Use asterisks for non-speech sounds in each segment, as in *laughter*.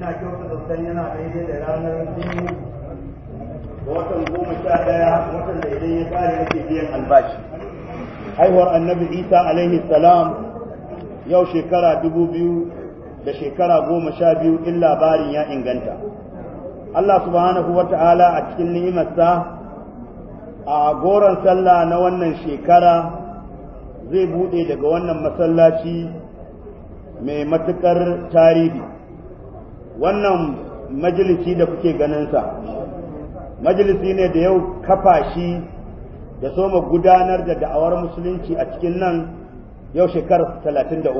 ina kyauta zaton yana daidai da ranar biyu ga watan goma sha ɗaya watan da idan ya kare nake biyan albashi haihuwar annabi isa alaihi salam yau shekara dubu biyu da shekara goma sha biyu in labarin ya inganta Allah subhanahu wa ta'ala a cikin ni'imarsa a goron sallah na wannan shekara zai buɗe daga wannan masallaci mai matuƙar tarihi wannan majalisi da kuke ganinsa majalisi ne da yau kafa shi da soma gudanar da da'awar musulunci a cikin nan yau shekarar talatin da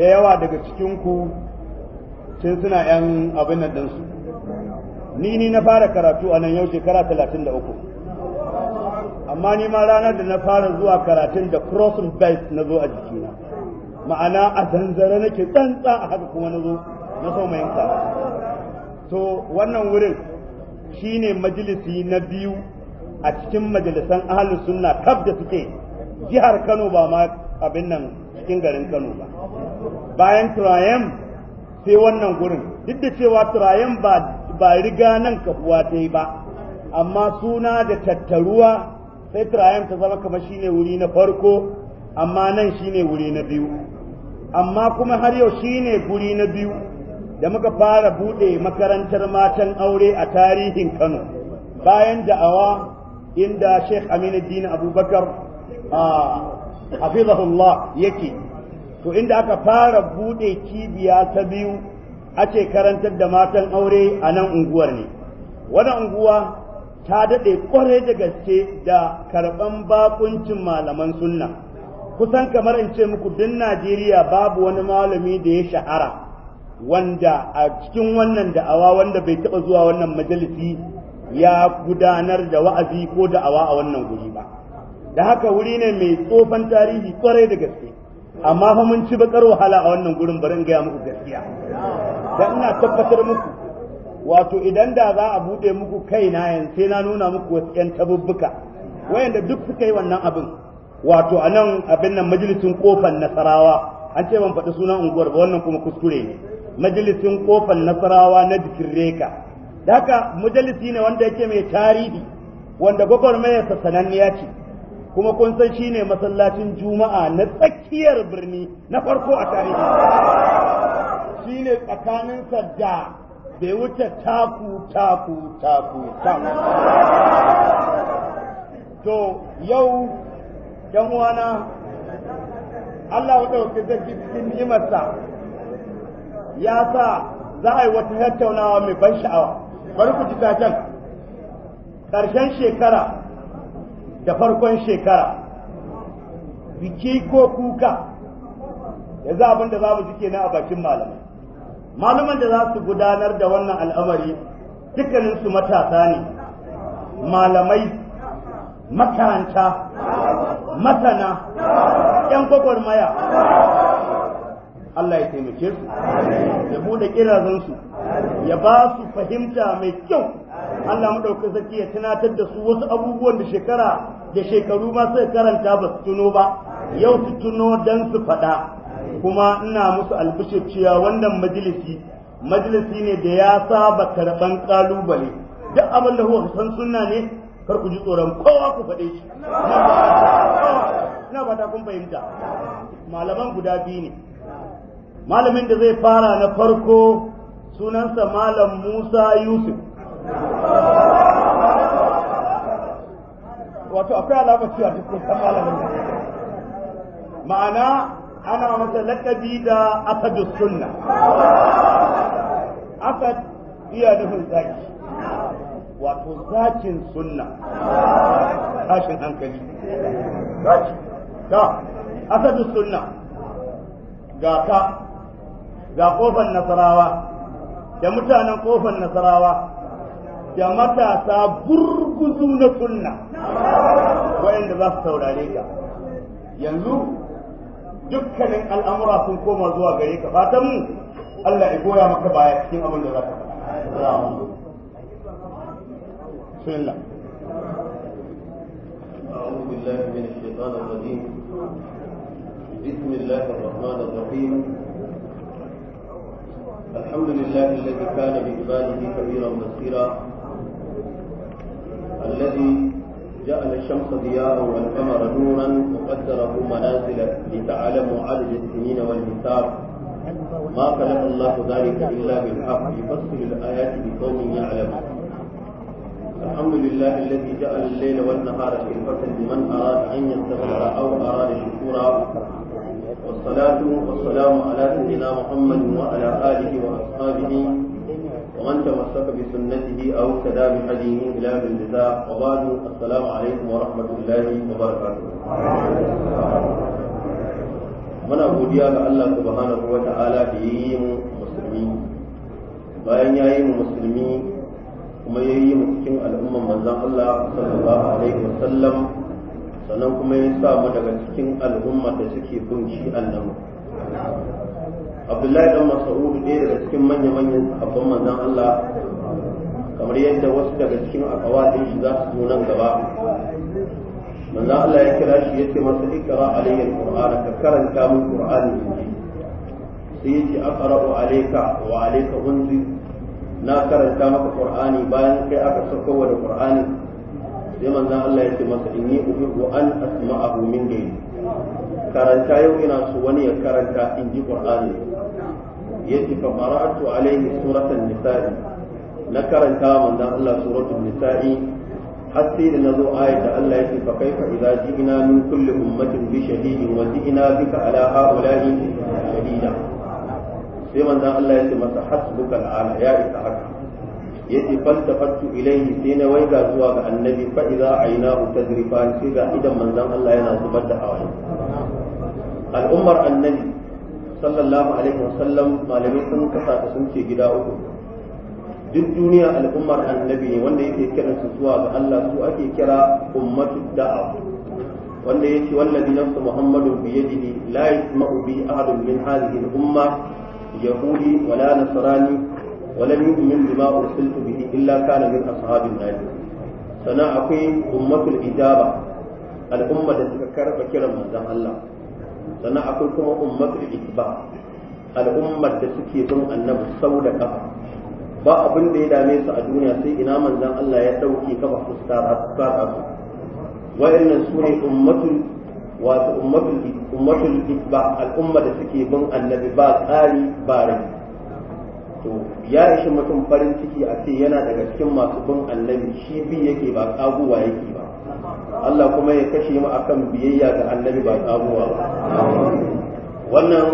yawa daga cikinku tun suna 'yan abin nan ni ni na fara karatu a nan yau shekara talatin amma ni ma ranar da na fara zuwa karatun da crossing belt na zo a jikina ma'ana a zanzare nake tsantsa a haka kuma na zo na so mai to wannan wurin shine majalisi na biyu a cikin majalisan ahalin sunna kaf da suke jihar Kano ba ma abin nan cikin garin Kano ba bayan turayen sai wannan wurin duk da cewa turayen ba ba riga nan kafuwa ta yi ba amma suna da tattaruwa sai turayen ta zama kamar shine wuri na farko amma nan shine wuri na biyu amma kuma har yau shi ne guri na biyu da muka fara buɗe makarantar matan aure a tarihin Kano bayan da'awa inda Sheikh Aminuddin Abubakar a Allah yake to inda aka fara buɗe cibiya ta biyu ake karantar da matan aure a nan unguwar ne wannan unguwa ta daɗe kwarai da gaske da karɓan bakuncin malaman sunna kusan kamar in ce muku duk Najeriya babu wani malami da ya shahara wanda a cikin wannan da'awa wanda bai taɓa zuwa wannan majalisi ya gudanar da wa'azi ko da'awa a wannan guri ba da haka wuri ne mai tsofan tarihi kwarai da gaske amma fa mun ci bakar wahala a wannan gurin bari in gaya muku gaskiya da ina tabbatar muku wato idan da za a buɗe muku kaina yanzu sai na nuna muku wasu 'yan tabubbuka wayanda duk suka yi wannan abin wato a nan abin nan majalisin kofar nasarawa an ce ban faɗi sunan unguwar ba wannan kuma kuskure ne majalisin kofar nasarawa na jikin reka da haka majalisi ne wanda yake mai tarihi wanda gwagwarmayarsa sananniya ce kuma kun san shi ne masallacin juma'a na tsakiyar birni na farko a tarihi shi ne tsakaninsa da bai wuce taku taku taku taku to yau ‘yan uwana, Allah wata zai zaki cikin ni'imarsa ya sa za a yi wata tattaunawa mai ban sha'awa, bari ku ci taken ƙarshen shekara da farkon shekara, biki ko kuka, yanzu abin da za mu jike na a bakin malamai. Malaman da za su gudanar da wannan al'amari dukkaninsu matasa ne, malamai makaranta masana yan gwagwarmaya Allah ya taimake su ya bude kirazansu ya ba su fahimta mai kyau Allah maɗauki sarki ya tunatar da su wasu abubuwan da shekara da shekaru ma sai karanta ba su tuno ba yau su tuno don su faɗa kuma ina musu albishir cewa wannan majalisi majalisi ne da ya saba karɓan ƙalubale duk abin da huwa san sunna ne kar ku ji tsoron kowa ku faɗe shi ina fata kun fahimta malaman guda biyu ne malamin da zai fara na farko sunansa malam Musa Yusuf wato akwai alamar cewa duk kun san malamin ma'ana ana masa lakabi da asadu sunna asad iya nufin zaki wato zakin sunna tashin hankali zaki ta asadu sunna ga ka ga kofar nasarawa da mutanen kofar nasarawa da matasa gurguzu na sunna wayanda za su saurare ka yanzu dukkanin al'amura sun koma zuwa gare ka fatan mu Allah ya goya maka baya cikin abin da za ka faɗa بسم الله أعوذ بالله من الشيطان الرجيم بسم الله الرحمن الرحيم الحمد لله الذي كان بعباده كبيرا بصيرا الذي جعل الشمس ضياء والقمر نورا وقدره منازل لتعلموا عدد السنين والحساب ما خلق الله ذلك الا بالحق يفصل الايات لقوم يعلمون الحمد لله الذي جعل الليل والنهار خلفة لمن أراد أن يستغفر أو أراد شكورا والصلاة والسلام على سيدنا محمد وعلى آله وأصحابه ومن تمسك بسنته أو اهتدى بهديه إلى بالجزاء وبعد السلام عليكم ورحمة الله وبركاته. muna godiya ga Allah subhanahu wa ta'ala da ya yi mu musulmi bayan ya yi mu musulmi kuma ya yi cikin al'umman manzan Allah sallallahu alaihi wasallam sannan kuma ya sa mu daga cikin al'ummar da suke bin shi annabi Abdullahi dan Mas'ud ɗaya daga cikin manya-manyan sahabban manzan Allah kamar yadda wasu daga cikin akawadin shi za su zo nan gaba manzan Allah ya kira shi ya ce masa ikra alayhi alqur'ana ka karanta min qur'ani sai ya ce aqra'u alayka wa alayka unzir na karanta maka qur'ani bayan kai aka sako wa da qur'ani sai manzon Allah ya ce masa inni uhibbu an asma'ahu min ghayri karanta yau ina so wani ya karanta in ji qur'ani yace fa qara'tu alayhi suratan nisa'i na karanta manzon Allah suratul nisa'i har da nazo ayat da Allah yake fa kaifa idza ji'na min kulli ummatin bi shahidin wa ji'na bika ala ha'ula'i shahida sai manzon Allah ya ce masa hasbuka al'ana ya isa haka yace fattu ilayhi sai na waiga zuwa ga annabi fa idza aynahu tadrifan sai ga idan manzon Allah yana zubar da hawaye al'ummar annabi sallallahu alaihi wasallam malamai sun kasa ta sun ce gida uku duk duniya al'ummar annabi ne wanda yake kiran su zuwa ga Allah su ake kira ummatud da'a wanda yake wallazi nafsu muhammadun bi yadihi la yasma'u bi ahadun min hadhihi al-umma يهودي ولا نصراني ولم يؤمن بما أرسلت به إلا كان من أصحاب النار سنا أقي أمة الإجابة الأمة التي كرب كرم من الله سنا أقولكم أمة الإتباع الأمة التي تكون النبي سودة كفر ba abin da ya dame su a duniya sai ina manzan Allah ya ɗauke kafa fuskara su kara su wa'annan su ne ummatul wato ummatul al'umma da suke bin annabi ba tsari ba rai to ya ishi mutum farin ciki a ce yana daga cikin masu bin annabi shi bi yake ba kaguwa yake ba Allah kuma ya kashe mu akan biyayya ga annabi ba kaguwa ba wannan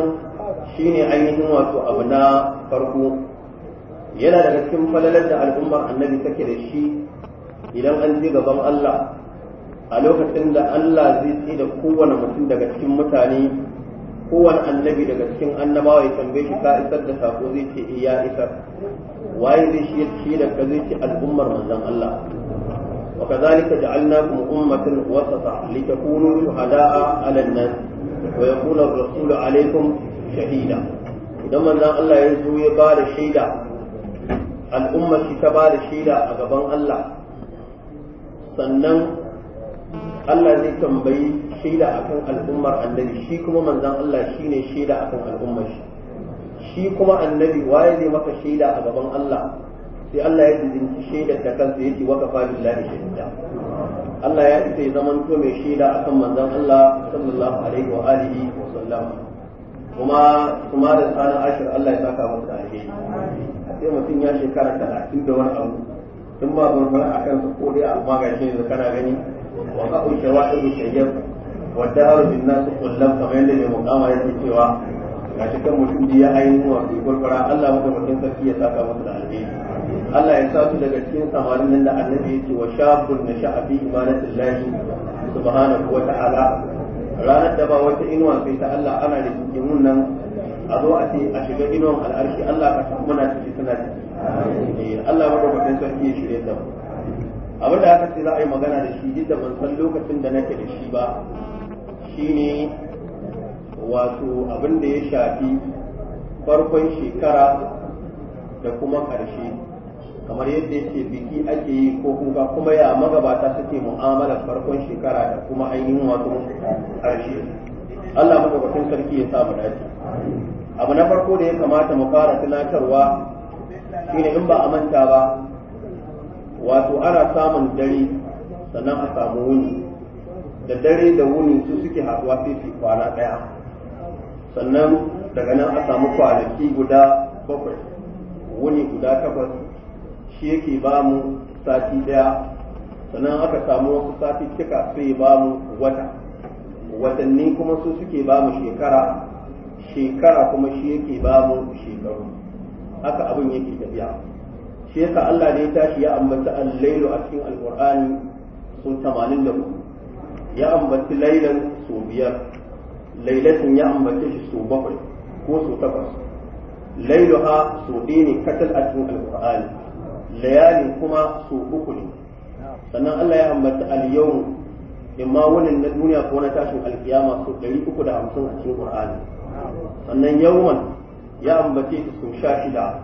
shine ainihin wato abu na farko yana daga cikin falalar da al'ummar annabi take da shi idan an je gaban Allah a lokacin da Allah zai tsida kowane mutum daga cikin mutane kowane annabi daga cikin annabawa ya tambaye shi ka isar da sako zai ce iya eh, isar waye zai shi shi da ka zai ce al'ummar manzon Allah wa kadhalika ja'alnakum ummatan wasata litakunu shuhada'a 'ala an-nas wa yakuna ar-rasulu 'alaykum shahida idan manzon Allah ya zo ya bada da shaida al'ummar shi ta bada da shaida a gaban Allah sannan Allah zai tambayi shaida akan al'ummar annabi shi kuma manzon Allah shine shaida akan al'ummar shi shi kuma annabi waye zai maka shaida a gaban Allah sai Allah ya dinki shaida da kansa yake waka fa billahi shaida Allah ya isa ya zaman to mai shaida akan manzon Allah sallallahu alaihi wa alihi wa sallam kuma kuma da tsanan ashir Allah ya saka masa alheri sai mutum ya shekara 30 da wani abu in ba gurbin akan su ko dai amma gashi ne kana gani wa ba'u shawa'ibu shayyab wa da'u bin nasu kullum kamar yadda mai mukama yake cewa ga cikin mutum da ya ainihin wa fi gurfara Allah maka mutum sarki ya saka musu da alheri Allah ya sa su daga cikin samarin nan da annabi ce wa shabun na sha'afi sha'abi imanatillahi subhanahu wa ta'ala ranar da ba wata inuwa sai ta Allah ana da cikin nan a zo a ce a shiga inuwan al'arshi Allah ka san muna ciki suna ciki Allah madaukakin sarki ya shirya ta mu abin da aka ce za a yi magana da shi duk da ban san lokacin da nake da shi ba shine wato abin da ya shafi farkon shekara da kuma ƙarshe kamar yadda yake biki ake yi ko kuka kuma ya magabata suke mu'amalar farkon shekara da kuma ainihin wato ƙarshe Allah bakin sarki ya samu dace abu na farko da ya kamata mu fara tunatarwa shine in ba a manta ba wato ana samun dare sannan a samu wuni da dare da wuni su suke haɗuwa sai kwana ɗaya sannan daga nan a samu kwanaki guda bakwai wuni guda takwas shi yake ba mu sati ɗaya sannan aka samu wasu sati cika sai ba mu wata watanni kuma su suke ba mu shekara shekara kuma shi yake ba mu shekaru haka abin yake tafiya shi yasa Allah ne ya tashi ya ambaci al-lailu a cikin alqur'ani sun 84 ya ambaci lailan su biyar lailatin ya ambace shi su bakwai ko su takwas ha su ɗaya ne katal a cikin alqur'ani layali kuma su uku ne sannan Allah ya ambaci al-yawm imma wani na duniya ko na tashin alkiyama su 350 a cikin qur'ani sannan yawman ya ambace su sha shida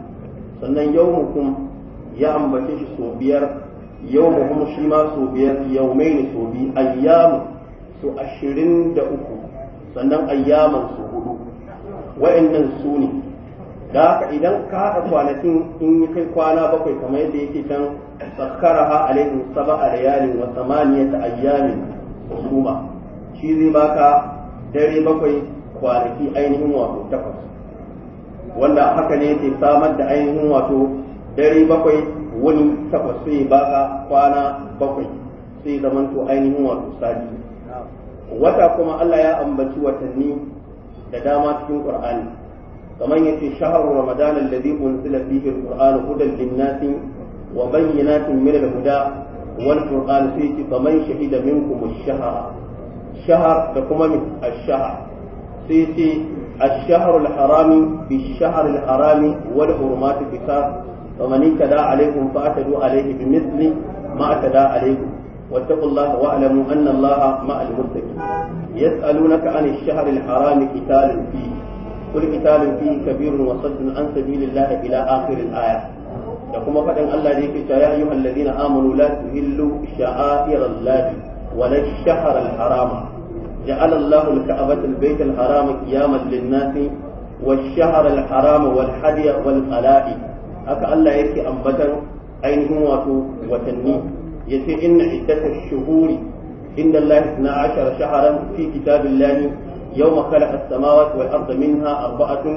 sannan yawmukum ya ambace shi so biyar yau kuma shi ma so biyar yau mai ne so biyu ayyamu so ashirin da uku sannan ayyaman su hudu wa'annan su ne da haka idan ka haɗa kwanakin in yi kai kwana bakwai kamar yadda yake can sakkara ha alaihim saba a layalin wa ta ayyamin husuma shi zai baka dare bakwai kwanaki ainihin wato takwas wanda haka ne ke samar da ainihin wato dare bakwai wani takwas sai baka kwana bakwai sai zaman to ainihin wato sati wata kuma Allah ya ambaci watanni da dama cikin Qur'ani kamar yace shahru ramadan alladhi unzila fihi alquran hudan linnasi wa bayyinatin min alhuda wal qur'an sai yace faman shahida minkum ash-shahra shahar da kuma min ash-shahr sai yace الشهر الحرام بالشهر الحرام والحرمات بكار ومن اهتدى عليكم فاعتدوا عليه بمثل ما اعتدى عليكم واتقوا الله واعلموا ان الله مع المتقين يسالونك عن الشهر الحرام قتال فيه كل قتال فيه كبير وصد عن سبيل الله الى اخر الايه يقوم فقد الله ذيك يا ايها الذين امنوا لا تهلوا شعائر الله ولا الشهر الحرام جعل الله الكعبة البيت الحرام قياما للناس والشهر الحرام والحدي والقلائد aka Allah yake ambatan ainihin wato watanni yace inna iddatash shuhuri inda Allah na ashara shaharan fi kitabillahi yawma khalaqa as-samawati wal arda minha arba'atun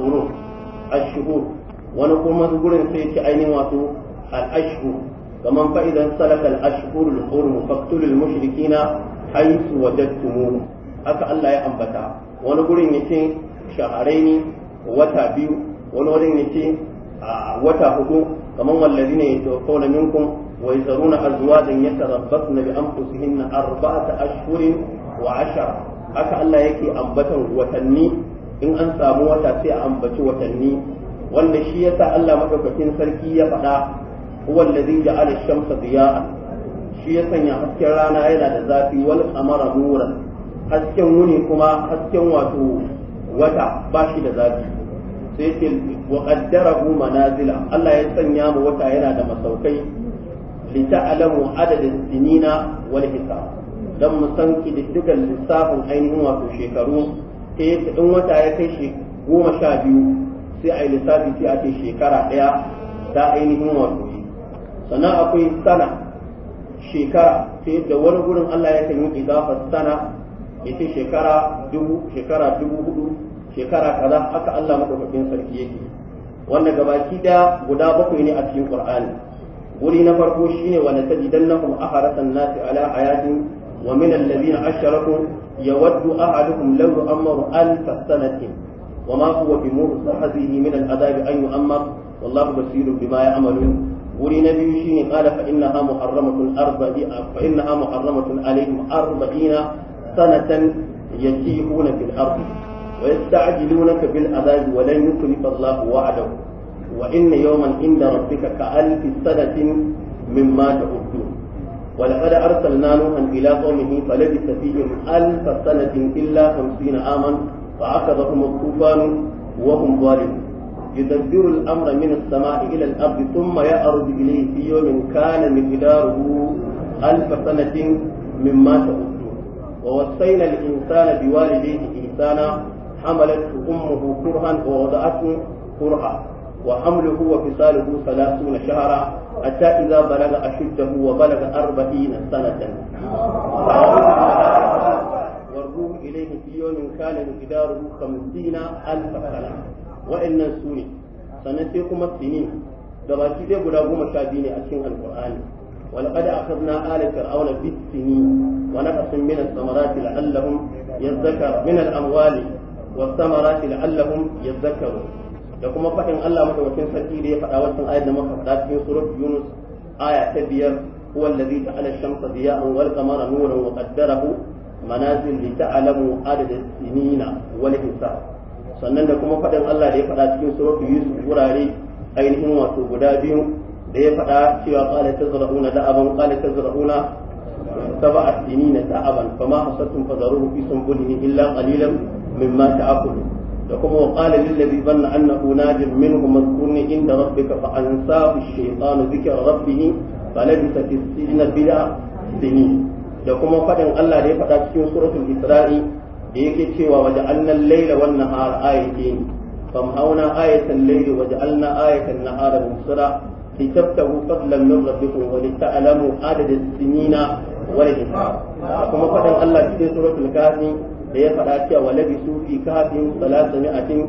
hurum ash-shuhur wani kuma gurin sai yace ainihin wato al'ashu. ashhur fa'idan fa idan salaka al-ashhur al-hurum faqtulu al-mushrikina haythu wajadtumuhum Allah ya ambata wani gurin shaharai ne wata biyu wani wurin ce. wata hudu kaman wallazi ne yatawfawna minkum wa yazaruna azwajan yatarabbasna bi anfusihinna arba'ata ashhurin wa ashara haka Allah yake ambatan watanni in an samu wata sai a ambaci watanni wanda shi yasa Allah madaukakin sarki ya faɗa huwa allazi ja'ala ash-shamsa diya'an shi ya sanya hasken rana yana da zafi wal qamara nuran hasken wuni kuma hasken wato wata ba shi da zafi sai ce wa qaddarahu manazila Allah ya sanya mu wata yana da masaukai li ta'lamu adadin sinina wal hisab dan mu san kididdigan lissafin ainihin wato shekaru sai in wata ya kai shi goma sha biyu sai a yi lissafi sai a ce shekara ɗaya da ainihin wato yi sannan akwai sana shekara sai da wani gurin Allah ya kai yi idafar sana ita shekara dubu shekara dubu hudu shekara kaza haka Allah madaukakin sarki yake wanda gabaki da guda bakwai ne a cikin Qur'ani guri na farko shine wa latajidannahum aharasan nasi ala hayatin wa min alladhina ashraku yawaddu ahaduhum law yu'ammaru alf sanatin wa ma huwa bimursahihi min al'adabi an yu'ammar wallahu basirun bima ya'malun guri na biyu shine qala fa innaha muharramatun arba'a fa innaha muharramatun alaihim arba'ina sanatan yajihuna fil ardi wa yasta'jilunaka bil azabi wa lan yukhlifa Allah wa'adahu wa inna yawman inda rabbika ka alfi sanatin mimma ta'uddu ولقد أرسلنا نوحا إلى قومه فلبث فيهم ألف سنة إلا خمسين عاما فأخذهم الطوفان وهم ظالمون يدبر الأمر من السماء إلى الأرض ثم يعرض إليه في يوم كان مقداره ألف سنة مما تعدون ووصينا الإنسان بوالديه إحسانا حملته أمه كرها ووضعته كرها وحمله وفصاله ثلاثون شهرا حتى إذا بلغ أشده وبلغ أربعين سنة والروح إليه في يوم كان مقداره خمسين ألف سنة وإن سوني سنسيكم السنين gabaki dai guda goma sha biyu ne a cikin alkur'ani ولقد أخذنا آل فرعون بالسنين ونقص من الثمرات لعلهم يذكر من الأموال والثمرات لعلهم يذكرون da kuma faɗin Allah madaukakin sarki da ya faɗa wannan ayat da muka faɗa cikin surat Yunus aya ta biyar huwa allazi ja'ala ash-shamsa diya'an wal qamara wa sannan da kuma faɗin Allah da ya faɗa cikin surutu Yusuf wurare ainihin wato guda biyu da ya faɗa cewa qala tazra'una da'aban qala a sab'a sinina ta'aban fama hasattum fadaruhu fi sunbulihi illa qalilan mimma ta'kulu da kuma wa qala lil ladhi dhanna annahu najin minhum mazkurni inda rabbika fa ansahu ash-shaytanu dhikra rabbih falabisa fi sijna bid'a sinin da kuma fadin Allah ya faɗa cikin suratul isra'i da yake cewa waje annan laila wan nahar ayatin fam hauna ayatan layli waje anna ayatan nahara musra litabtahu adada sinina kuma Allah cikin suratul kafi da ya faɗa cewa walabi su fi kafin salatu mi'atin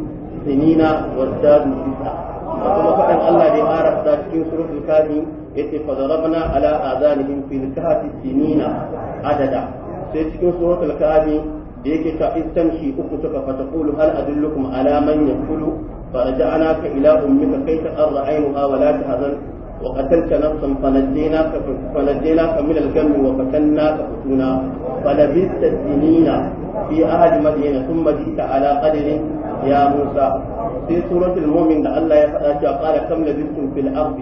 sinina wa zadu tisa da kuma faɗan Allah da ya arasta cikin suratul kafi yace fa darabna ala azanihim fil kahfi sinina adada sai cikin suratul kafi da yake ta istamshi uku suka fata qulu hal adullukum ala man yakulu فرجعناك إلى ta كي تقر عينها ولا تحزن وقتلت نفسا فنجيناك فنجيناك من الجم وفتناك فتونا فلبثت سنين في أهل مدينة ثم جئت على قدر يا موسى في سورة المؤمن الله يفعل قال كم لبثتم في الأرض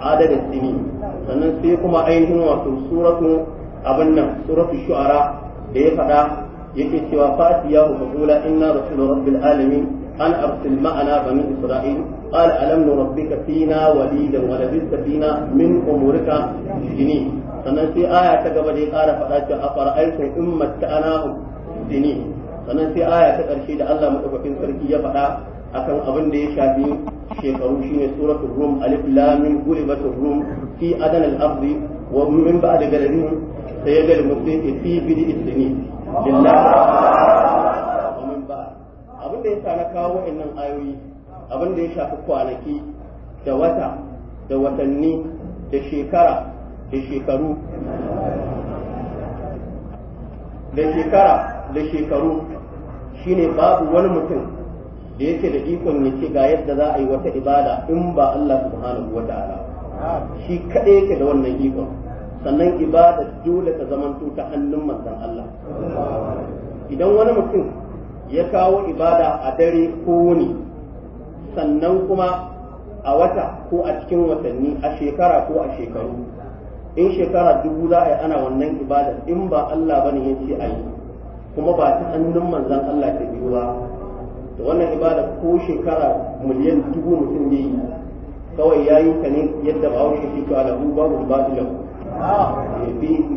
عدد السنين sannan sai kuma ainihin wato suratu abin nan suratu shu'ara da ya faɗa yake cewa fatiyahu faqula inna rasulu rabbil alamin an arsil ma'ana bani isra'il qala alam nurabbika fina walidan wa labista fina min umurika jini sannan sai aya ta gaba da ya ƙara faɗa cewa afara'aytum in matta'anahum muhsinin sannan sai aya ta ƙarshe da Allah madaukakin sarki ya faɗa akan abin da ya shafi shekaru shine suratul rum alif lam mim ghulibatur rum fi adan al-ard wa min ba'd galarin sayajal muslimin fi bid'i sinin billahi wa min ba'd abin da yasa na kawo wa'annan ayoyi abin da ya shafi kwanaki da wata da watanni da shekara da shekaru da shekara da shekaru shi ne babu wani mutum da yake da ikon ya ce ga yadda za a yi wata ibada in ba Allah subhanahu wa ta'ala shi kaɗai yake da wannan ikon sannan ibada dole ta zamanto ta hannun manzon Allah idan wani mutum ya kawo ibada a dare ko wuni sannan kuma a wata ko a cikin watanni a shekara ko a shekaru in shekara dubu za a yi ana wannan ibada in ba Allah bane ya ce a yi kuma ba ta hannun manzan Allah ta biyu ba da wannan ibada ko shekara miliyan dubu mutum ne yi kawai ya yi ka ne yadda ba wuce shi ba alabu babu eh, batilan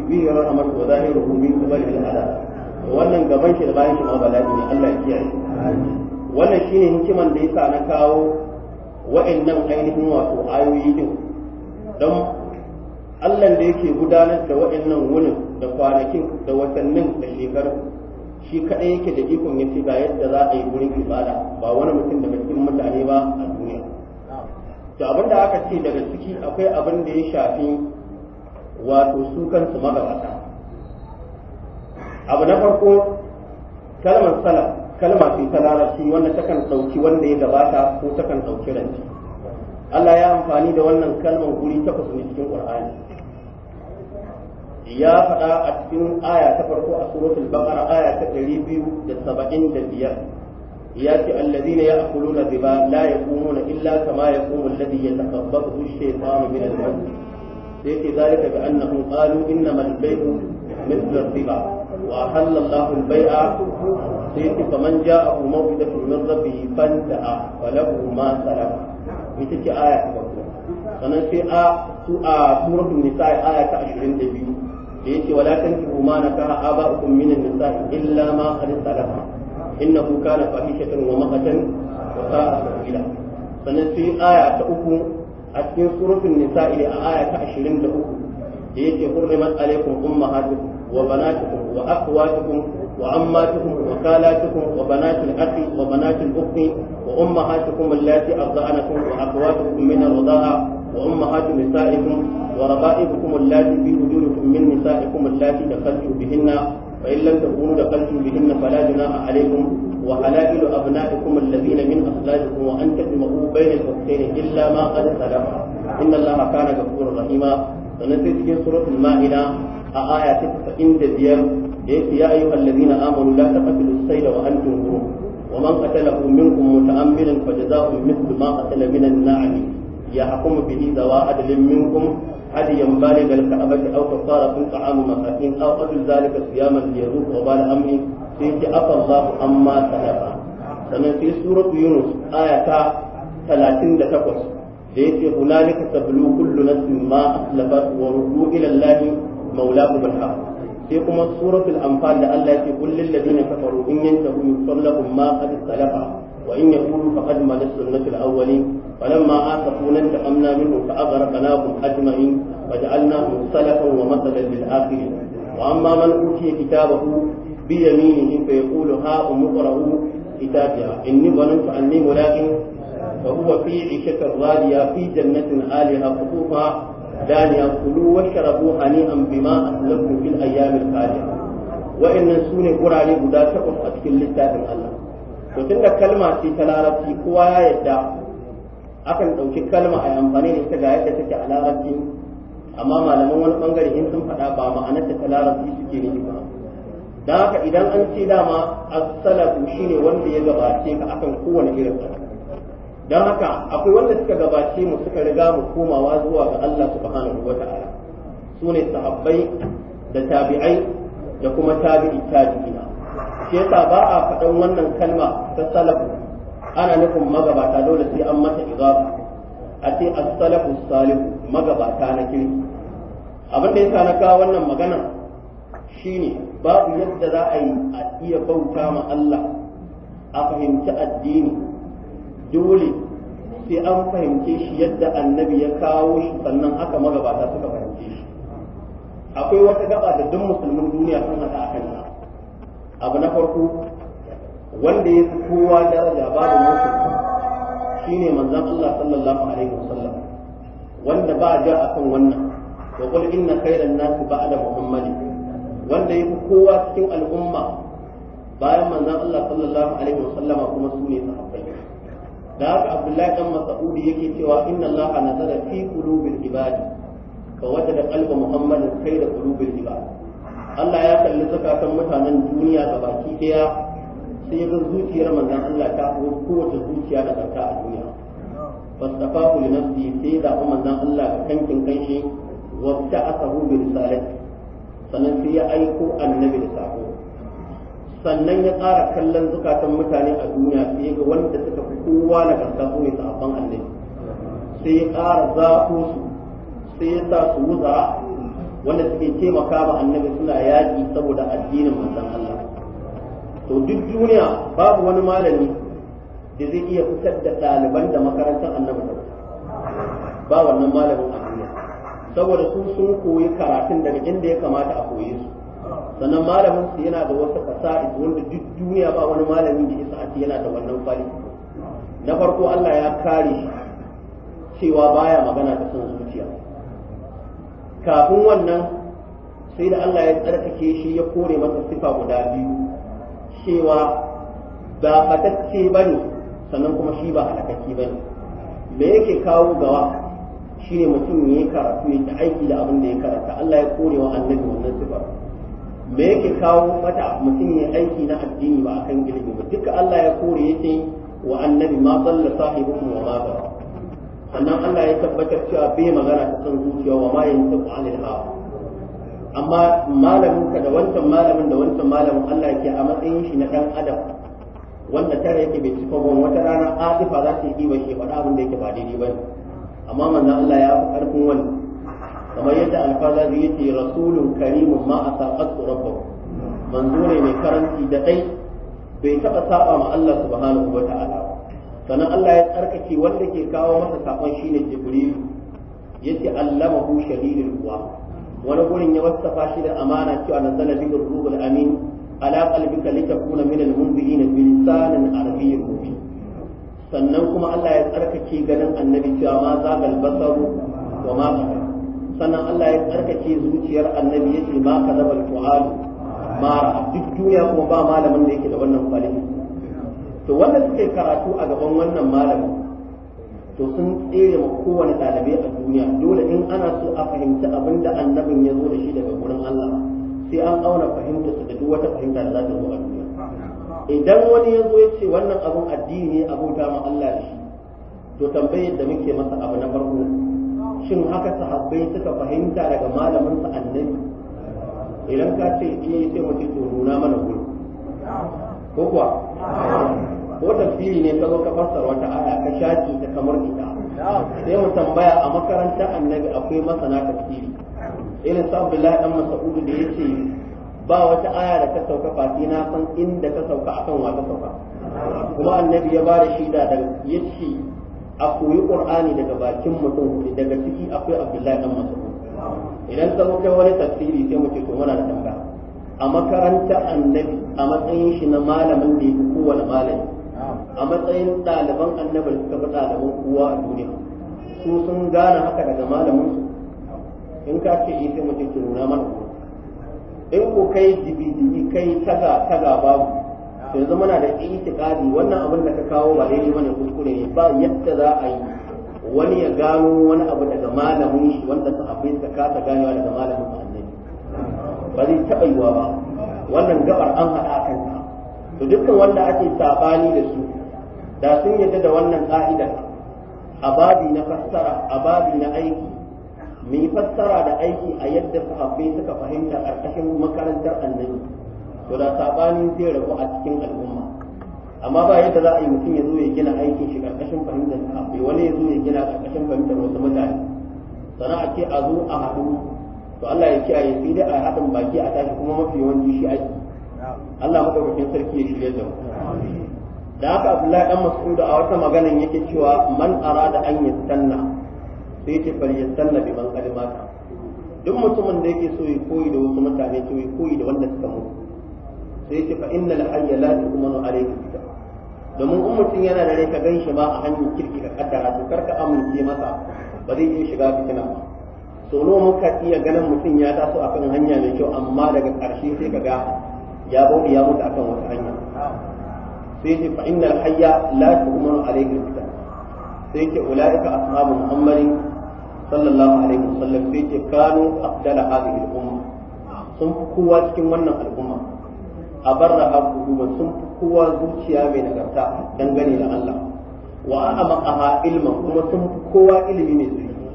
bi yaran amar wa kuma min kubal al'ada wannan gaban shi da bayan shi ma lafi ne Allah ya kiyaye wannan shine hikiman da yasa na kawo wa'annan ainihin wato ayoyi din don Allah da yake gudanar da wa'annan wunin da kwanakin da watannin da shekaru shi kaɗai yake da ikon ya fi ga yadda za a yi wurin ibada ba wani mutum daga cikin mutane ba a duniya to abin da aka ce daga ciki akwai abin da ya shafi wato su kansu magabata abu na farko kalmar sala kalma ce ta larabci wanda takan ɗauki wanda ya gabata ko takan ɗauki ranci Allah ya amfani da wannan kalmar guri takwas ne cikin Qur'ani ya faɗa a cikin aya ta farko a suratul baqara aya ta 275 ya ce na ya'kuluna riba la yaquluna illa kama yaqulu alladhi yatakhabbathu ash-shaytanu min al-mal sai ke zalika bi annahu qalu inna al-bay'a mithlu riba wa halla Allahu al-bay'a sai ke faman ja'ahu mawdatu min rabbihi fanta'a wa lahu ma salama ita ce aya ta farko sannan sai a su a suratul nisa aya ta 22 da yake wala tankihu ma nakaha aba'ukum min an-nisa'i illa ma qad salafa innahu kana fahishatan wa maqatan wa sa'a sabila sannan sai aya ta uku a cikin suratul nisa'i a aya ta 23 da yake hurrimat alaykum ummahatukum wa banatukum wa akhwatukum وعماتكم وخالاتكم وبنات الأخ وبنات الأخت وأمهاتكم اللاتي أرضعنكم وأخواتكم من الرضاعة وأمهات نسائكم وربائبكم اللاتي في وجودكم من نسائكم اللاتي دخلتم بهن فإن لم تكونوا دخلتم بهن فلا جناح عليكم وحلائل أبنائكم الذين من أخلاقكم وأن تجمعوا بين الفقتين إلا ما قد سلف إن الله كان غفورا رحيما فنزل في سورة المائدة آية 95 يا أيها الذين آمنوا لا تقتلوا السيد وأنتم حرم ومن قتله منكم متأملا فجزاء مثل ما قتل من النعم يحكم به ذوى عدل منكم هديا بالغ الكعبة da كفارة طعام مساكين أو قتل ذلك صياما ليذوق وبال أمره فيك عفى الله عما سلف sannan sai suratu yunus aya ta 38 da yake hunalika tablu kullu nafsin ma aslabat wa rudu ila allahi maulahu bil haqq sai kuma suratul anfal da Allah yake kul lil ladina kafaru in yantahu yusallahum ma qad salafa wa in yaqulu faqad malat sunnatul awwalin فلما آسفونا انتقمنا منهم فأغرقناهم أجمعين وجعلناهم سلفا ومثلا للآخرين وأما من أوتي كتابه بيمينه فيقول ها اقرأوا كتابها إني ظننت أني ملاق فهو في عيشة غالية في جنة عالية قطوفها دانية كلوا واشربوا هنيئا بما أسلفتم في الأيام الخالية وإن سوني قرآني قد تقف أتكل للتابع الله وتنك كلمة في تلارتي قوايا يدعى akan ɗauki kalma a amfani da ita ga yadda take a larabci amma malaman wani bangare in sun faɗa ba ma'anar ta larabci suke nufi ba da haka idan an ce dama as-salafu shine wanda ya gabace ka akan kowane irin abu don haka akwai wanda suka gabace mu suka riga mu komawa zuwa ga Allah subhanahu wa ta'ala su ne sahabbai da tabi'ai da kuma tabi'i tabi'ina shi yasa ba a faɗan wannan kalma ta salafu ana nufin magabata dole sai an mata izafa a ce as-salafu salihu magabata na kirki abin da yasa na kawo wannan magana shine babu yadda za a yi a iya bauta ma Allah a fahimci addini dole sai an fahimce shi yadda annabi ya kawo shi sannan haka magabata suka fahimce shi akwai wata gaba da duk musulmin duniya sun hada akan abu na farko wanda ya fi kowa daraja babu musu ne manzon Allah sallallahu alaihi wasallam wanda ba ja akan wannan wa qul inna khairan nasi ba'da muhammadin wanda ya fi kowa cikin al'umma bayan manzon Allah sallallahu alaihi wasallama kuma su ne sahabbai da haka Abdullahi dan Mas'ud yake cewa inna Allah nazara fi qulubil ibad fa wajada qalba Muhammadin khayra qulubil ibad Allah ya kalli zakatan mutanen duniya gabaki daya sai ga zuciyar manzan Allah ta fi kowace zuciya da tsarka a duniya ku li nafsi sai da manzan Allah ga kankin kanshi wa ta'asahu bi risalati sannan sai ya aiko annabi da sako sannan ya tsara kallon zukatan mutane a duniya sai ga wanda suka fi kowa na karka ko ne sahabban annabi sai ya tsara zaɓo su sai ya sa su wuza wanda suke taimaka ba annabi suna yaƙi saboda addinin manzan Allah to duk duniya babu wani malami da zai iya fitar da ɗaliban da makarantar annabi da ba wannan malamin a duniya saboda su sun koyi karatun daga inda ya kamata a koye su sannan malamin su yana da wasu fasa'id wanda duk duniya ba wani malamin da isa ake yana da wannan fari. na farko Allah ya kare cewa baya magana da son zuciya kafin wannan sai da Allah ya tsarkake shi ya kore masa sifa guda biyu cewa ba fatacce ba ne sannan kuma shi ba halakacce ba ne me yake kawo gawa shi ne mutum ya yi karatu ya ta aiki da abin da ya karanta Allah ya kore wa annabi wannan sifar me yake kawo mata mutum ya aiki na addini ba akan ilimi ba duka Allah ya kore ya ce wa annabi ma dalla sahibukum wa ma sannan Allah ya tabbatar cewa bai magana ta san zuciya wa ma yantiqu anil hawa amma malamin ka da wancan malamin da wancan malamin Allah yake a matsayin shi na dan adam wanda tare yake bai cika gon wata rana atifa za ta yi wa shi faɗa abin da yake ba daidai ba amma manzon Allah ya fi karfin wani kamar yadda alfaza zai yace rasulun karimun ma asaqatu rabbahu manzo ne mai karanci da dai bai taba saba ma Allah subhanahu wata'ala sannan Allah ya tsarkake wanda ke kawo masa sakon shine jibril yace allamahu shadidul uwa. wani gurin ya wasafa shi da amana cewa nazzala bihi ruhul amin ala qalbika litakuna min al-munzirin bi lisanin arabiyyin mubin sannan kuma Allah ya tsarkake ganin annabi cewa ma zagal basaru wa ma sannan Allah ya tsarkake zuciyar annabi yace ma kadaba al-fu'al ma duk duniya kuma ba malamin da yake da wannan kwalifi to wanda suke karatu a gaban wannan malamin to sun tsere kowane ɗalibai a duniya dole in ana so a fahimci abin da annabin ya zo da shi daga wurin Allah sai an auna fahimta su da duk wata fahimta da za ta zo a duniya idan wani ya zo ya ce wannan abun addini ne abota ma Allah da shi to tambayar da muke masa abu na farko shin haka sahabbai suka fahimta daga malamin sa annabi idan ka ce eh sai mu to nuna mana gurin ko kuwa ko tafsiri ne ka zo ka fassara wata aya ka shaki ta kamar ita sai mu tambaya a makarantar annabi akwai masana tafsiri irin sa Abdullahi dan Mas'ud da yace ba wata aya da ka sauka fati na san inda ka sauka akan wa ka sauka kuma annabi ya bada shida da yace a koyi qur'ani daga bakin mutum ne daga ciki akwai Abdullahi dan Mas'ud idan ka kai wani tafsiri sai mu ce to muna da tambaya a makaranta annabi a matsayin shi na malamin da ya fi kowane malami a matsayin ɗaliban annabar suka fi ɗaliban uwa a duniya su sun gane haka daga malamin su in ka ce yi sai mutum ki nuna mana in ku kai dibi kai taga taga babu yanzu muna da itikadi wannan abin da ka kawo ba daidai bane kuskure ne ba yadda za a yi wani ya gano wani abu daga malamin shi wanda sahabbai ka kasa ganewa daga malamin annabi ba zai taɓa yiwa ba wannan gabar an haɗa kanta to dukkan wanda ake sabani da su da sun yadda da wannan ka'ida a babi na fassara a babi na aiki mai fassara da aiki a yadda sahabbai suka fahimta ƙarƙashin makarantar annabi to da sabani zai rabu a cikin al'umma amma ba yadda za a yi mutum ya zo ya gina aikin shi ƙarƙashin fahimtar sahabbai wani ya zo ya gina ƙarƙashin fahimtar wasu mutane sana a ce a zo a haɗu to Allah ya kiyaye sai dai a haɗin baki a tashi kuma mafi yawanci shi aiki Allah madaukakin sarki ya shirye da mu da haka Abdullahi dan Mas'ud a wata maganan yake cewa man arada an yastanna sai ya ce yastanna bi man duk mutumin da yake so ya koyi da wasu mutane to ya koyi da wanda suka mutu sai ya ce fa innal hayya la tu'manu alayhi domin in mutum yana da rai ka ganshi ba a hanyar kirki ka kaddara to karka amince masa ba zai iya shiga fitina ba so nawa muka iya ganin mutum ya taso akan hanya mai kyau amma daga ƙarshe sai ka ga ya bauɗe ya mutu akan wata hanya sai ce fa innal hayya la tu'maru alayhi al sai ce ulaika ashabu muhammadin sallallahu alaihi wasallam sai ce kanu afdala hadhihi al-umma sun fi kowa cikin wannan al'umma a barra hakuhuma sun fi kowa zuciya mai nagarta dangane da Allah wa a'amaqaha ilman kuma sun fi kowa ilimi mai zurfi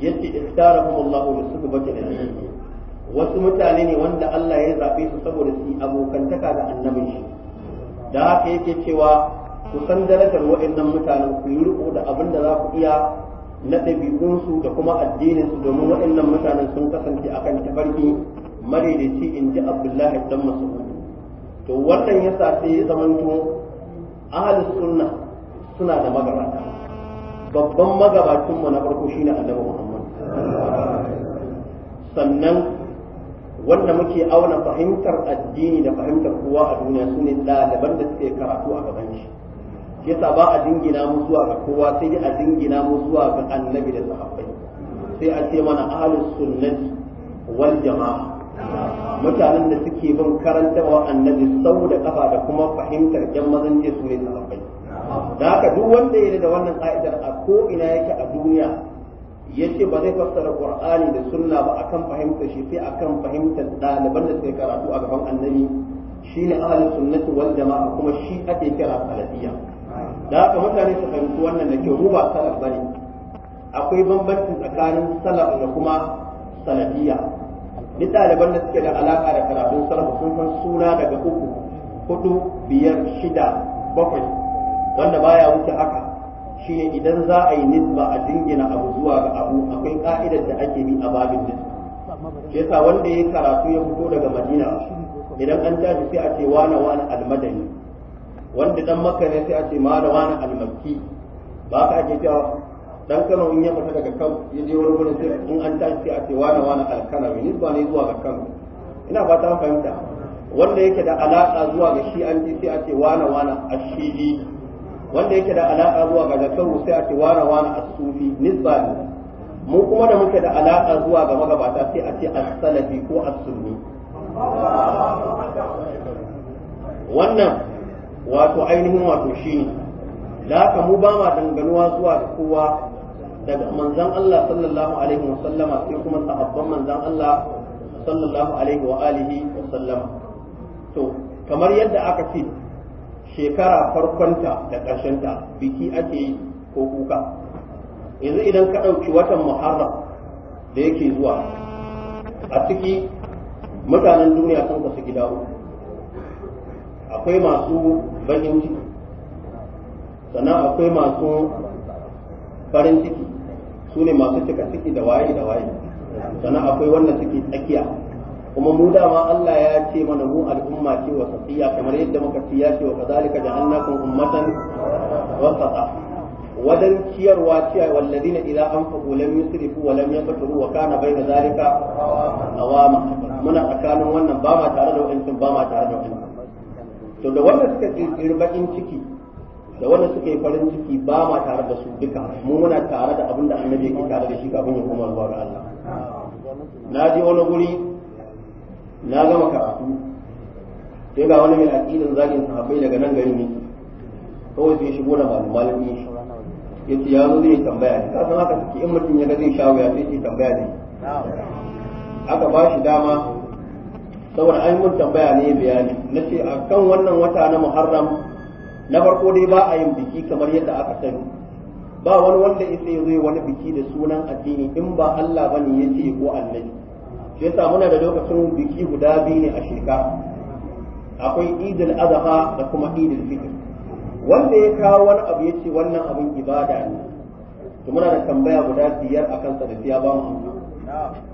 yace ikhtarahum Allahu li suhbati al-ilmi wasu mutane ne wanda Allah ya zaɓe su saboda su abokantaka da annabin shi da haka yake cewa ku san darajar waɗannan mutanen ku yi riko da abin da za ku iya na ɗabi'unsu da kuma addinin su domin waɗannan mutanen sun kasance akan tafarki madaidaici in ji abdullahi dan mas'ud to wannan sa sai ya zamanto ahalin sunna suna da magabata babban magabacin na farko shine annabi Muhammad sannan wanda muke auna fahimtar addini da fahimtar kowa a duniya su ne ɗaliban da suke karatu a gaban shi shi yasa ba a dingina mu zuwa ga kowa sai dai a dingina mu zuwa ga annabi da sahabbai sai a ce mana ahlus sunnati wal jama'a mutanen da suke bin karantawa annabi sau da kafa da kuma fahimtar yan mazance su ne sahabbai da haka duk wanda ya da wannan ka'idar a ko ina yake a duniya yace ba zai fassara qur'ani da sunna ba akan fahimtar shi sai akan fahimtar ɗaliban da suka karatu a gaban annabi shine ahlus sunnati wal jama'a kuma shi ake kira salafiyya da haka mutane su fahimci wannan da ke ruba salaf bane akwai bambanci tsakanin salaf da kuma salafiyya Ni ɗaliban da suke da alaka da karatun salaf sun san suna daga uku hudu biyar shida bakwai wanda baya wuce haka ne idan za a yi nisba a dingina abu zuwa ga abu akwai ka'idar da ake bi a babin nisba shi yasa wanda ya karatu ya fito daga madina idan an tashi sai a ce wane wane almadani wanda dan makka ne sai a ce mara wane almakki ba ka ake cewa dan kano in ya fita daga kan ya je wani gurin sai in an tashi sai a ce wane wane alkanawi nisba ne zuwa ga kan ina fata fahimta wanda yake da alaka zuwa ga shi an ji sai a ce wane wane ashidi wanda yake da alaƙa zuwa ga zakaru sai a ce wana wana as-sufi nisba ne mu kuma da muke da alaƙa zuwa ga magabata sai a ce as-salafi ko as-sunni wannan wato ainihin wato shine da haka mu ba ma danganuwa zuwa ga kowa daga manzon Allah sallallahu alaihi wa sallama sai kuma sahabban manzon Allah sallallahu alaihi wa alihi wa sallama to kamar yadda aka ce shekara farkonta da ƙarshenta biki ake yi ko kuka yanzu idan ka ɗauki watan muharram da yake zuwa a ciki mutanen duniya sun kasu gida uku akwai masu baƙin ciki sannan akwai masu farin ciki su ne masu cika ciki da waye da waye sannan akwai wannan ciki tsakiya kuma mu dama Allah ya ce mana mu al'umma ce wa safiya kamar yadda muka ce ya ce wa kazalika jahannakum ummatan wasata wadan ciyarwa ce walladina idza anfaqu lam yusrifu wa lam yaqturu wa kana bayna zalika awama muna tsakanin wannan ba ma tare da wa'incin ba ma tare da wa'incin to da wannan suka kirkiri bakin ciki da wannan suka yi farin ciki ba ma tare da su duka mu muna tare da abin da annabi yake tare da shi kafin ya koma zuwa ga Allah na je wani guri na gama karatu sai ga wani mai aƙidin zagin sahabbai daga nan gari ne kawai sai shigo da malum ne ya ce ya zo zai tambaya ne kasan haka suke in mutum ya ga zai sha wuya sai ce tambaya ne aka ba shi dama saboda an mun tambaya ne bayani na ce a kan wannan wata na muharram na farko dai ba a yin biki kamar yadda aka sani ba wani wanda ya sai zai wani biki da sunan addini in ba Allah bane ya ce ko annabi shi yasa muna da lokacin biki guda biyu ne a shirka akwai idil adha da kuma idil fitr wanda ya kawo wani abu ya ce wannan abin ibada ne to muna da tambaya guda biyar a kansa da siya ba mu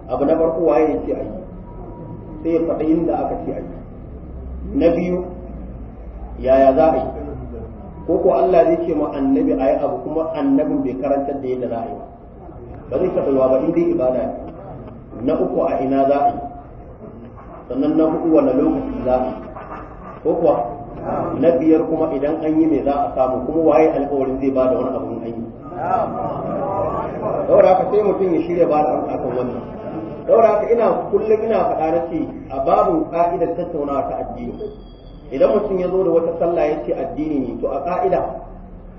abu na farko waye ya ce ayi sai ya faɗi inda aka ce ayi na biyu yaya za a yi ko ko Allah zai ce ma annabi ayi abu kuma annabin bai karantar da yadda za a yi ba ba zai taɓa ba in dai ibada ne na uku a ina za a yi sannan na hudu wani lokaci za a yi ko kuwa na biyar kuma idan an yi mai za a samu kuma waye alkawarin zai ba da wani abin an yi daura haka sai mutum ya shirya ba da akan wannan daura haka ina kullum ina faɗa na ce a babin ka'idar tattaunawa ta addini idan mutum ya zo da wata sallah ya ce addini ne to a ka'ida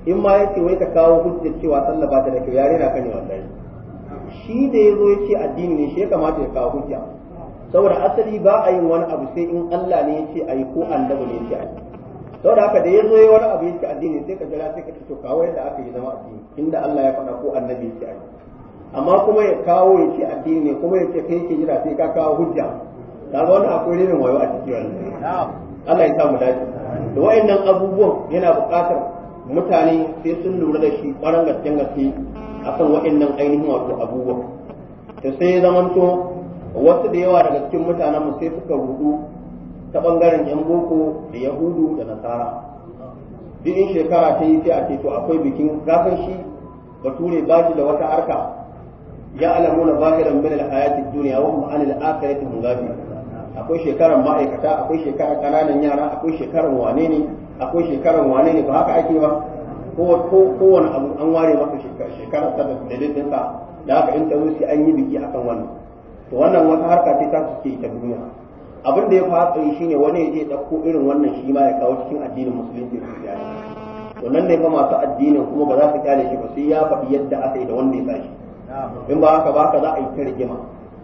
in ma ya ce wai ka kawo hujjar cewa sallah ba ta da kyau yare na kan yi wallahi shi da ya zo ya ce addini ne shi ya kamata ya kawo hujja saboda asali ba a yin wani abu sai in Allah ne ya ce a yi ko annabi ne ya ce a yi saboda haka da ya zo ya wani abu ya ce addini sai ka jira sai ka ce to kawo yadda aka yi zama addini inda Allah ya faɗa ko annabi ya ce a yi amma kuma ya kawo ya ce addini ne kuma ya ce kai ke jira sai ka kawo hujja kaga wannan akwai rinin wayo a cikin wannan Allah ya sa mu dace da wayannan abubuwan yana buƙatar mutane sai sun lura da shi ɓaran gaske gaske a kan waɗannan ainihin wato abubuwa ta sai ya zamanto wasu da yawa daga cikin mutanen sai suka rudu ta ɓangaren yan boko da yahudu da nasara duk in shekara ta yi sai a ce to akwai bikin kafin shi bature ba shi da wata harka ya alamu na zahiran min alhayatid dunya wa hum anil akhirati hum akwai shekaran ma'aikata akwai shekaran kananan yara akwai shekaran wane ne akwai shekarar wane ne ba haka ake ba kowane abu an ware maka shekarar ta da dalilin da haka in ta wuce an yi biki akan wannan to wannan wata harka ce ta suke ta duniya abin da ya fi yi shine wani ya je dauko irin wannan shi ma ya kawo cikin addinin musulunci da to nan ne fa masu addinin kuma ba za su kyale shi ba sai ya faɗi yadda aka yi da wanda ya tashi in ba haka ba ka za a yi ta rigima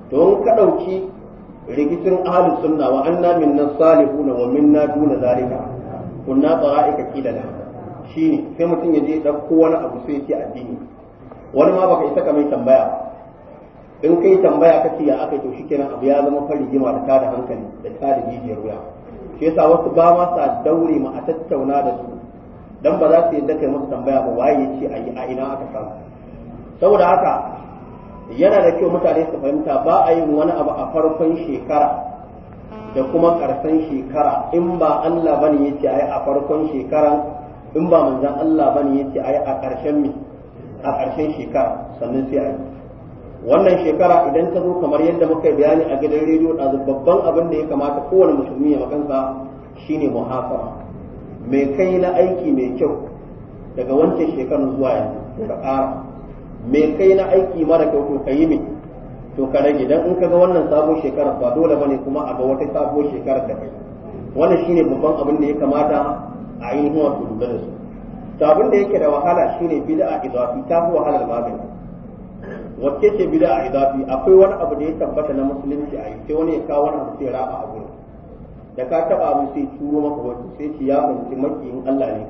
in ka ɗauki rikicin ahlus sunna wa anna minna salihuna wa minna duna zalika kunna bara'ika kila shi ne sai mutum ya je dauko wani abu sai ce addini wani ma baka isa mai tambaya in kai tambaya ce ya aka to kenan abu ya zama fari gima da tada hankali da tada jijiyar wuya shi yasa wasu ba ma sa daure ma a tattauna da su dan ba za su yadda kai masa tambaya ba waye a ayi a ina aka samu saboda haka yana da kyau mutane su fahimta ba a yin wani abu a farkon shekara da kuma ƙarshen shekara in ba Allah bane yace ayi a farkon shekara in ba manzon Allah bane yace ayi a karshen mi a karshen shekara sannan sai ayi wannan shekara idan ta zo kamar yadda muka bayani a gidan rediyo da babban abin da ya kamata kowane musulmi ya makansa shine muhafara mai kai na aiki mai kyau daga wancan shekarun zuwa yanzu ka kara mai kai na aiki mara kyau to ka yi mai to ka rage dan in ka ga wannan sabon shekarar ba dole bane kuma a ga wata sabon shekarar da kai wannan shine babban abin da ya kamata a yi wato lura da su sabon da yake da wahala shine bid'a idafi ta fi wahalar magani wacce ce bid'a idafi akwai wani abu da ya tabbata na musulunci a yi sai wani ya kawo wani sai ra'a a gurin da ka taba mu sai turo maka wani sai ki ya fahimci makiyin Allah ne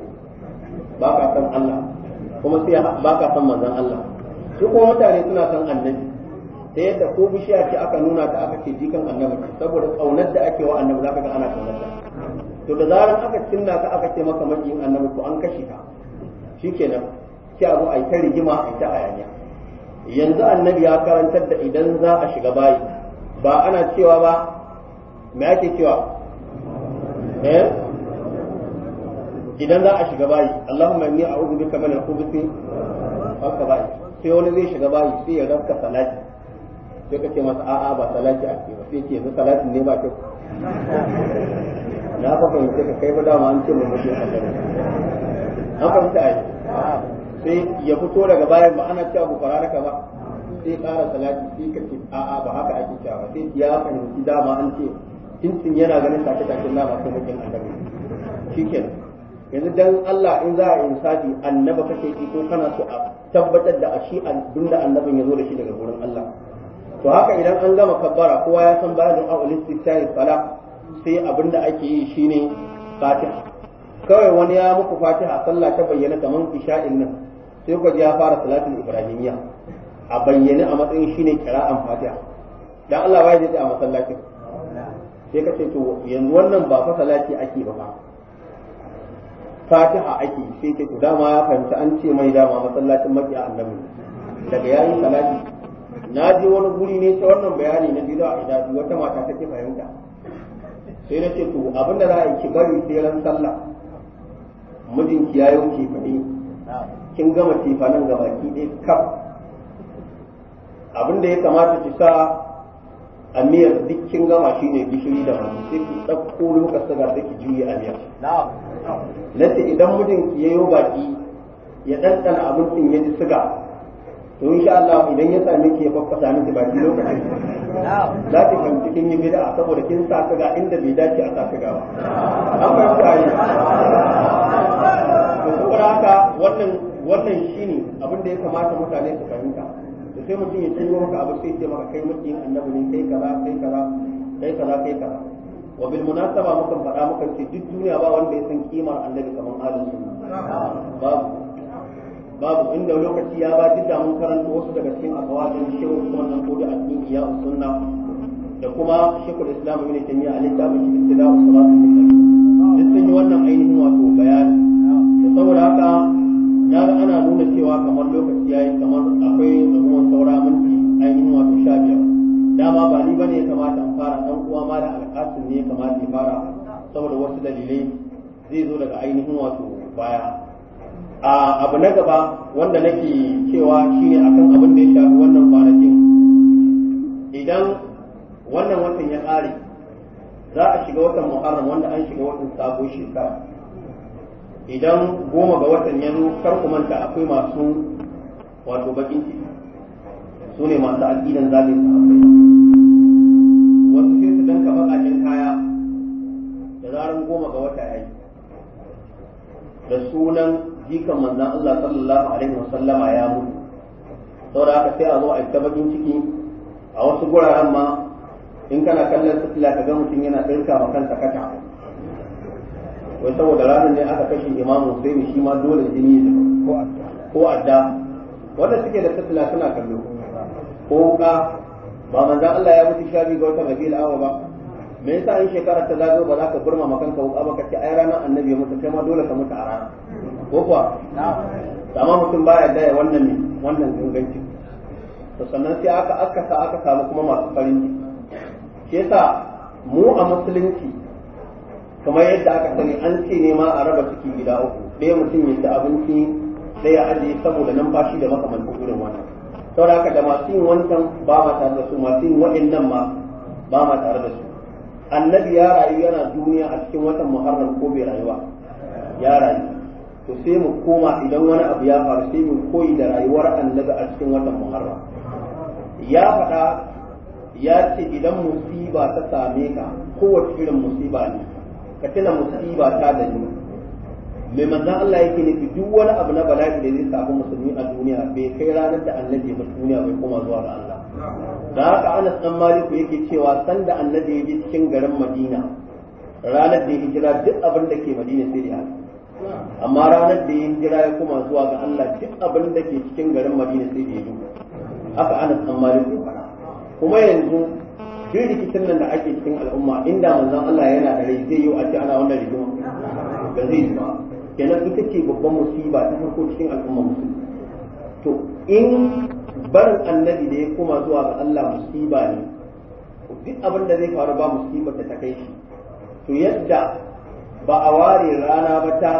ba ka san Allah kuma sai ba ka san manzon Allah su kuma mutane suna san annabi da yadda ko bishiya ce aka nuna ta aka ce jikan annabi saboda kaunar da ake wa annabi ka ga ana kaunar ta to da zaran aka cinna ka aka ce maka makiyin annabi to an kashe ka shikenan ki abu ai ta rigima ai ta ayanya yanzu annabi ya karantar da idan za a shiga bayi ba ana cewa ba me ake cewa eh idan za a shiga bayi Allahumma inni a'udhu bika min al-khubuthi wa al-khaba'ith sai wani zai shiga bayi sai ya rafka salati sai ka ce masa a'a ba salati a ce ba sai ce yanzu salatin ne ba kyau na fa fahimce ka kai ba dama an ce mu mutu an fahimta ai sai ya fito daga bayan ba ana cewa fara raka ba sai ƙara salati sai ka ce a'a ba haka ake cewa ba sai ya fahimci dama an ce tintin yana ganin take-taken nama sai mutum annabi shikenan yanzu dan Allah in za a insafi annaba kake ko kana so a tabbatar da a shi abinda annabin ya zo da shi daga gurin Allah to haka idan an gama kabbara kowa ya san bayanin a'ulil istitahi sala sai abin da ake yi shine fatiha kawai wani ya muku fatiha sallah ta bayyana kamar isha'in nan sai ku ya fara salatul ibrahimiyya a bayyane a matsayin shine kira'an fatiha dan Allah ba ya a masallacin sai ka ce to yanzu wannan ba fa salati ake ba fatiha ake sai ce to dama ya fahimta an ce mai dama masallacin makiya annabi daga yayin salati na je wani guri ne ta wannan bayani na bid'a a idadi wata mata take fahimta sai na ce to abinda za a yi ki bari sai ran sallah mijinki ya ki fadi kin gama kefanen gaba ki ɗaya kaf abinda ya kamata ki sa a miyar duk kin gama shi ne gishiri da hannu sai ki ɗauko lokacin da sai ki juye a miyar na ce idan mijinki ya yi baki ya ɗanɗana abincin ya ji siga. to insha Allah idan ya same ki ya faffasa miki shi lokacin za ki kan cikin yi bid'a saboda kin sa ga inda bai dace a sa ga ba an fahimta yi to saboda haka wannan wannan shine abin da ya kamata mutane su fahimta to sai mutum ya cewa maka abu sai ya ce maka kai mutum annabi ne kai kaza kai kaza kai kaza kai kaza wa bil munasaba mukan faɗa mukan ce duk duniya ba wanda ya san kimar annabi kamar ahlus sunna babu babu inda lokaci ya ba duk damun mun karanta wasu daga cikin akwatin shehu wannan ko da cikin iya sunna da kuma shekul islam ibn taymiya ta littafin shi ibtida'u salatul mustaqim duk sun yi wannan ainihin wato bayani da saboda haka ya ga ana nuna cewa kamar lokaci yayi kamar akwai rabuwar saura minti ainihin wato sha biyar dama ba ni bane ya kamata in fara dan uwa ma da alƙasin ne ya kamata ya fara saboda wasu dalilai zai zo daga ainihin wato baya abu na gaba wanda nake cewa shi ne akan abin da ya shafi wannan kwanakin idan wannan watan ya ƙare za a shiga watan muharram wanda an shiga watan sabo shekara idan goma ga watan ya kar ku manta akwai masu wato bakin ciki su ne masu aƙidan zalin akwai wasu sai su danka baƙaƙen kaya da zaran goma ga wata yayi da sunan jikan manzan Allah sallallahu alaihi wasallama ya mutu saboda haka sai a zo a ta bakin ciki a wasu guraren ma in kana kallon sitila ka ga mutum yana ɗirka ma kansa kata wai saboda ranar ne aka kashe imamu sai shi ma dole jini ko adda wanda suke da sitila suna kallo ko wuka ba manzan Allah ya mutu shabi ga wata kabila awa ba me yasa in shekara ta zago ba za ka burma kanka wuka ba ka ce ai ranar annabi ya mutu kai ma dole ka mutu a rana ko kuwa amma mutum baya daya wannan ne wannan gangancin to sannan sai aka sa aka samu kuma masu farin ciki shi yasa mu a musulunci kamar yadda aka sani an ce ne ma a raba ciki gida uku ɗaya mutum ya ci abinci ya ajiye saboda nan shi da makamantan irin wannan saboda haka da masu yin wancan ba ma tare da su masu yin waɗannan ma ba ma tare da su annabi ya rayu yana duniya a cikin watan muharram ko bai rayuwa ya rayu to sai mu koma idan wani abu ya faru sai mu koyi da rayuwar annabi a cikin watan muharram ya faɗa ya ce idan musiba ta same ka kowace irin musiba ne ka tuna musiba ta da ni mai manzan Allah yake nufi duk wani abu na bala'i da zai samu musulmi a duniya bai kai ranar da annabi ba duniya bai koma zuwa ga Allah da haka Anas dan Maliku yake cewa san da annabi ya je cikin garin Madina ranar da ya hijira duk abin da ke Madina sai da amma ranar da yin jira ya koma zuwa ga Allah duk abin da ke cikin garin Madina sai da ya duka aka ana san malik ya kuma yanzu duk rikicin nan da ake cikin al'umma inda manzon Allah yana da rai zai yi a ce ana wannan rigima da zai zuwa ba kenan ita ce babban musiba ta farko cikin al'umma musulmi to in barin annabi da ya koma zuwa ga Allah musiba ne duk abin da zai faru ba musibar da ta kai shi to yadda ba a ware rana ba ta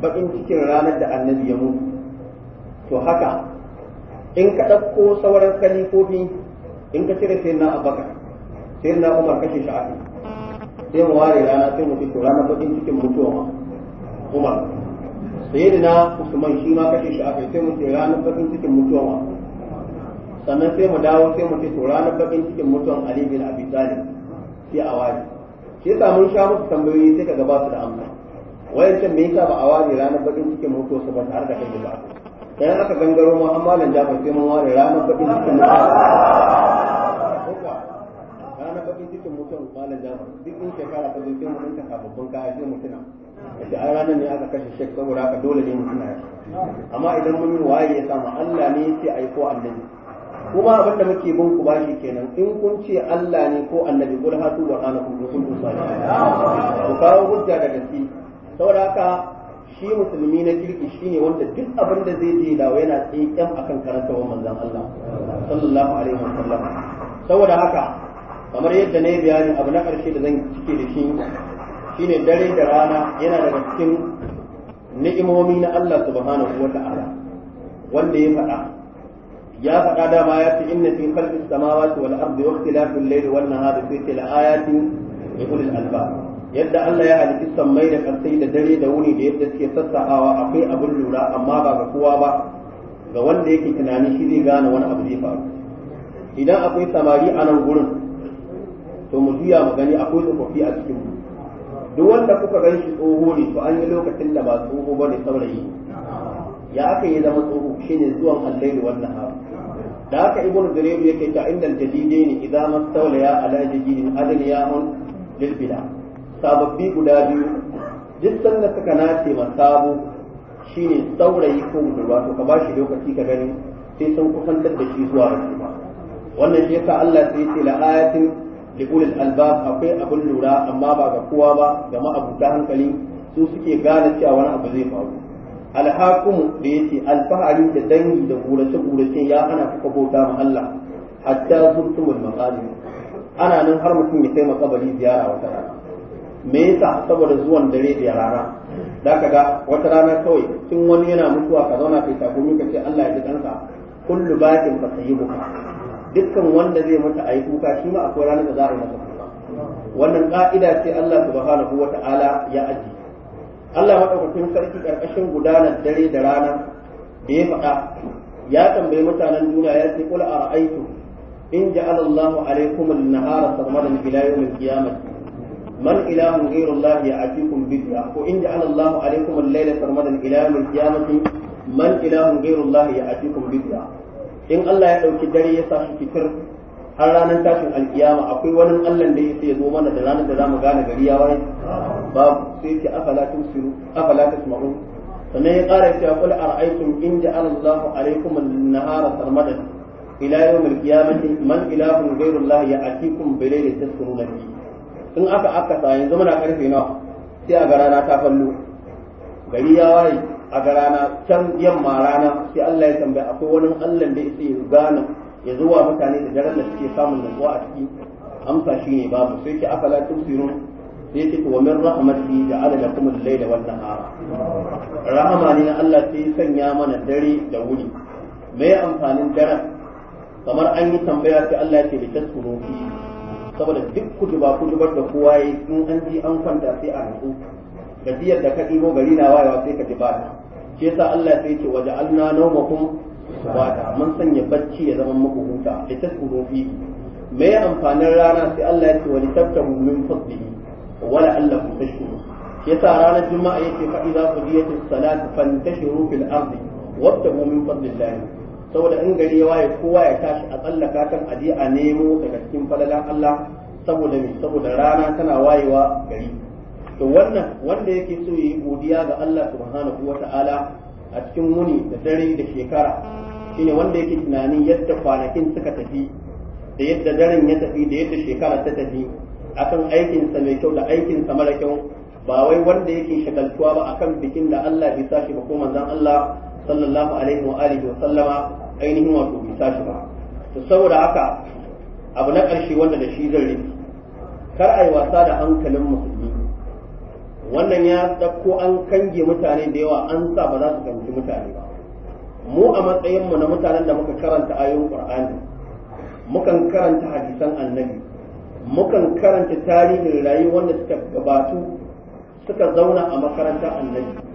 bakin cikin ranar da annabi ya mutu to haka in ka ɗauko sauran kalifofi in ka cire sai na abaka sai na umar kashe shi ake sai mu ware rana sai mu ce to ranar bakin cikin mutuwa ma umar sai na usman shi ma kashe shi ake sai mu ce ranar bakin cikin mutuwa ma sannan sai mu dawo sai mu ce to ranar bakin cikin mutuwan ali bin abi talib sai a ware shi yasa mun sha musu tambayoyi sai ka gaba su da amsa wayancan me yasa ba a ware ranar bakin cikin mutuwa su ba ta da kan ba Sai aka gangaro ma an malam jafar sai mun ware ranar bakin cikin mutuwa ranar bakin cikin mutuwa malam jafar duk in shekara ta zuke mu mun ta sababbin kaya sai mu tuna da a ranar ne aka kashe shek saboda aka dole ne mu tuna amma idan mun yi waye ya samu Allah ne sai ai ko annabi kuma abinda muke bin ku bashi kenan in kun ce Allah ne ko annabi kul hatu wa anakum rasulun sallallahu ku kawo hujja da gaske saboda haka shi musulmi na kirki shine wanda duk abin da zai je dawo yana tsaye kyan akan karantawar manzon Allah sallallahu alaihi wasallam saboda haka kamar yadda na yi bayani abu na karshe da zan cike da shi shine dare da rana yana daga cikin ni'imomi na Allah subhanahu wa ta'ala wanda ya faɗa ya faɗa dama ya fi inna fi khalqis samawati wal ardi wa ikhtilafil layli wan nahari fi ayatin li ulil albab yadda Allah ya halitta sammai da kansai da dare da wuni da yadda suke sassa'awa, akwai abin lura amma ba ga kowa ba ga wanda yake tunani shi zai gane wani abu zai faru idan akwai samari a nan gurin to mu juya mu gani akwai tsofaffi a cikin mu duk wanda kuka gan shi tsoho ne to an yi lokacin da ba tsoho ba ne saurayi ya aka yi zama tsoho shine zuwan allaili wannan haru. da haka ibnu jarir yake ta inda jadidai ne idan mastawla ya ala jadidin adliya lil bilad sababbi guda biyu duk sanda suka nace ma sabo shine saurayi ko budurwa to ka ba shi lokaci ka gani sai sun kusantar da shi zuwa rasuwa wannan shi yasa Allah sai ya ce la ayatin li ulil albab akwai abun lura amma ba ga kowa ba ga ma'abuta hankali su suke gane cewa wani abu zai faru alhakum da yace alfahari da dangi da gurace gurace ya ana kuka bauta ma Allah hatta zurtumul maqalim ana nan har mutum ya kai makabari ziyara wata rana me yasa saboda zuwan dare da rana da ka ga wata rana kawai tun wani yana mutuwa ka zauna kai takumi ka ce Allah ya ji kansa kullu bakin fa sayyibuka dukkan wanda zai mata ayi kuka shi ma akwai ranar da za a yi masa kuka wannan ka'ida ce Allah subhanahu wata'ala ya aji Allah madaukakin sarki karkashin gudanar dare da rana da ya faɗa ya tambayi mutanen duniya ya ce kula a ra'aitu in ja'ala Allahu alaikum an-nahara sarmadan ila yawmil qiyamah من إله غير الله يأتيكم بذرة وإن جعل الله عليكم الليل سرمدا إلى يوم القيامة من إله غير الله يأتيكم بذرة إن الله يدعوك دري يساشي كتر har ranar tashin alkiyama akwai wani allan da yake zo mana da ranar da za mu gane gari ya babu sai ce afala tusiru afala tasma'un sannan ya ƙara cewa qul ara'aytum in ja'ala Allahu alaykum an-nahara sarmadan ila in aka akasa yanzu muna karfe nawa sai a garana rana ta fallo gari ya waye a garana can yamma rana sai Allah ya tambaya akwai wani Allah da yake gane ya zuwa mutane da daren da suke samun nutsuwa a ciki amsa shi ne babu sai ce afala tusirun sai ce wa min rahmati ja'ala lakum al-layla wan nahara rahama ne Allah sai sanya mana dare da wuri me amfanin daren kamar an yi tambaya sai Allah ya ce litaskunu fi saboda duk kutuba kutubar da kowa yi in an ji an kwanta sai a nutsu gajiyar da ka ɗibo gari na wayewa sai ka ji ba ta shi yasa Allah sai ce waje alna nawmakum subata mun sanya bacci ya zama muku huta litaskunu fi me ya amfanin rana sai Allah ya ce wani wa litabtahu min fadlihi wa la'allakum tashkurun shi yasa ranar juma'a yake fa idza qudiyatis salatu fantashiru fil ardi wabtahu min fadlillahi saboda in gari ya waye kowa ya tashi a tsallaka kan adi'a a nemo daga cikin falalan Allah saboda saboda rana tana wayewa gari to wannan wanda yake so ya yi godiya ga Allah subhanahu ta'ala) a cikin muni da dare da shekara shine wanda yake tunanin yadda kwanakin suka tafi da yadda daren ya tafi da yadda shekara ta tafi akan aikinsa mai kyau da aikinsa mara kyau ba wai wanda yake shagaltuwa ba akan bikin da Allah ya sashi ba ko manzon Allah sallallahu alaihi wa alihi wa sallama ainihin wato bai tashi ba to saboda haka abu na ƙarshe wanda da shi zan yi. kar a yi wasa da hankalin musulmi wannan ya dauko an kange mutane da yawa an sa ba za su kange mutane ba mu a matsayinmu na mutanen da muka karanta ayoyin qur'ani mukan karanta hadisan annabi mukan karanta tarihin rayuwar wanda suka gabatu suka zauna a makarantar annabi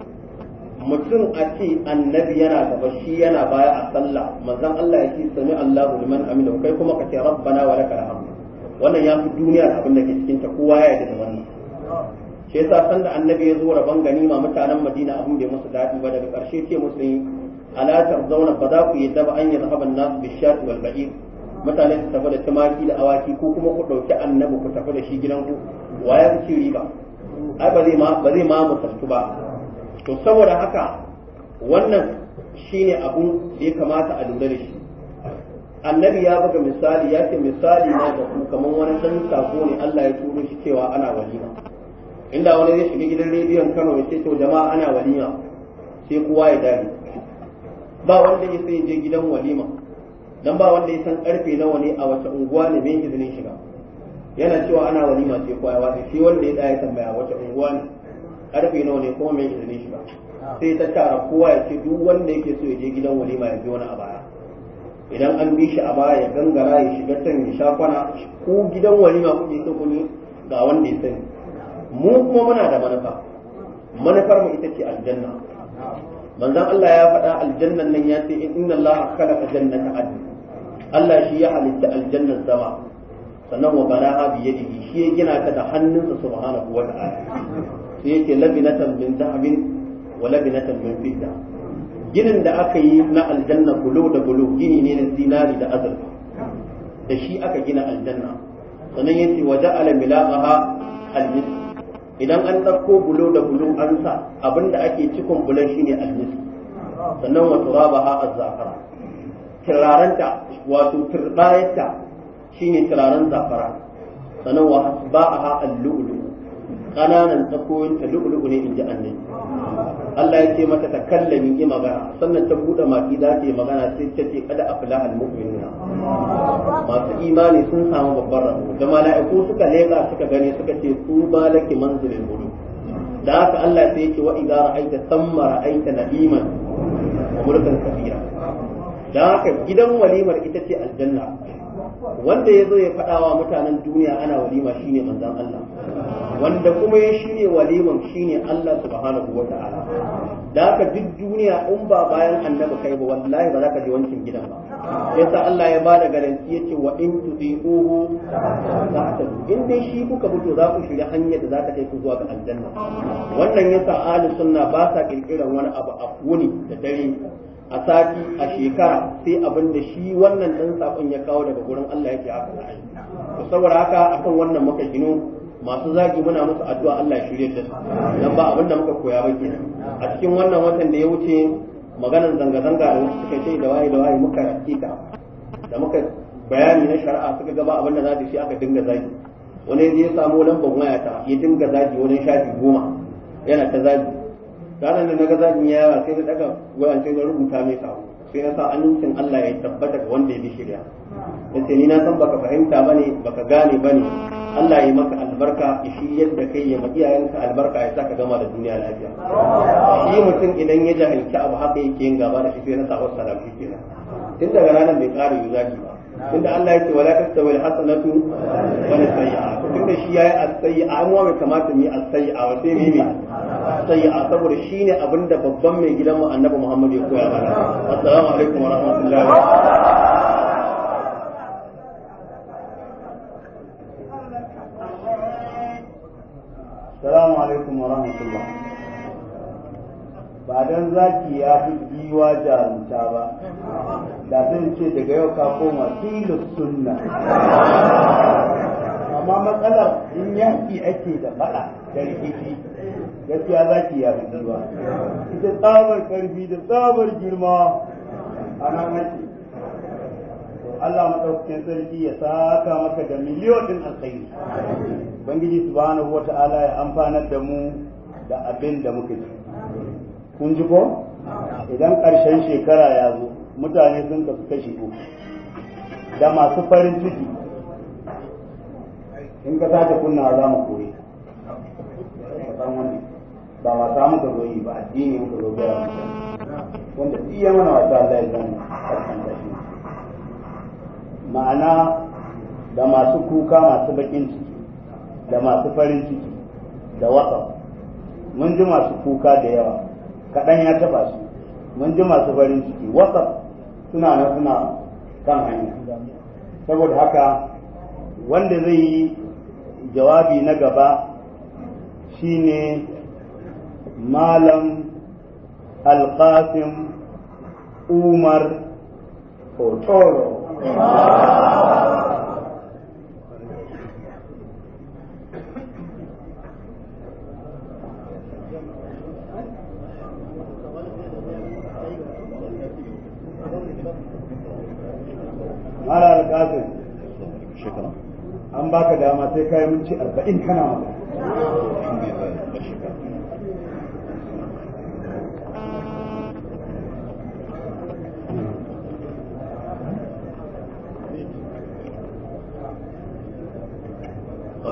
mutum a ce annabi yana gaba shi yana baya a sallah manzon Allah ya ce sami Allahu liman amina kai kuma ka ce rabbana wa lakal hamd wannan ya fi duniya da abin da ke cikin ta kowa ya yarda da wannan shi yasa sanda annabi ya zo rabon ganima mutanen Madina abin bai musu daɗi ba daga karshe ce musu yi ala tarzauna ba za ku yadda daba an yi rahaban nasu bishati wal ba'ir mutane su tafi da tumaki da awaki ko kuma ku ɗauki annabi ku tafi da shi gidan ku waye ku ci riba ai ba zai ma ba zai ma musaltu ba to saboda haka wannan shine abun da ya kamata a lura da shi annabi ya buga misali ya ce misali na da ku kamar wani dan sako ne Allah ya turo shi cewa ana walima inda wani zai shiga gidan rediyon Kano ya ce to jama'a ana walima sai kowa ya dare ba wanda ya sai je gidan walima dan ba wanda ya san karfe nawa ne a wata unguwa ne mai izinin shiga yana cewa ana walima sai kowa ya wace sai wanda ya tsaya tambaya wata unguwa ne karfe nawa ne kuma mai izinin shi ba sai ta tara kowa ya ce duk wanda yake so ya je gidan walima ya bi wani a baya idan an bi shi a baya ya gangara ya shiga can ya sha kwana ko gidan walima kuke so kuni ga wanda ya sani mu kuma muna da manufa manufar mu ita ce aljanna manzon Allah ya faɗa aljannan nan ya ce inna Allah khalaqa jannata adn Allah shi ya halitta aljannar sama sannan wa banaha bi yadihi shi ya gina ta da hannunsa subhanahu wa ta'ala sai yake labinatan min zahabin wa labinatan min fidda ginin da aka yi na aljanna bulo da bulo gini ne na zinari da azurfa da shi aka gina aljanna sannan yace wa ja'ala milaqaha almis idan an ɗauko bulo da bulo an sa abinda ake cikon bulon shine almis sannan wa turabaha az zakara turarenta wato turbayarta shine turaren zafara sannan wa hasba'aha al-lu'lu' ƙananan tsakoyin ta ne in ji annabi Allah ya ce mata ta kallami yi magana sannan ta buɗe maki za ta yi magana sai ta ce kada afla al mu'minuna masu imani sun samu babbar rabo da mala'iku suka leƙa suka gani suka ce ku balaki manzilin gudu. da haka Allah sai ya ce wa idza ra'aita thamma ra'aita na'iman mulkan kabira da haka gidan walimar ita ce aljanna wanda ya zo ya faɗa wa mutanen duniya ana walima shine manzon Allah wanda kuma ya shirya waliman shine Allah subhanahu wa ta'ala da haka duk duniya in ba bayan annabi kai ba wallahi ba za ka je wankin gidan ba yasa Allah ya bada garanti ce wa in tudihu ta'tadu in dai shi kuka bi za ku shiga hanyar da za ta kai ku zuwa ga aljanna wannan yasa ahli sunna ba sa kirkiran wani abu a wuni da dare a sati a shekara sai abin da shi wannan dan sakon ya kawo daga gurin Allah yake haka saboda haka akan wannan muka gino masu zagi muna musu addu'a Allah ya shirye da su dan ba abinda muka koya ba ke a cikin wannan watan da ya wuce maganar zanga-zanga da wasu suka ce da waye da waye muka hakika da muka bayani na shari'a suka gaba abin da za ta shi aka dinga zagi wani zai samu lambar waya ta ya dinga zagi wani shafi goma yana ta zagi ranar da na ga zagin yawa sai da daga wayan da rubuta mai samu. sai na sa amincin Allah ya tabbata ga wanda ya bi shirya nace ni na san baka fahimta bane baka gane bane Allah ya maka albarka shi yadda kai ya maki yayanka albarka ya saka gama da duniya lafiya shi mutum idan ya jahilci abu haka yake yin gaba da shi sai na sa wasu salafi kenan tun daga ranar bai ƙara yi ba inda Allah yake wala tastawi alhasanatu sayi'atu duk da shi yayi as sayia an mai kamata mu yi as-sayyi'a wa sai mu sayi'a sayyi'a saboda shine abinda babban mai gidan mu annabi Muhammad ya koya mana assalamu alaikum wa rahmatullahi wa barakatuh السلام عليكم ورحمة الله ba don zaki ya fi giwa jarumta ba da zan ce daga yau ka koma filin sunna amma matsalar in yaki ake da faɗa da rikici gaskiya zaki ya fi biwa ita tsabar karfi da tsabar girma a nan ake Allah maɗaukakin sarki ya saka maka da miliyoyin alkhairi Ubangiji subhanahu wata'ala ya amfanar da mu da abin da muka ci kun ji ko idan ƙarshen shekara ya zo mutane sun kasu kashi ko da masu farin ciki in ka sake kunna za mu koyi ba ma samu ka zo yi ba addini muka zo gara wanda iya mana wata Allah ya zama karkan da shi ma'ana da masu kuka masu bakin ciki da masu farin ciki da wata mun ji masu kuka da yawa kaɗan ya taɓa su mun ji masu farin ciki wasaf suna na suna kan hanya saboda haka wanda zai yi jawabi na gaba shine malam alƙasim umar otoro *laughs* mala alƙasir an baka dama sai kayi minti arba'in kana magana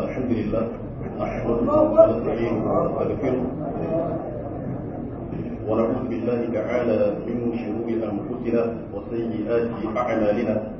الحمد لله أحمده ونستعينه ونستغفره ونعوذ بالله تعالى من شرور أنفسنا وسيئات أعمالنا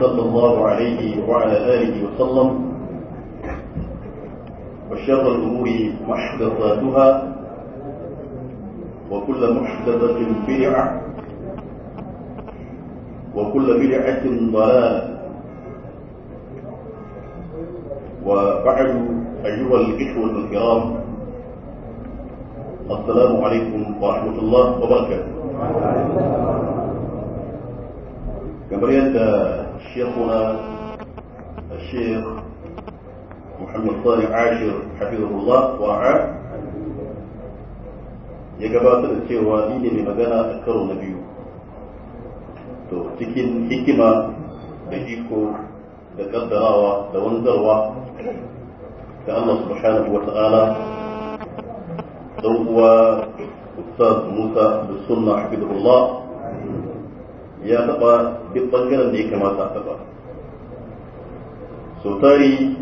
صلى الله عليه وعلى آله وسلم وشر الأمور محدثاتها وكل محدثة بدعة وكل بدعة ضلالة وبعد أيها الإخوة الكرام السلام عليكم ورحمة الله وبركاته كبريت شيخنا الشيخ محمد طارق عاشر حفظه الله وعاد يجبات السيوة إني لمدانا أكثر النبي تو تكين حكمة بجيكو دقد دراوة دون دعوة كأن سبحانه وتعالى دوّا أستاذ موسى بالسنة حفظه الله ya taɓa duk ɓangaren da ya kamata a taɓa sau tari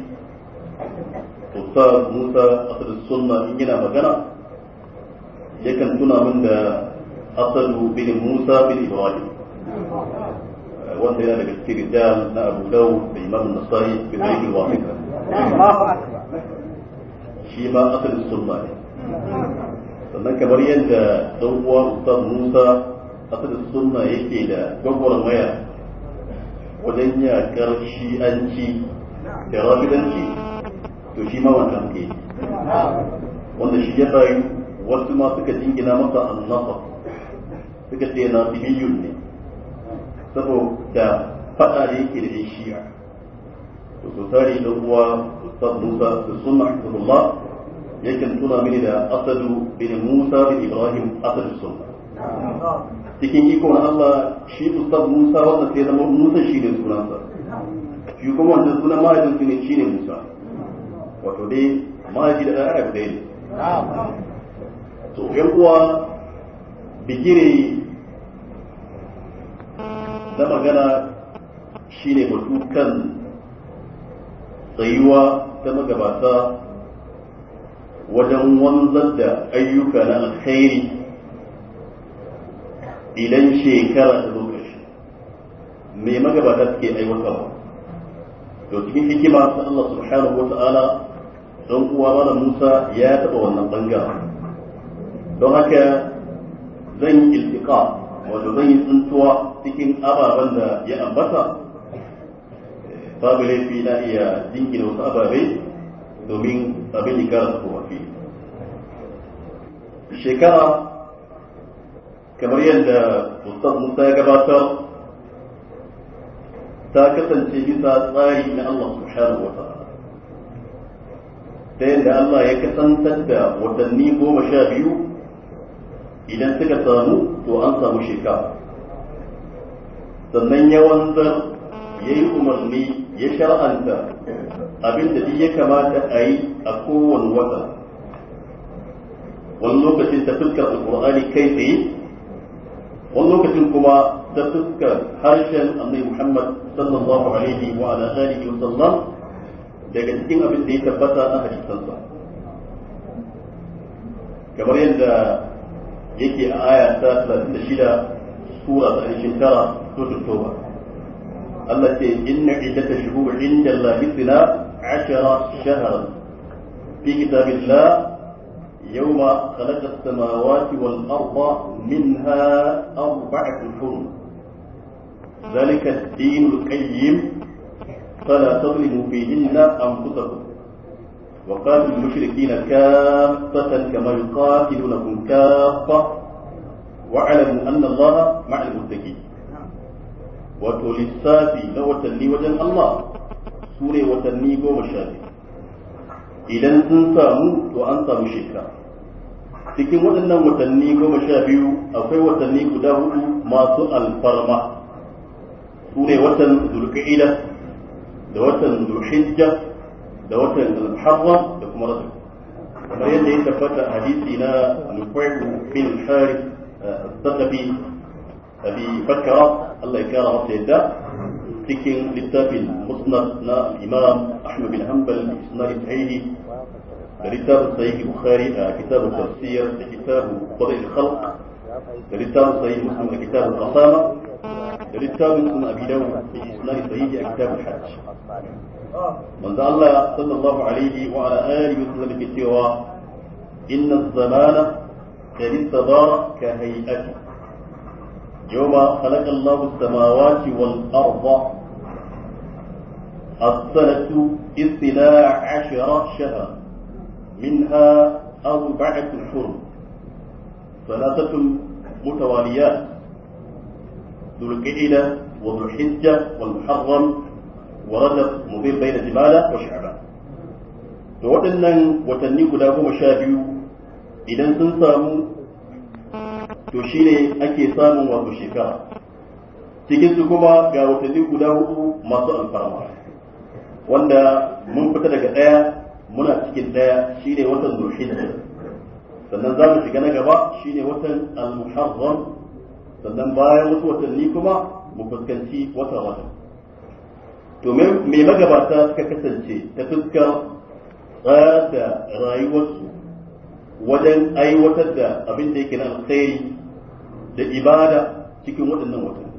ustaz musa asadu sunna in yana magana yakan tuna min da asadu bin musa bin ibrahim eh, wanda yana daga cikin rijal na abu dau da imam nasai bin aikin wahida shi ma asadu sunna ne sannan kamar yadda ɗan uwa musa asali sunna yake da gwagwarmaya wajen yakar shi'anci da rabidanci to shi ma wannan ke wanda shi ya bayu wasu ma suka jingina masa annasa suka ce na biyun ne saboda faɗa da yake da shi'a to su tare da uwa ustaz musa su sunna hafizullah yakan tuna mini da asadu bin musa bin ibrahim asadu sunna cikin ikon Allah shi ustaz Musa wanda sai zama Musa shi ne sunansa shi kuma wanda sunan mahaifin su ne shi ne Musa wato dai mahaifi da ɗan Arab dai ne to yan uwa bigire na magana shi ne batu kan tsayuwa ta magabata wajen wanzar da ayyuka na alkhairi idan shekara ta zo ƙarshe me magabata suke aiwatarwa to cikin hikima ta Allah subhanahu wa ta'ala dan uwa mana Musa ya taɓa wannan bangaren don haka zan yi iltiqa wato zan yi tsuntuwa cikin ababen da ya ambata babu laifi na iya jingina wasu ababe domin abin ya kara su shekara kamar yadda ustaz musa ya gabatar ta kasance bisa tsari na allah subhanahu wa ta'ala ta yadda allah ya kasantar da watanni goma sha biyu idan suka samu to an samu shekara sannan ya ya yi umarni ya sha'anta abin da ya kamata a yi a kowane wata wani lokacin ta fuskar alkur'ani kai tsaye ولوكتن كما تفسك حرشا أني محمد صلى الله عليه وعلى آله وسلم لكن تكين أبن دي تبتا كما يند يكي آية ساسلة سورة عليش سورة التوبة التي إن عدة شهور عند الله اثنا عشر شهرا في كتاب الله يوم خلق السماوات والأرض منها أربعة حرم ذلك الدين القيم فلا تظلموا فيهن أنفسكم وقاتلوا المشركين كافة كما يقاتلونكم كافة واعلموا أن الله مع المتقين وتولي lissafi na watanni wajen Allah su ne watanni idan sun samu to an samu shekara cikin waɗannan watanni goma sha biyu akwai watanni guda hudu masu alfarma su ne watan zulka'ida da watan zulhijja da watan zulharra da kuma rasul kamar yadda ya tabbata hadisi na nufairu bin harith eh, as-sadafi abi bakara Allah ya kara masa yadda cikin littafin musnad na imam ahmad bin hanbal isnad sahihi da littafin sahihi bukhari da kitabun tafsir da kitabun qadar al-khalq da littafin sahihi muslim da kitabun qasama da littafin ibn abi dawud da isnad sahihi a kitabul hajj manzo Allah sallallahu alaihi wa ala alihi wa sallam ke cewa inna az-zamana qad istadara ka hay'ati يوم خلق الله السماوات والأرض السنة اطلاع عشر شهرا منها أربعة حرم ثلاثة متواليات ذو القعدة وذو الحجة والمحرم ورجب مضير بين جمالة وشعبان to waɗannan watanni guda goma sha biyu idan sun samu to shine ake samun wato shekara cikinsu kuma ga watanni guda masu alfarma wanda mun fita daga ɗaya muna cikin ɗaya ne watan zulhijja sannan za mu shiga na gaba shi ne watan al-muharram sannan bayan wasu watanni kuma mu fuskanci wata wata to me magabata suka kasance ta fuskar tsada rayuwarsu wajen aiwatar da abin da yake na alkhairi da ibada cikin waɗannan watanni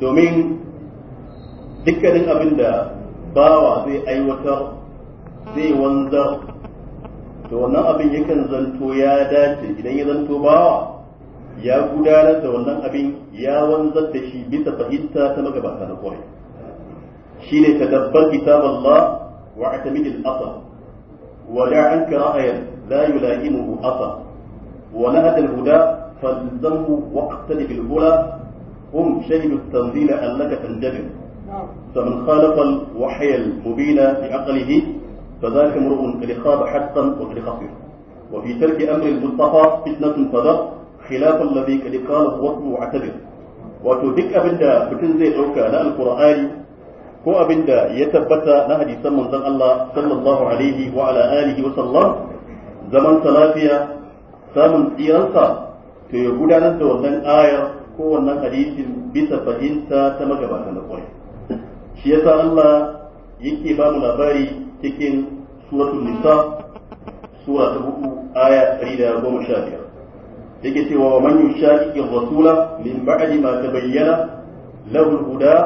domin dukkanin abin da bawa zai aiwatar zai wanda to wannan abin yakan zanto ya dace idan ya zanto bawa ya gudanar da wannan abin ya wanzar da shi bisa fahimta ta magabata na kwarai shi ne ta dabbar kitab Allah wa a ta mijin asa wa da an ra'ayan la mu asa wa nahad al-huda falzamhu waqtan ta hula hum shahidu shaidu tanzila allaka tanjabir فمن خالف الوحي المبين بعقله فذاك امرؤ قد خاب حتما وقد خسر وفي ترك امر المصطفى فتنه فذر خلاف الذي قد قاله وصل واعتذر wato duk abin da mutum zai ɗauka na alkur'ani ko abin da ya tabbata na hadisan manzon Allah sallallahu alaihi wa ala alihi wa sallam zaman lafiya samun tsiransa to ya gudanar da wannan ayar ko wannan hadisin bisa fahimta ta magabata na kwarai shi yasa Allah yake ba mu labari cikin suratul nisa sura ta hudu aya 115 yake cewa wa man yushaqiqi rasula min ba'di ma tabayyana lahu al-huda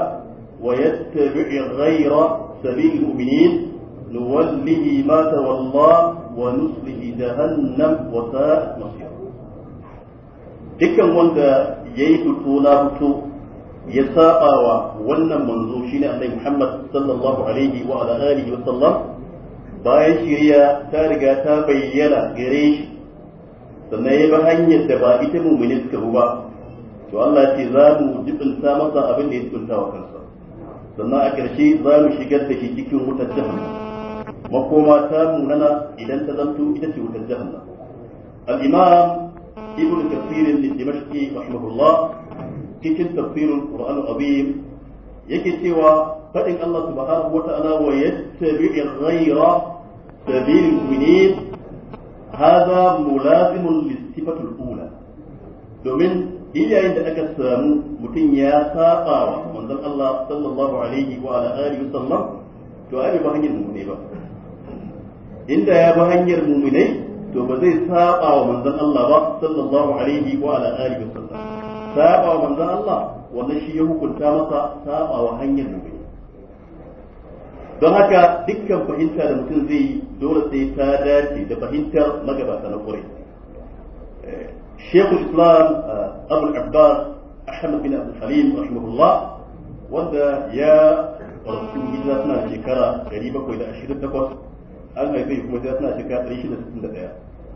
wa yattabi' ghayra sabili al-mu'minin nuwallihi ma tawalla wa nuslihi jahannam wa sa'at masira dukkan wanda yayi fito na fito ya saba wa wannan manzo shine annabi Muhammad sallallahu alaihi wa ala alihi wa sallam bayan shirya ta riga ta bayyana gare shi sannan ya bi hanyar da ba ita mumini suka ba to Allah ce za mu jibinta masa abin da ya tsunta wa kansa sannan a ƙarshe za mu shigar da shi cikin wutar jahannam makoma ta munana idan ta zanto ita ce wutar jahannam al-imam ibn kathir al-dimashqi rahimahullah cikin tafsirin Qur'an azim yake cewa fadin Allah subhanahu wata'ala wa yattabi ghayra sabil al mu'minin hada mulazim lis-sifat al ula domin yayin da aka samu mutun ya saba wa manzon Allah sallallahu alaihi wa ala alihi sallam to ai ba hanyar mu'mini ba inda ya ba hanyar mu'minai to ba zai saba wa manzon Allah ba sallallahu alaihi wa ala alihi sallam saba wa manzon Allah wannan shi ya hukunta masa saba wa hanyar mu'min don haka dukkan fahimta da mutum zai yi dole sai ta dace da fahimtar magabata na kure shekul islam abu abbas ahmad bin abdul halim rahimahullah wanda ya rasu hijira suna shekara 728 an haife kuma hijira suna shekara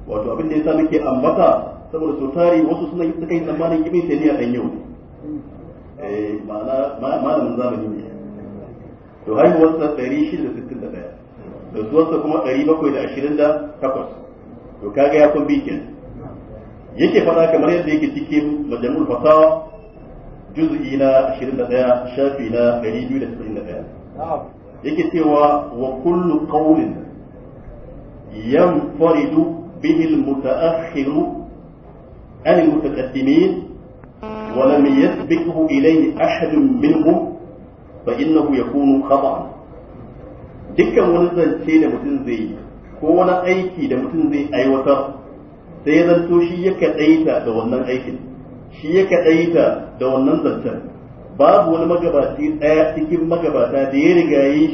661 wato abin da ya sa muke ambata saboda sau tari wasu suna suka yi tsammanin ibn taymiya dan yau eh ma'ana malamin zamani ne to haihuwarsa 661 da suwarsa kuma 728 to kaga ya kun bikin yake fada kamar yadda yake cikin majamul fasawa juz'i na 21 shafi na 291 yake cewa wa kullu qawlin yanfaridu bihi al-muta'akhkhiru عن المتقدمين ولم يسبقه إليه أحد منهم فإنه يكون خطأ دكا ونزل شيء لمتن زي كون أي شيء لمتن زي أي وطر سيدا توشي يكا أيتا دوانا أي شيء شي يكا أيتا دوانا زلتا باب ولا مقبا سير آياتك مقبا تادير غايش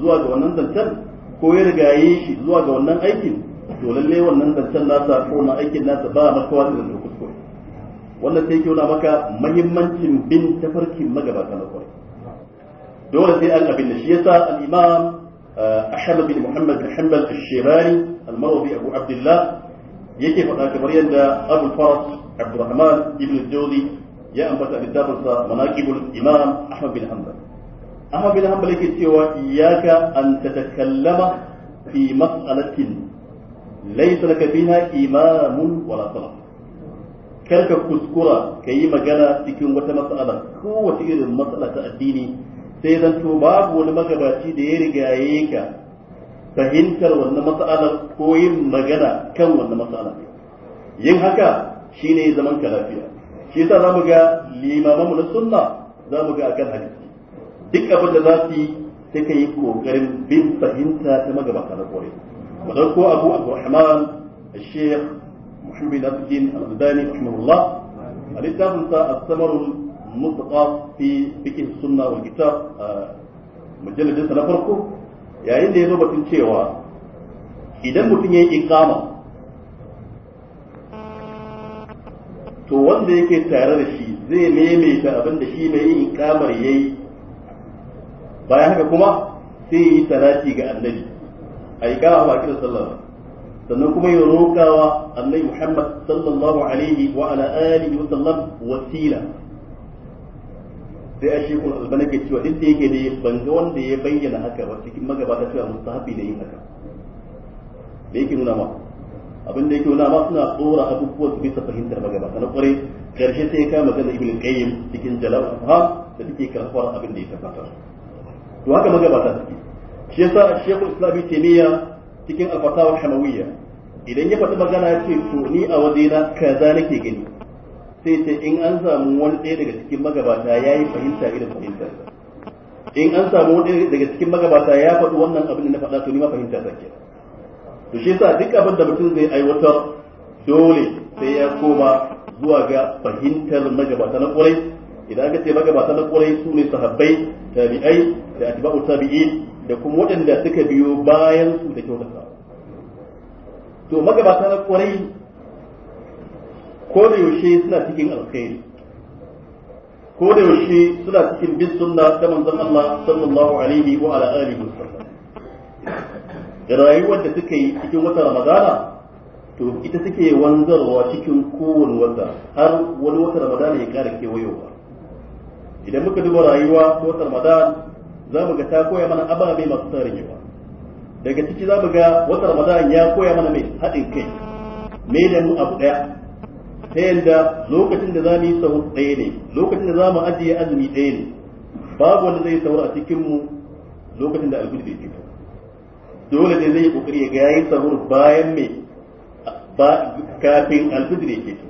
زوا دوانا زلتا كوير غايش زوا دوانا أي شيء to lalle wannan zancen nasa ko na aikin nasa ba makawa da zancen kuskure wannan sai kyauna maka mahimmancin bin tafarkin magabata na kwarai dole sai an abin da shi yasa al-imam eh, ahmad bin muhammad al-shibani al-marwazi abu abdullah yake faɗa kamar yadda abu faras abdurrahman ibn jawzi ya ambata littafin sa manaqibul imam ahmad bin hanbal ahmad bin hanbal yake cewa iyyaka an tatakallama fi mas'alatin laisa laka fiha imamun wala talab kar ka kuskura kayi magana cikin wata matsala wata irin matsala ta addini sai zan to babu wani magabaci da ya rigaye ka fahimtar wannan matsalar ko yin magana kan wannan matsala yin haka shine zaman ka lafiya shi yasa zamu ga limaman mu na sunna zamu ga akan hadisi duk abin da za su yi sai ka yi kokarin bin fahimta ta magabata na kwarai mu ɗauko abu abdurrahman الشيخ محمد عبد الدين الغزالي رحمه الله الكتاب الثمر المتقى في فقه السنة والكتاب مجلد na farko yayin da ya zo batun cewa idan mutum ya yi to wanda yake tare da shi zai maimaita abin da shi mai yin ikamar yayi bayan haka kuma sai yi salati ga annabi a yi gawa ba kira sallah sannan kuma ya roƙawa annabi Muhammad sallallahu alaihi wa ala alihi wa sallam wasila sai a shi kun albana ke cewa duk da yake da ban ga wanda ya bayyana haka ba cikin magabata cewa mustahabi ne yin haka da yake nuna ma abin da yake nuna ma suna tsora abubuwa su bisa fahimtar magabata na kwarai karshe sai ya kama magana ibn qayyim cikin jalal ha da take karfar abin da ya tabbatar to haka magabata suke shi yasa a shekul islami taimiyya cikin alfasawar hamawiyya idan ya faɗi magana ya ce to ni a wajena kaza nake gani sai ce in an samu wani ɗaya daga cikin magabata ya yi fahimta irin fahimta in an samu wani ɗaya daga cikin magabata ya faɗi wannan abin da na faɗa to ni ma fahimta sake to shi yasa duk abin da mutum zai aiwatar dole sai ya koma zuwa ga fahimtar magabata na ƙwarai idan aka ce magabata na ƙwarai su ne sahabbai tabi'ai da atiba'u tabi'in da kuma waɗanda suka biyo bayan su da kyautata to magabata na kwarai ko da yaushe suna cikin alkhairi ko da yaushe suna cikin bin sunna ta manzon Allah sallallahu alaihi wa ala alihi da rayuwar da suka yi cikin wata ramadana to ita suke wanzarwa cikin kowane wata har wani wata ramadana ya kara kewayowa idan muka duba rayuwa ta wata ramadana za mu ga ta koya mana ababe masu tarin yawa daga ciki za mu ga wata ramadan ya koya mana mai haɗin kai me da mu abu ɗaya ta yadda lokacin da za mu yi sahur ɗaya ne lokacin da za mu ajiye azumi ɗaya ne babu wanda zai sahur a cikin mu lokacin da alfil bai fito dole ne zai yi kokari ya ga yayi sahur bayan me ba kafin alfil ya fito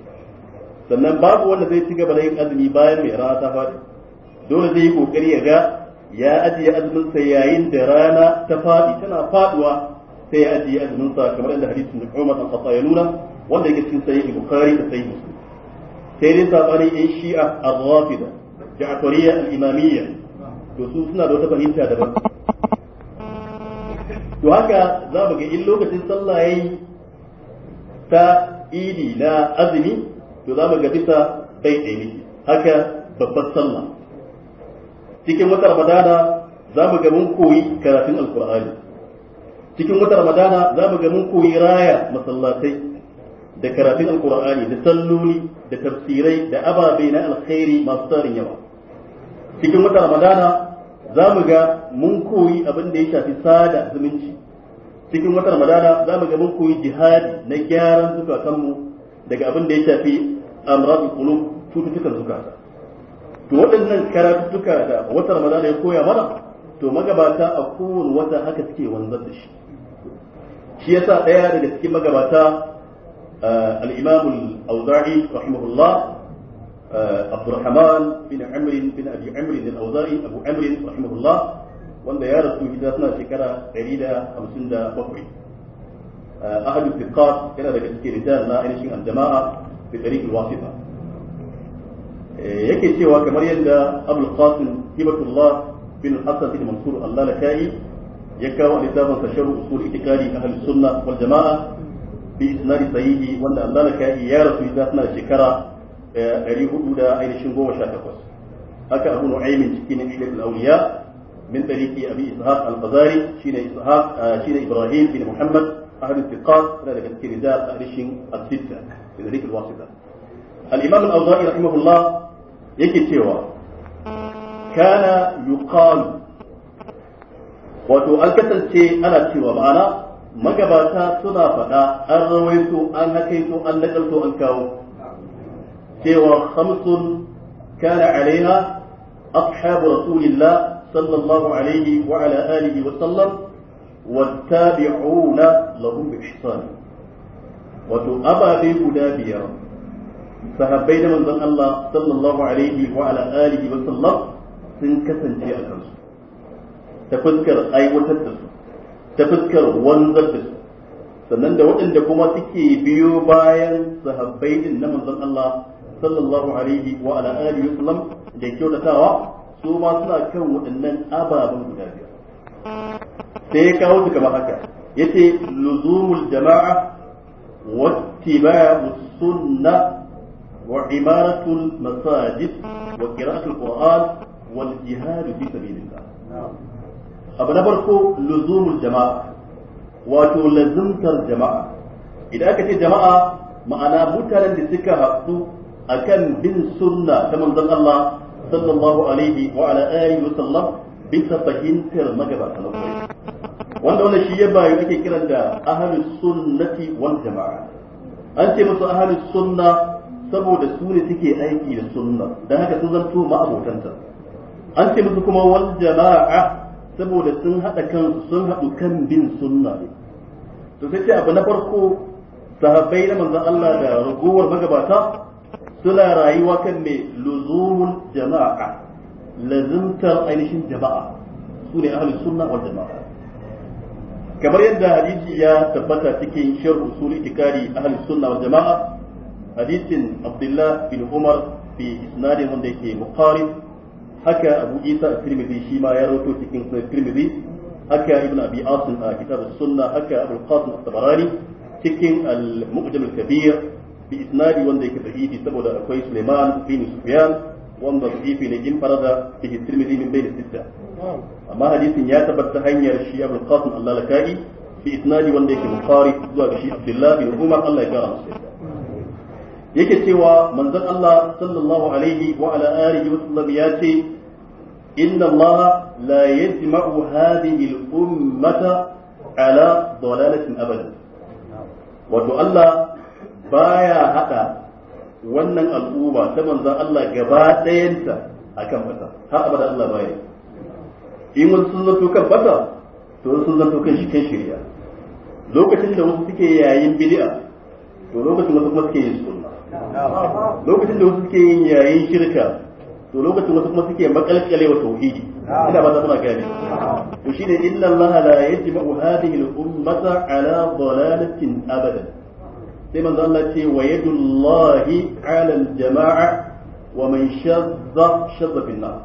sannan babu wanda zai ci gaba da yin azumi bayan me rana ta fadi dole zai yi kokari ya ga ya ajiye azuminsa yayin da rana ta faɗi tana faɗuwa sai ya ajiye azuminsa kamar yadda hadisin da Umar bin Khattab ya nuna wanda yake cikin sahih Bukhari da sahih Muslim sai dai sabani in Shi'a al-Rafida Ja'fariyya al-Imamiyya to su suna da wata fahimta daban to haka za mu ga in lokacin sallah yayi ta idi na azumi to za mu ga bisa bai ɗaya haka babbar sallah cikin wata ramadana za mu ga koyi karatun alkur'ani cikin wata ramadana za mu ga koyi raya masallatai da karatun alkur'ani da salloli da tafsirai da ababe na alkhairi masu tarin yawa cikin wata ramadana za mu ga mun koyi abin da ya shafi sada zumunci cikin wata ramadana za mu ga mun koyi jihadi na gyaran zukatanmu daga abin da ya shafi amradul qulub cututtukan zukata to waɗannan karatuttuka da wata ramadana ya koya mana to magabata a kowane wata haka suke wanzar da shi shi yasa ɗaya daga cikin magabata al-imam al-awza'i rahimahullah عبد الرحمن بن عمرو بن ابي عمرو الاوزاعي ابو عمرو رحمه الله wanda ya rasu hijira suna shekara 157 ahadu fiqat yana daga cikin rijal na ainihin aljama'a fi tariqil wasifa yake cewa kamar yadda abul qasim hibatullah bin hasan bin mansur allah lakai ya kawo littafin sa sharu usul itikadi ahli sunna wal jamaa bi isnadi sahihi wanda allah lakai ya rasu da suna shekara 418 haka abu nu'aymin cikin al awliya min tariqi abi من طريق ابي اسحاق الغزالي شين اسحاق شين ابراهيم بن محمد اهل الثقات ذلك ahli shin al sitta في طريق wasita al-imam al-awza'i rahimahullah yake cewa kana yuqalu wato an kasance ana cewa ma'ana magabata suna faɗa an rawaito an hakaito an nakalto an kawo cewa khamsun kana alaiha ashabu rasulillah sallallahu alaihi wa ala alihi wa sallam wattabi'una lahum bi ihsan wato ababe guda biyar sahabbai da manzon Allah sallallahu alaihi wa ala alihi wa sallam sun kasance a kansu ta fuskar aiwatar da su ta fuskar wanzar da su sannan da waɗanda kuma suke biyo bayan sahabbai din na manzon Allah sallallahu alaihi wa ala alihi wa sallam da kyautatawa su ma suna kan waɗannan ababen guda biyar sai ya kawo su kamar haka yace luzumul jama'a wattiba'us sunnah وعمارة المساجد وقراءة القرآن والجهاد في سبيل الله abu na farko luzumul jama'a wato lazumtar jama'a idan aka ce jama'a ma'ana mutanen da suka haɗu akan bin sunna ta manzon Allah sallallahu alaihi wa ala alihi wa fahimtar magabata na kwarai wanda wannan shi ya bayu ake kiran da ahlus sunnati wal jama'a an ce musu ahlus sunna saboda su ne suke aiki da sunna dan haka sun zanto ma'abotanta an ce musu kuma wal jama'a saboda sun hada kansu sun hadu kan bin sunna ne to sai abu na farko sahabbai na manzon Allah da ragowar magabata suna rayuwa kan me luzumul jama'a lazimtar ainihin jama'a su ne ahlus sunna wal jama'a kamar yadda hadisi ya tabbata cikin shirku usul itikadi ahlus sunna wal jama'a hadisin abdullah bin umar fi isnadin wanda yake muqarib haka abu isa at-tirmidhi shi ya rawaito cikin tirmidhi haka ibn abi asim a kitab as-sunnah haka abu qasim at-tabarani cikin al-mu'jam kabir bi isnadi wanda yake sahihi saboda akwai Sulaiman bin Sufyan wanda sahihi ne in farada bihi Tirmidhi min bayni sitta amma hadisin ya tabbata hanyar shi Abu Qasim Allah lakai bi isnadi wanda yake Bukhari zuwa shi bin Umar yake cewa manzon Allah sallallahu alaihi wa ala alihi wa sallam ya ce inna Allah la yajma'u hadhihi al-ummata ala dalalatin abada wato Allah baya hada wannan al'umma ta manzon Allah gaba ɗayanta akan bata har abada Allah baya in wasu sun zato kan bata to sun zato kan shi kan shirya lokacin da wasu suke yayin bid'a to lokacin wasu kuma suke yin sunna lokacin da wasu suke yin yayin shirka to lokacin wasu kuma suke makalkale wa tauhidi ina ba za su gane to shine inna allaha la yajma'u hadhihi al-ummata ala dalalatin abadan sai manzo Allah ce wa yadullahi ala al-jama'a wa man shadda shadda fil nar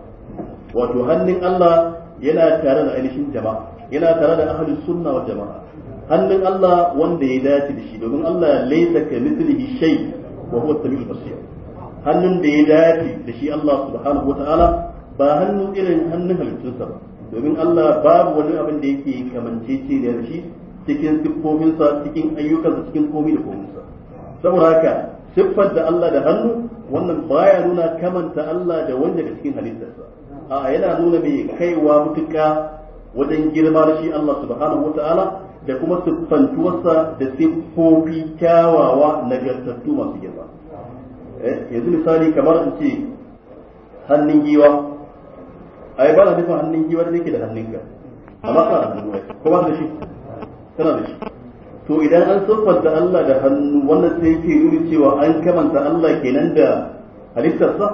wato hannun Allah yana tare da ainihin jama'a yana tare da ahlus sunna wa jama'a hannun Allah wanda ya dace da shi domin Allah laysa ka mithlihi shay wa huwa samiul basir hannun da ya dace da shi Allah subhanahu wataala ba hannu irin hannun halittunsa ba domin Allah babu wani abin da yake kamancece da shi cikin siffofinsa cikin ayyukansa cikin komai da kominsa saboda haka siffar da Allah da hannu wannan baya nuna kamanta Allah da wanda da cikin halittarsa a yana nuna mai kaiwa mutuka wajen girma da shi Allah subhanahu wataala da kuma siffantuwarsa da siffofi kyawawa nagartattu masu girma eh, yanzu misali kamar in ce hannun giwa yi ba da nufin hannun giwa da nake da hannun ka amma kana da hannun ko kuma da shi tana da shi to idan an siffanta Allah da hannu wannan sai yake nuna cewa an kamanta Allah kenan da halittarsa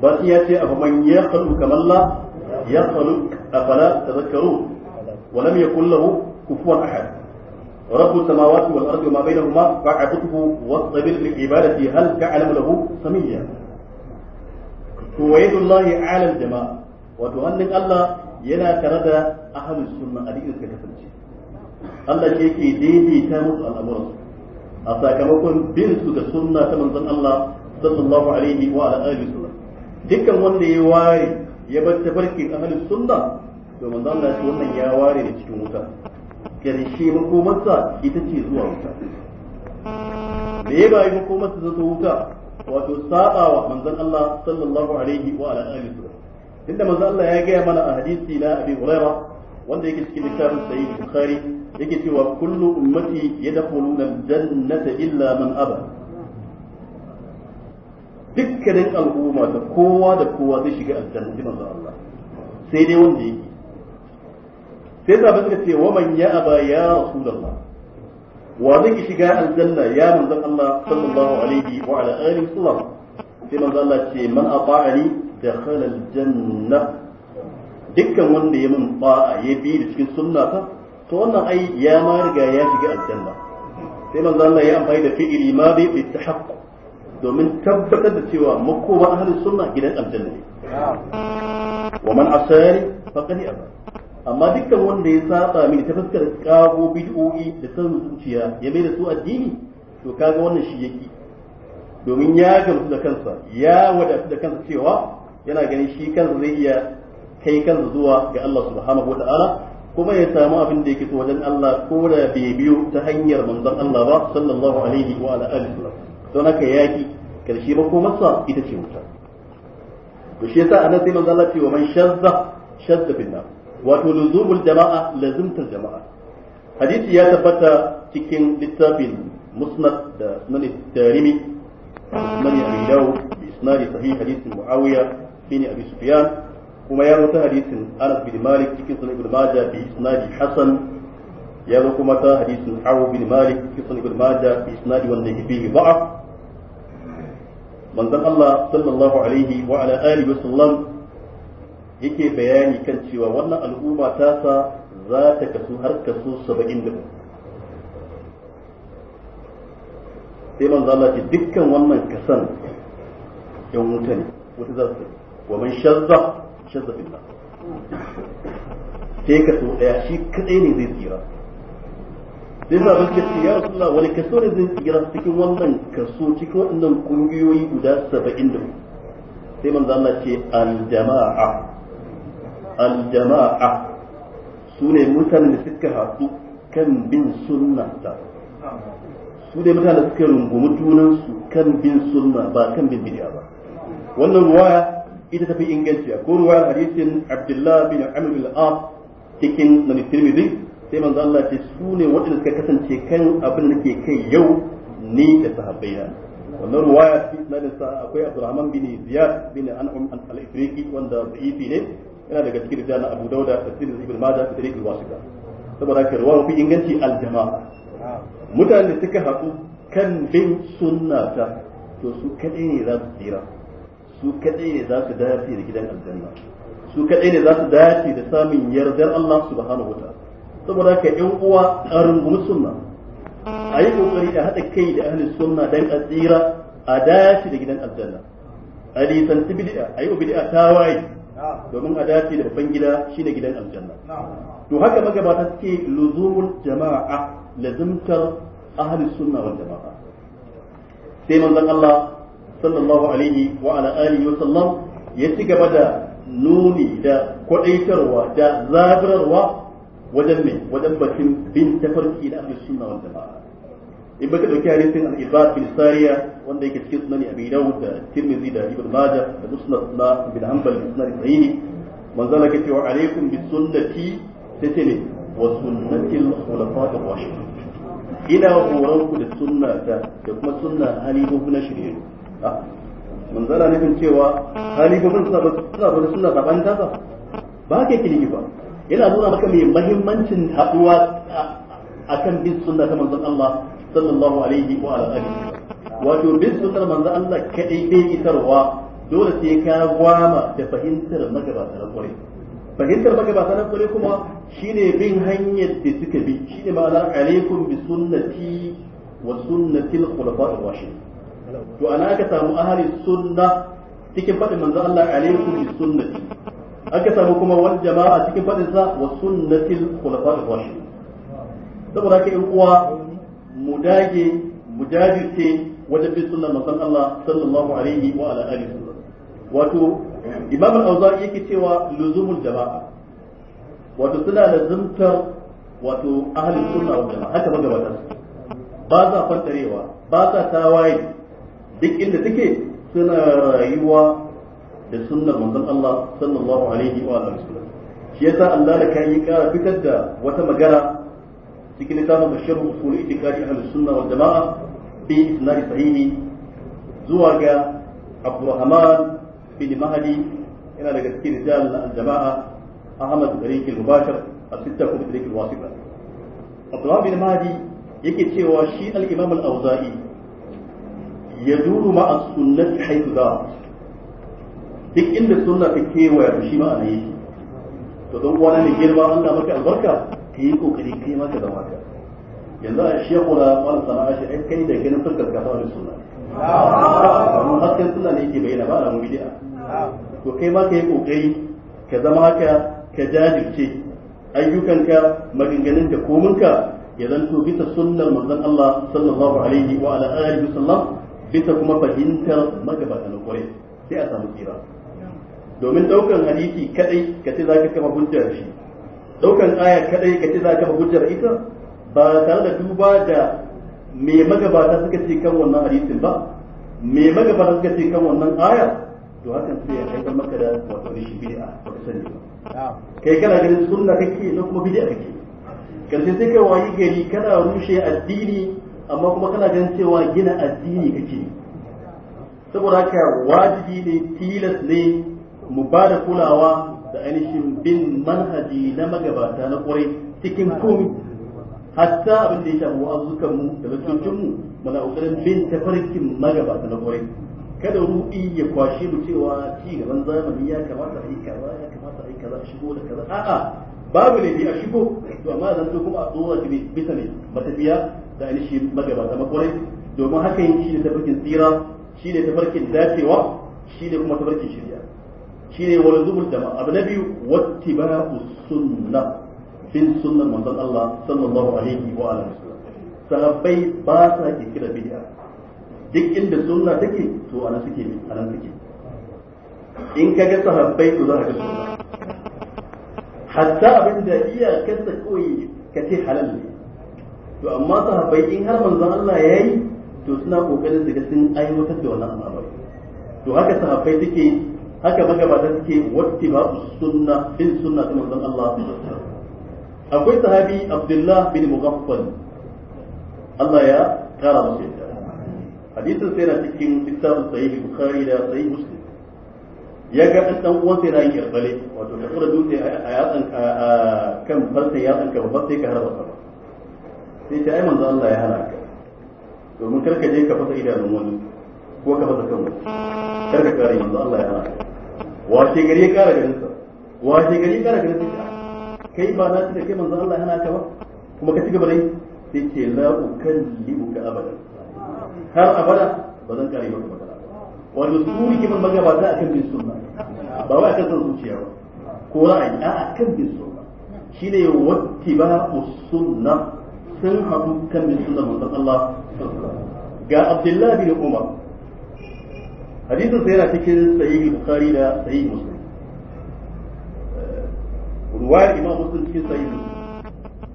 ba shi ya ce a man ya kalu kamar la ya kalu a fara zakaru wa lam yakul lahu كفوا أحد رب السماوات والأرض وما بينهما فاعبده واصطبر da هل تعلم له سميا هو يد الله على الجماعة وتؤمن الله ينا تردى أهل السنة أدين كتفنشي Allah shi yake daidaita musu al'amuransu a sakamakon bin su da sunna ta manzon Allah sallallahu alaihi wa ala alihi wasallam wanda ya ware ya bar tafarkin ahlus sunna to manzon Allah wannan ya ware da cikin wuta ƙarshe makomarsa ita ce zuwa wuta da ya bayi makomarsa ta wuta wato saba wa manzon Allah sallallahu alaihi wa ala alihi wasallam Allah ya gaya mana a hadisi na Abi Hurairah wanda yake cikin littafin Sahih Bukhari yake cewa kullu ummati yadkhuluna al-jannata illa man aba dukkanin al'umma da kowa da kowa zai shiga aljanna manzon Allah sai dai wanda yake sai sahabbai suka ce wa man ya aba ya rasulullah wa zai shiga aljanna ya manzon Allah sallallahu alaihi wa ala alihi wasallam sai manzon Allah ce man ata'ani dakhala aljanna dukkan wanda ya mun ba'a ya bi da cikin ta to wannan ai ya ma riga ya shiga aljanna sai manzon Allah ya amfani da fi'ili ma bi bitahaqq domin tabbatar da cewa makoma ahlus sunna gidan aljanna ne wa man asari faqali aba amma dukkan wanda ya saba mini ta fuskar kago bid'o'i da san zuciya ya mai da su addini to kaga wannan shi yake domin ya gamsu da kansa ya wadatu da kansa cewa yana ganin shi kansa zai iya kai kansa zuwa ga Allah subhanahu wata'ala kuma ya samu abin da yake so wajen Allah ko da bai biyo ta hanyar manzon Allah ba sallallahu alaihi wa ala alihi wasallam don haka yaki karshe masa ita ce wuta to shi yasa annabi manzon Allah ce wa man shazza shazza bin nar wato luzumul jama'a lazumtar jama'a hadisi ya tabbata cikin littafin musnad da sunan tarimi sunan abi dawo bi isnadi sahih hadisin muawiya bin abi sufyan kuma ya rawaita hadisin anas bin malik cikin sunan ibn majah bi isnadi hasan ya zo kuma ta hadisin awu bin malik cikin sunan ibn majah bi isnadi wanda yake fihi da'af manzon Allah sallallahu alaihi wa ala alihi wa sallam yake bayani kan cewa wannan al'umma ta sa za ta kasu har kasu saba'in da sai manzo Allah ce dukkan wannan kasan yan wuta ne wuta za su wa man shazza shazza billah sai kaso daya shi kadai ne zai tsira sai sa ban kace ya Rasulullah wani kaso ne zai tsira cikin wannan kaso cikin waɗannan kungiyoyi guda saba'in da sai manzo Allah ce al jama'a aljama'a su ne mutanen da suka haɗu kan bin ta su ne mutanen da suka rungumi junansu kan bin sunna ba kan bin bid'a ba wannan ruwaya ita tafi inganci ko ruwayar hadisin Abdullah bin Amr al aq cikin Nabi Tirmidhi sai manzo Allah ce su ne wanda suka kasance kan abin da nake kai yau ni da sahabbaina wannan ruwaya cikin na sa akwai Abdurrahman bin Ziyad bin An'am al-Ifriqi wanda da'ifi ne yana daga cikin rijal na Abu Dauda, da Tirmidhi Ibn Majah da Tirmidhi Wasita saboda haka ruwa fi inganci aljama'a mutanen da suka haɗu kan bin sunna ta to su kadai ne za su tsira su kadai ne za su dace da gidan aljanna su kadai ne za su dace da samun yardar Allah subhanahu wataala saboda haka yan uwa a rungumi sunna a yi kokari a haɗa kai da ahli sunna dan a tsira a dace da gidan aljanna a lisanci bid'a a yi wa ta waye? domin a dace da babban gida shine gidan aljanna to haka magabata suke luzumul jama'a lazimtar ahli sunna wal jama'a sai manzon Allah sallallahu alaihi wa ala alihi wa sallam ya ci gaba da nuni da kwadaitarwa da zaburarwa wajen mai wajen bakin bin tafarki da ahli sunna wal jama'a in baka dauki hadisin al-ibad bin sariya wanda yake cikin sunan abi dawud da tirmidhi da ibn majah da musnad na ibn hanbal da sunan sahihi manzo Allah yake wa alaikum bi sunnati tace ne wa sunnati al-khulafa ar-rashidin ina horon ku da sunna ta da kuma sunna halifu na shirye ah, manzo Allah nufin cewa hali suna ba suna ba sunna ta ban ta ba ke kiliki ba yana nuna maka mai muhimmancin haduwa akan bin sunna ta manzon Allah sallallahu alaihi wa alihi wato risalatar manzo Allah kadai bai isarwa dole sai ka gwama da fahimtar magabata na kwarai fahimtar magabata na kwarai kuma shine bin hanyar da suka bi shine ma'anar alaikum bi sunnati wa sunnatil khulafa'ir rashidin to ana aka samu ahli sunna cikin fadin manzo Allah alaikum bi sunnati aka samu kuma wani jama'a cikin fadinsa sa wa sunnatil khulafa'ir rashidin saboda haka yi uwa mu dage mu jajirce wajen bin sunnar manzon Allah sallallahu alaihi wa ala alihi wasallam wato imam al-auza'i yake cewa luzumul jama'a wato suna da zuntar wato ahli sunna wal jama'a haka magabata ba sa fantarewa ba sa tawaye duk inda take suna rayuwa da sunnar manzon Allah sallallahu alaihi wa alihi wasallam shi yasa Allah da kai ya kara fitar da wata magana لكن كان مشهور بقول اعتقاد اهل السنه والجماعه باسناد صحيح زوجة عبد الرحمن بن مهدي الى لقى رجال الجماعه احمد بريك المباشر السته في بريك الواسطه عبد في بن مهدي يكتشي وشي الامام الاوزائي يدور مع السنه حيث ذا لكن السنه في كي ويا بشيما عليه تدور انا لجيل ما عندها مكان بركه ka yi kokari kai ma ka zama ka yanzu a shehu na wani sana'a shi ai kai da ganin fuskar ka suna amma hasken suna ne yake bayyana ba a ramu bidiya to kai ma ka yi kokari ka zama haka ka jajirce ayyukanka maganganun da kominka ya zanto bisa sunnar manzon Allah sallallahu alaihi wa ala alihi sallam bisa kuma fahimtar magabata na kwarai sai a samu tsira domin daukan hadisi kadai ka ce zaka kama hujjar shi daukan aya kadai ka ce za ka hujjar ita ba tare da duba da me magabata suka ce kan wannan hadisin ba me magabata suka ce kan wannan aya to hakan sai ya haifar maka da wato shi bid'a ko ka sani ba kai kana ganin sunna kake na kuma bid'a kake karshe sai kai wayi gari kana rushe addini amma kuma kana ganin cewa gina addini kake saboda haka wajibi ne tilas ne mu ba da kulawa da ainihin bin manhaji na magabata na kwarai cikin komi hatta abin da ya shafi wa'azukan mu da mutuncin mu muna kokarin bin tafarkin magabata na kwarai kada ruɗi ya kwashe mu cewa ci gaban zamani ya kamata a yi kaza ya kamata a yi kaza a shigo da kaza a'a babu ne a shigo to amma zan so kuma a tsora shi bisa ne matafiya da ainihin magabata na makwarai domin hakan shi ne tafarkin tsira shi ne tafarkin dacewa shi ne kuma tafarkin shirya shine wal zubul jama'a abu na biyu wattiba'u sunna bin sunnar manzon Allah sallallahu alaihi wa alihi sahabbai ba sa ke kira bid'a duk inda sunna take to ana suke ana suke in kaga sahabbai to za ka sunna hatta abin da iya kansa koyi kace halal ne to amma sahabbai in har manzon Allah yayi to suna kokarin su ga sun aiwatar da wannan al'amari to haka sahabbai suke haka magabata suke wasti ba su sunna bin sunna ta manzon Allah akwai sahabi Abdullah bin Mughaffal Allah ya kara masa yadda hadisin sai na cikin littafin sahih Bukhari da sahih Muslim ya ga dan dan uwan sai ran yarbale wato ka fara dutse a yatsan kan farsa yatsan ka babbar sai ka harba sama sai ta ai manzon Allah ya hana ka domin karka je ka fasa idanun wani ko ka fasa kan wani karka kare manzon Allah ya hana ka washe gari ya kara ganin sa washe gari ya kara ganin sa kai ba na da kai manzon Allah yana ka ba kuma ka cigaba dai sai ce la ukallimu ka abada har abada ba zan kare maka magana wato su ba za a akan bin sunna ba wai akan san zuciya ba ko ra'ayi a akan bin sunna shine wattiba'u sunna sun haɗu kan bin sunna manzon Allah ga Abdullahi bin Umar hadisin sa yana cikin sahih bukhari da sahih muslim eh, ruwayar imam muslim cikin sahih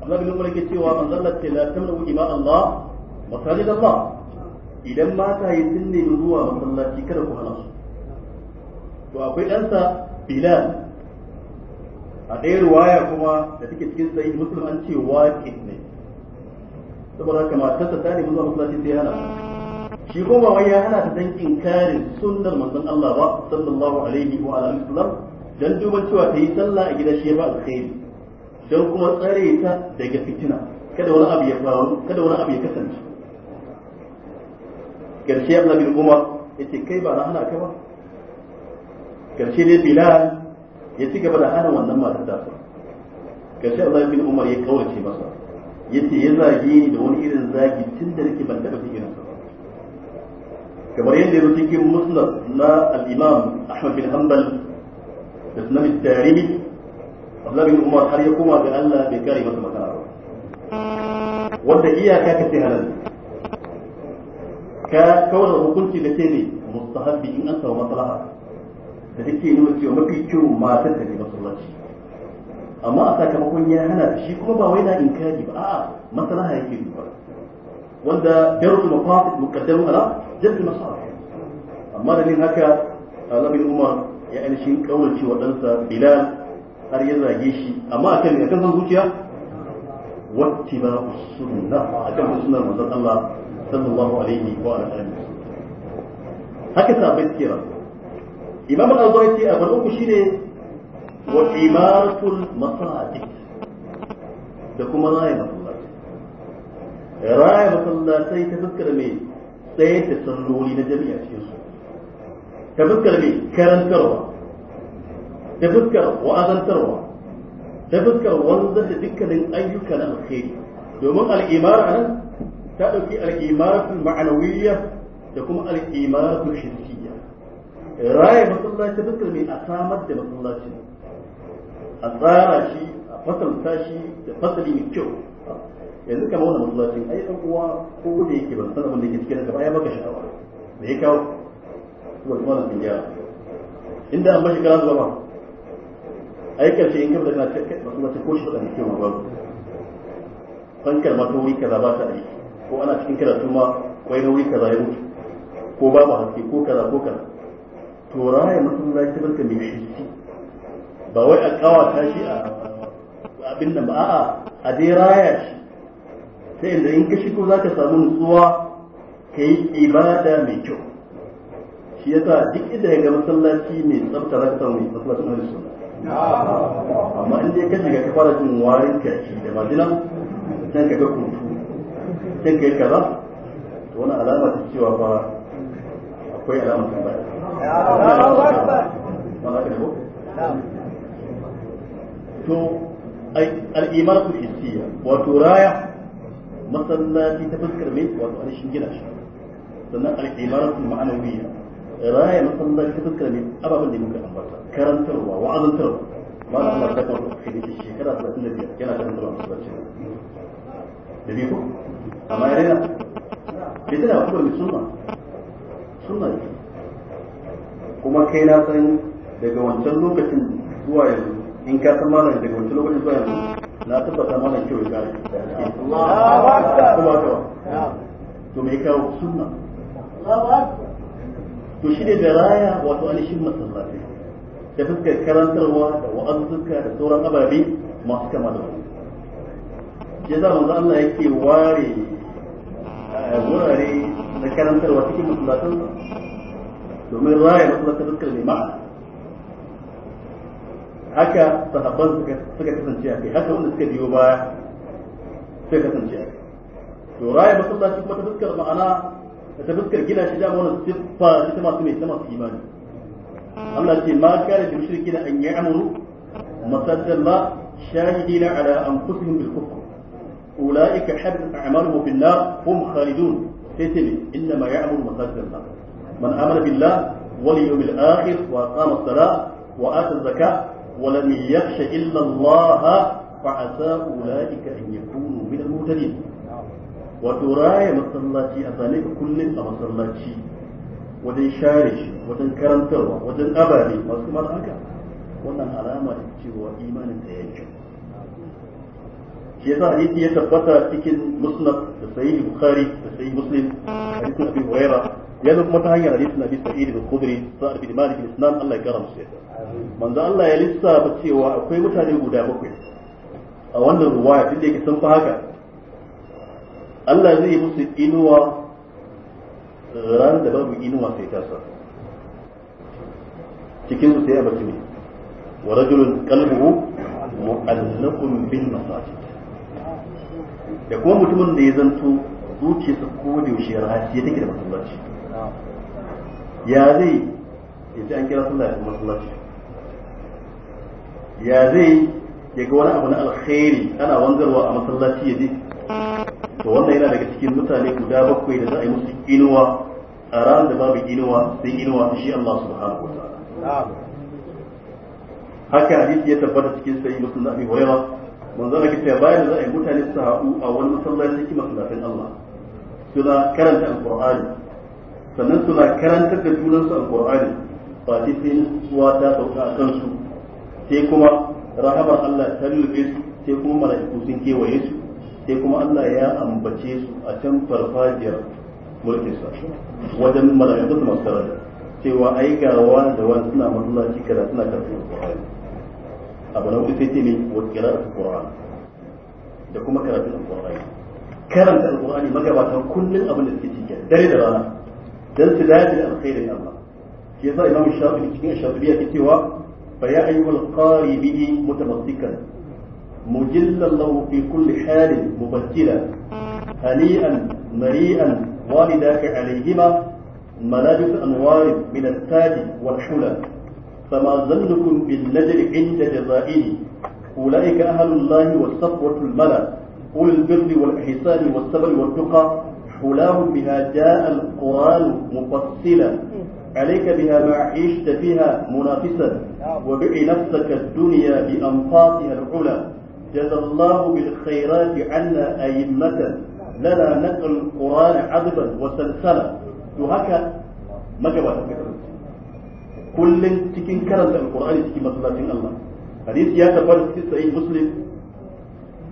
Allah bin Umar yake cewa man Allah ce la tamru ima Allah masajid Allah idan mata yi sun nemi zuwa masallaci kada ku hana to akwai ɗansa Bilal a ɗaya ruwaya kuma da take cikin sahih muslim an ce waqi ne saboda haka matarsa ta nemi zuwa masallaci sai hana shi kuma wai ya hana ta dan inkarin sunnar manzon Allah ba sallallahu alaihi wa alihi wasallam dan duban cewa ta yi sallah a gida shi ya ba alkhairi dan kuma tsare ta daga fitina kada wani abu ya faru kada wani abu ya kasance karshe Abdullah bin Umar yace kai ba na hana kai ba garshe dai Bilal ya ci gaba da hana wannan matar ta garshe Abdullah bin Umar ya kawace masa yace ya zage ni da wani irin zagi tun da nake ban taba jin irin kamar yadda ya cikin musnad na al-imam ahmad bin hanbal da sunan tarimi abdullahi bin umar har ya koma ga Allah bai kare masa ba wanda iyaka ka ce halal ka kawar hukunci da ce ne mustahabbi in an samu maslaha da take nuna cewa mafi kyau matar ta ne masallaci amma a sakamakon ya hana shi kuma ba wai na inkari ba a'a maslaha yake duba wanda darusu mafasid muqaddamu ala جد مصالح أما دليل هكا نبي عمر يعني شيء قول شيء ودنسى بلال هل يزا يشي أما أكن أكن تنزوكيا واتباع السنة أكن السنة رسول الله صلى الله عليه وعلى آله وسلم هكا ثابت كيرا إمام الأرضوية أبنوك شيني وإمارة المصالح تكون راية مطلعة راية الله سيتذكر مين tsayar da salloli na jami'a cikin su ta fuskar ne karantarwa ta fuskar wa'azantarwa ta fuskar wanzar da dukkanin ayyuka na alkhairi domin al'imara nan ta ɗauki al'imaratul ma'anawiyya da kuma al'imaratul shirkiyya raya masallaci ta fuskar ne a samar da masallaci a tsara shi a fasalta shi da fasali mai kyau yanzu kamar wannan masallacin ai dan uwa ko da yake ban san abin da yake cikin gaba ya baka sha'awa me ya kawo kuma kuma na biya inda an bashi karatu ba ai karshe in kafa da kana masallaci ko shi da kike ma ba fankar ma wuri kaza ba ta aiki ko ana cikin karatu ma wai wuri kaza ya mutu ko ba ba haske ko kaza ko kaza to raya ta barka mai shi ba wai a kawata shi a abin nan ba a'a a dai raya shi sai yadda in ka shigo za ka samu nutsuwa ka yi ibada mai kyau shi ya sa duk inda ya ga masallaci mai tsabta za ka samu mai tsafta na da amma in dai ka shiga ka fara jin warin kashi da majina can ka ga kuntu can ka yi kaza to wani alama ta cewa fa akwai alama ta baya to al'imar imanu hissiyya wato raya masallaci ta fuskar mai wato arshin gina shi sannan al'imaratu ma'anawiyya raya masallaci ta fuskar mai ababen da muka ambata karantarwa wa'azantarwa ma da Allah da kawo kai da shekara 35 yana karantarwa masallaci da biyu amma ya rena bai tana wa kuma suna suna ne kuma kai na san daga wancan lokacin zuwa yanzu in ka san malam daga wancan lokacin zuwa yanzu na tabbata mana kyau ya to me kawo sunna to shi ne wato alishin masallaci da fuskar karantarwa da wa'azuka da sauran ababe masu kama da wani ya za manzo Allah yake ware eh, wurare na karantarwa cikin masallatan domin raya masallatan fuskar lima'a haka sahabban suka kasance a kai haka wanda suka biyo baya sai kasance a kai to raya masallaci kuma ta fuskar ma'ana ta fuskar gina shi dama wannan siffa ita masu mai sama su imani Allah ce ma kare da mushrikina an ya'muru masajjan ba shahidina ala anfusihim bil kufr ulaika hadathat a'maluhum fil nar hum khalidun sai ce ne inna ma ya'muru masajjan ba man amana billah wal yawmil akhir wa aqama as-salah wa ata az-zakah ولم يخش إلا الله فعسى أولئك أن يكونوا من المهتدين وتراي مصلاتي أتاني كل مصلاتي وذن شارش وذن كرم تروى وذن أبالي وذن مرحكا وذن علامة تروى إيمان تهيج كيسا حديث يتبطى تكين مصنف سيد بخاري سيد مسلم حديث نبي هريرة يذب متعين حديث نبي سعيد بن خضري سعيد بن مالك الإسلام الله يكرم سيده manzo Allah ya lissafa cewa akwai mutane guda bakwai a wannan ruwaya tunda yake sun fi haka Allah zai musu inuwa ran da babu inuwa sai ta sa cikin su sai a ne wa rajulun qalbuhu mu'allaqun bin nasati da kuma mutumin da ya zanto zuciyarsa ko da yaushe rahaci take da masallaci ya zai ya ji an kira sallah ya masallaci ya zai ya ga wani abu na alkhairi ana wanzarwa a masallaci ya je to wannan yana daga cikin mutane guda bakwai da za a yi musu inuwa a ran da babu inuwa sai inuwa shi Allah subhanahu wa haka hadisi ya tabbata cikin sayi musulun abi hurairah manzo Allah kace bayan da za a yi mutane su haɗu a wani masallaci cikin masallacin Allah suna karanta alqur'ani sannan suna karantar da junansu alqur'ani ba sai sai Suwa, ta sauka a kansu sai kuma rahabar Allah ta rufe sai kuma mala'iku sun kewaye su sai kuma Allah ya ambace su a can farfajiyar mulkin sa wajen mala'iku su masu daraja cewa ai ga wani da wani suna masallaci kaza suna karatu Qur'ani abu na hudu sai ce ne wa qira'atu Qur'an da kuma karatun Qur'ani karanta Qur'ani magabatan kullun abin da suke ciki dare da rana dan su dace da alkhairin Allah shi yasa Imam Shafi'i cikin Shafi'i yake cewa فيا أيها القاري به متمسكا مجلا له في كل حال مبتلا هنيئا مريئا والداك عليهما ملابس أنوار من التاج والحلى فما ظنكم بالنجر عند جزائه أولئك أهل الله والصفوة الملا أولي البر والإحسان والصبر والتقى حلاهم بها جاء القرآن مفصلا عليك بها ما عشت فيها منافسا نعم. وبع نفسك الدنيا بأنفاقها العلى جزى الله بالخيرات عنا أئمة لنا نقل القرآن عذبا وسلسلا وهكا ما جواب كل تكين كرم القرآن تكين مسلاتين الله حديث يا تبارك في صحيح مسلم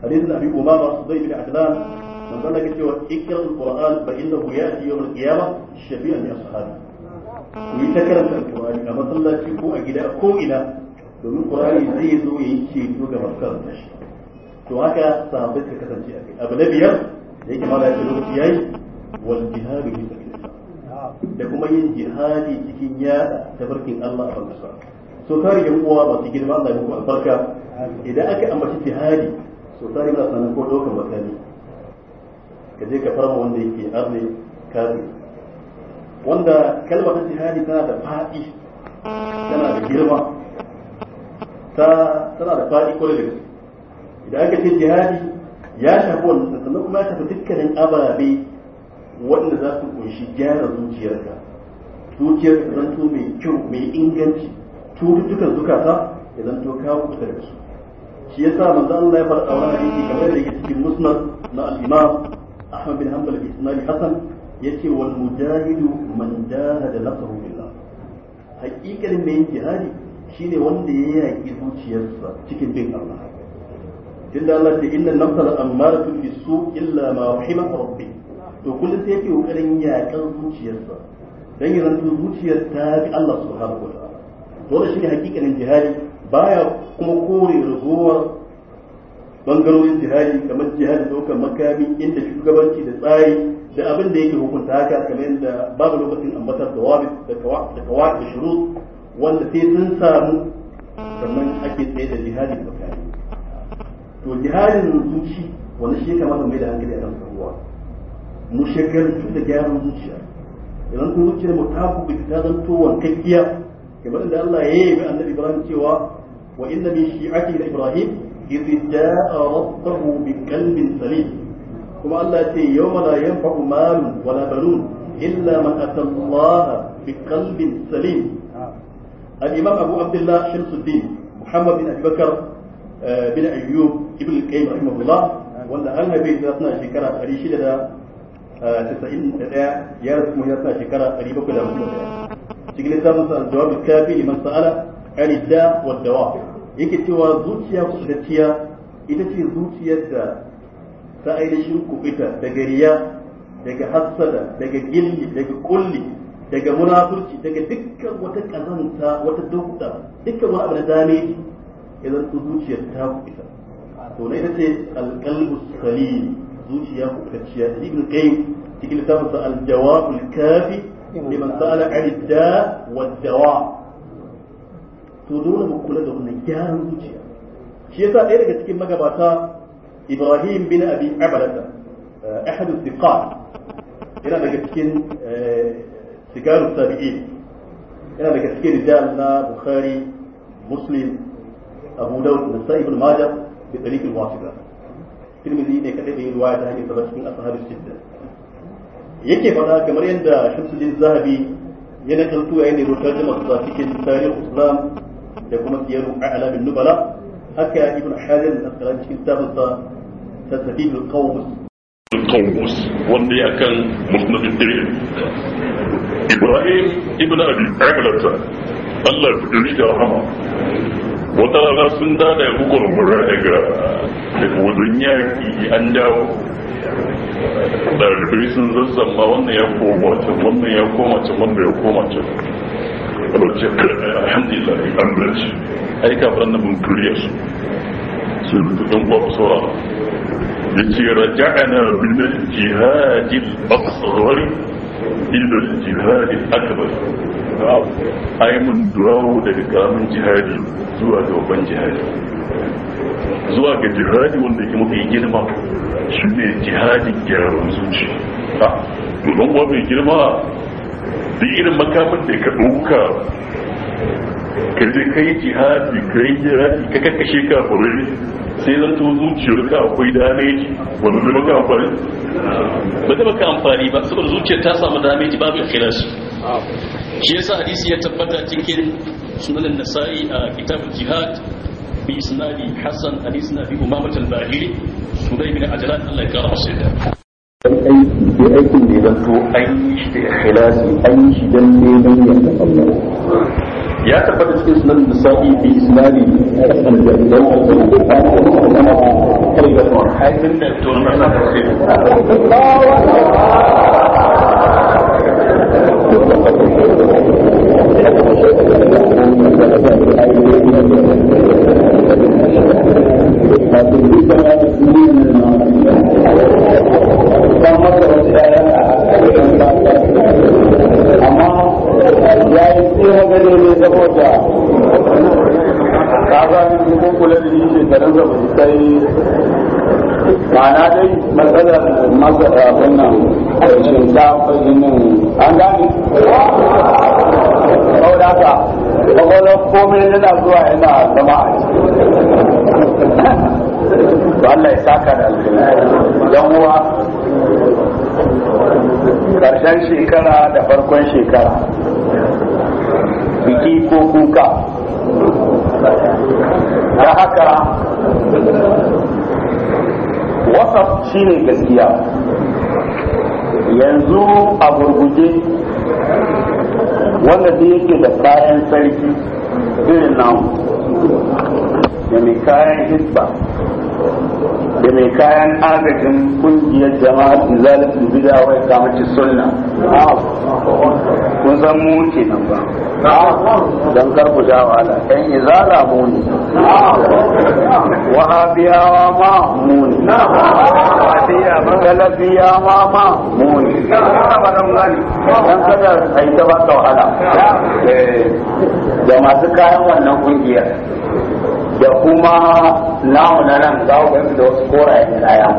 حديث أبي أمامة صديق بن عدنان من قال لك اقرأ القرآن فإنه يأتي يوم القيامة شفيعا لأصحابه yi ta karanta alkur'ani a masallaci ko a gida ko ina domin qur'ani zai zo ya yi ceto ga masu karanta shi to haka sahabbai suka kasance a kai abu na biyar da yake mala ya lokaci yayi wal jihadu fi da kuma yin jihadi cikin yada tabarkin Allah a sa so tare yan uwa su girma Allah ya muku albarka idan aka ambaci jihadi so tare ba sanan ko dokar makami ka je ka fara wanda yake arne kafin wanda kalmar ta jihadi tana da faɗi tana da girma ta tana da faɗi ko da idan aka ce jihadi ya shafi wannan sannan kuma ya shafi dukkanin ababe wanda za su kunshi gyara zuciyarka ka zan to mai kyau mai inganci cututtukan zukata ya to ka kuta da su shi yasa manzo Allah ya faɗa a wani hadisi kamar da yake cikin musnad na al-Imam Ahmad bin Hanbal bin Ismail Hasan yace wal mujahidu man jahada nafsuhu billah hakikalin mai jihadi shine wanda ya yaki zuciyarsa cikin bin Allah tunda Allah ce inna nafsal ammaratu bisu illa ma rahima rabbi to kullum sai yake kokarin yakan zuciyarsa dan yanzu zuciyar ta bi Allah subhanahu wa ta'ala to shine hakikalin jihadi baya kuma kore rigowar bangarorin jihadi kamar jihadi ɗaukar makami inda shugabanci da tsari da abin da yake hukunta haka kamar yadda babu lokacin ambatar da wabi da kawai da shurut wanda sai sun samu sannan ake tsaye da jihadi da bakari to jihadin zuci wani shi kamata mai da hankali a kan kowa mu shekarun da gyaran zuciya idan kun zuciya mu ta ku ta zanto wankakkiya kamar da Allah ya yi annabi Ibrahim cewa wa inna min shi'ati Ibrahim idh ja'a rabbahu bi qalbin salim kuma Allah ce yawma la yanfa'u malun wala banun illa man Allah bi qalbin salim al-imam Abu Abdullah Shamsuddin Muhammad bin Abi Bakar bin Ayyub ibn al-Qayyim rahimahullah wanda an haife shi tana shekara 691 ya rasu kuma ya tana shekara 751 cikin littafin sa jawabi kafi liman sa'ala an da wa dawa yake cewa zuciya ku kudattiya ita ce zuciyar da ta ainihin kuɓita daga riya daga hassada daga gilli daga kulli daga munafurci daga dukkan wata kazanta wata dukta dukkan wani abu da dame idan su zuciyar ta kuɓita to na ita ce alƙalbu salim zuciya kuɓitacciya da ibn qayyim cikin littafinsa al-jawabul kafi liman sa'ala al-da wa dawa to dole mu kula da wannan gyaran zuciya shi yasa ɗaya daga cikin magabata إبراهيم بن أبي عبادة آه، أحد الثقات هنا بكتكين آه، ثقال التابعين هنا بكتكين رجالنا بخاري مسلم أبو داود نسائي بن ماجه بطريق الواسطة كلمة دي نكتب هي الواية هذه تبقى من أصحاب الستة يكي فضاء كمرين دا شمس الدين الزهبي ينقلتو أين رجاجم الصافي كن تاريخ الإسلام يكون سيارو أعلى من نبلا هكا ابن حالي من أصحاب الكتاب الصافي تستفيد القوم القومس واللي كان مسند الدين إبراهيم ابن أبي عملة الله يريد رحمه وترى sun da da hukun mura daga daga wajen yaki sun zazzamba wannan ya koma can wannan ya koma can wannan ya koma can alhamdulillah an bulaci ai kafin nan mun su su rubutu don ba ku التي رجعنا من الجهاد الأكبر إلى الجهاد الأكبر أي من دعوه ذلك من جهاد زوا كوبان جهاد زوا كجهاد والذي مطي جلما شنو جهاد جرام الجهاد تلوم وابن الجهاد آه، في إلى الجهاد كأوكا كذلك الجهاد جهاد كي الجهاد كككشيكا فريد sai zan to zuciyar ka akwai dameji wanda zama ka amfani ba ta baka amfani ba saboda zuciyar ta samu dameji babu ikhlas shi yasa hadisi ya tabbata cikin sunan nasa'i a kitabul jihad bi isnadi hasan hadisi na bi umamah al-bahili sudai bin ajlan Allah ya kara masa da aiki aikin da ya zanto an yi shi da ikhlasi an yi shi dan neman yardan Allah ya tabbata cikin sunan nisa'i bi isnadi amma ya yi tsira gare ne saboda kaga mun kula da shi shekarun da sai ma'ana dai matsalar masa eh, abin nan karshen ta nan an gane saboda haka kwakwalwar komai yana zuwa yana zama a ciki Allah ya saka da alfina uwa karshen shekara da farkon shekara biki ko kuka da haka wasaf shine gaskiya yanzu a gurguje wanda da yake da kayan sarki irin namu da mai kayan hisba da mai kayan agajin kungiyar jama'a izalatul bid'a wa ci sunna kun san mu ke nan ba dan karbu da wala dan izala mu ne wahabiyawa ma mu ne wahabiya magalabiya ma ma mu ne dan kada ai ta ba wahala eh, da masu kayan wannan kungiyar da kuma namu na nan za ku da wasu korayen kaya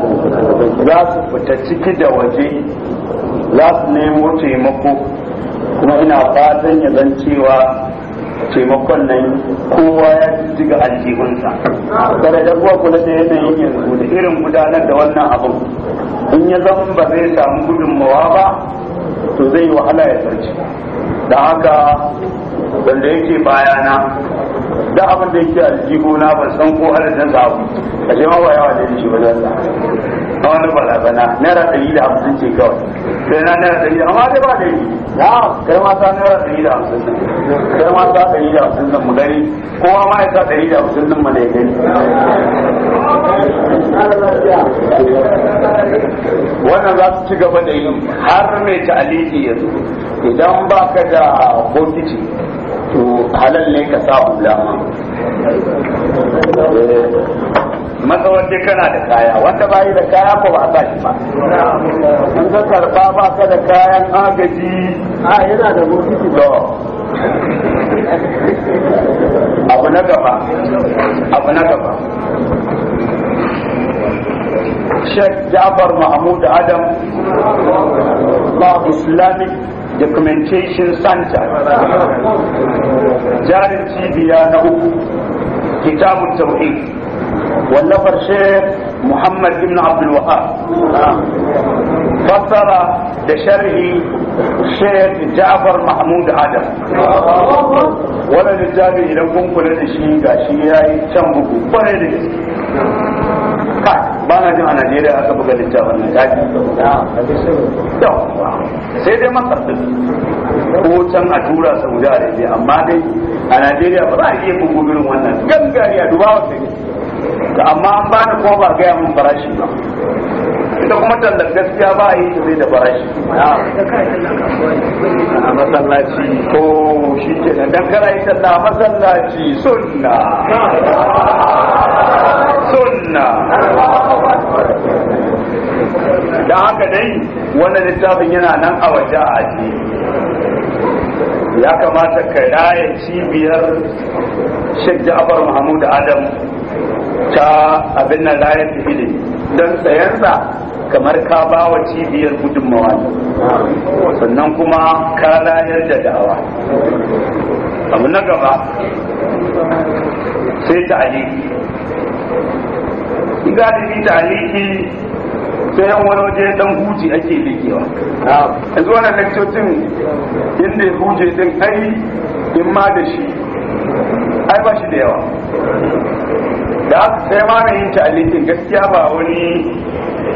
za su fita ciki da waje za su nemo taimako kuma ina fatan ya zan cewa taimakon nan kowa ya jiga aljihunsa kada da kuwa kula da yanayin yanzu da irin gudanar da wannan abin in ya zama ba zai samu gudunmawa ba to zai yi wahala ya sarci da haka wanda yake na da abin da yake aljihu na ban san ko adadin sa abu a ce ma ba yawa da shi wajen sa a wani balabana naira ɗari da hamsin ce kawai sai na naira ɗari da amma dai ba da yi na kai ma sa naira ɗari da hamsin kai ma sa ɗari da hamsin nan mu gani kowa ma ya sa ɗari da hamsin nan mu ne gani wannan za su ci gaba da yi har mai ta'aliki yanzu idan ba ka da bokiti to halal ne ka sa hula eh, matsawar dai kana da kaya wanda ba da kaya ko ba sa shi ba in ka karba ba ka da kayan agaji a ah, yana da mutuki ba abu na gaba abu na gaba Sheikh Ja'far Mahmud Adam Babu Islamic documentation center jarin cibiya na uku kitabun tauhid wallafar sheikh muhammad ibn abdul wahab fassara da sharhi sheikh ja'far mahmud adam wannan littafi idan kun kula da shi ga ya yayi can bugu kwarai da gaske ba na jin a najeriya aka buga littafin na tafi sai dai masar da ko can a tura saudi arabia amma dai a najeriya ba za a iya bugu irin wannan gangare a duba wasu ne amma an ba ni kuma ba gaya min farashi ba ita kuma tallar gaskiya ba a yi ta zai da farashi a masallaci ko shi ke nan dan kana yi talla masallaci sunna sunna da haka dai wannan littafin yana nan a waje a ajiye ya kamata ka raya cibiyar Sheikh Ja'far Muhammad Adam ta abin nan rayar tafi don sayansa kamar ka ba wa cibiyar gudunmawa sannan kuma ka layar da dawa abu na gaba sai ta galibi talihi sai yan wani waje dan huji ake likewa yanzu wannan lekcocin inda ya huje din ai in ma da shi ai ba shi da yawa da aka sai ma na yin ta'alikin gaskiya ba wani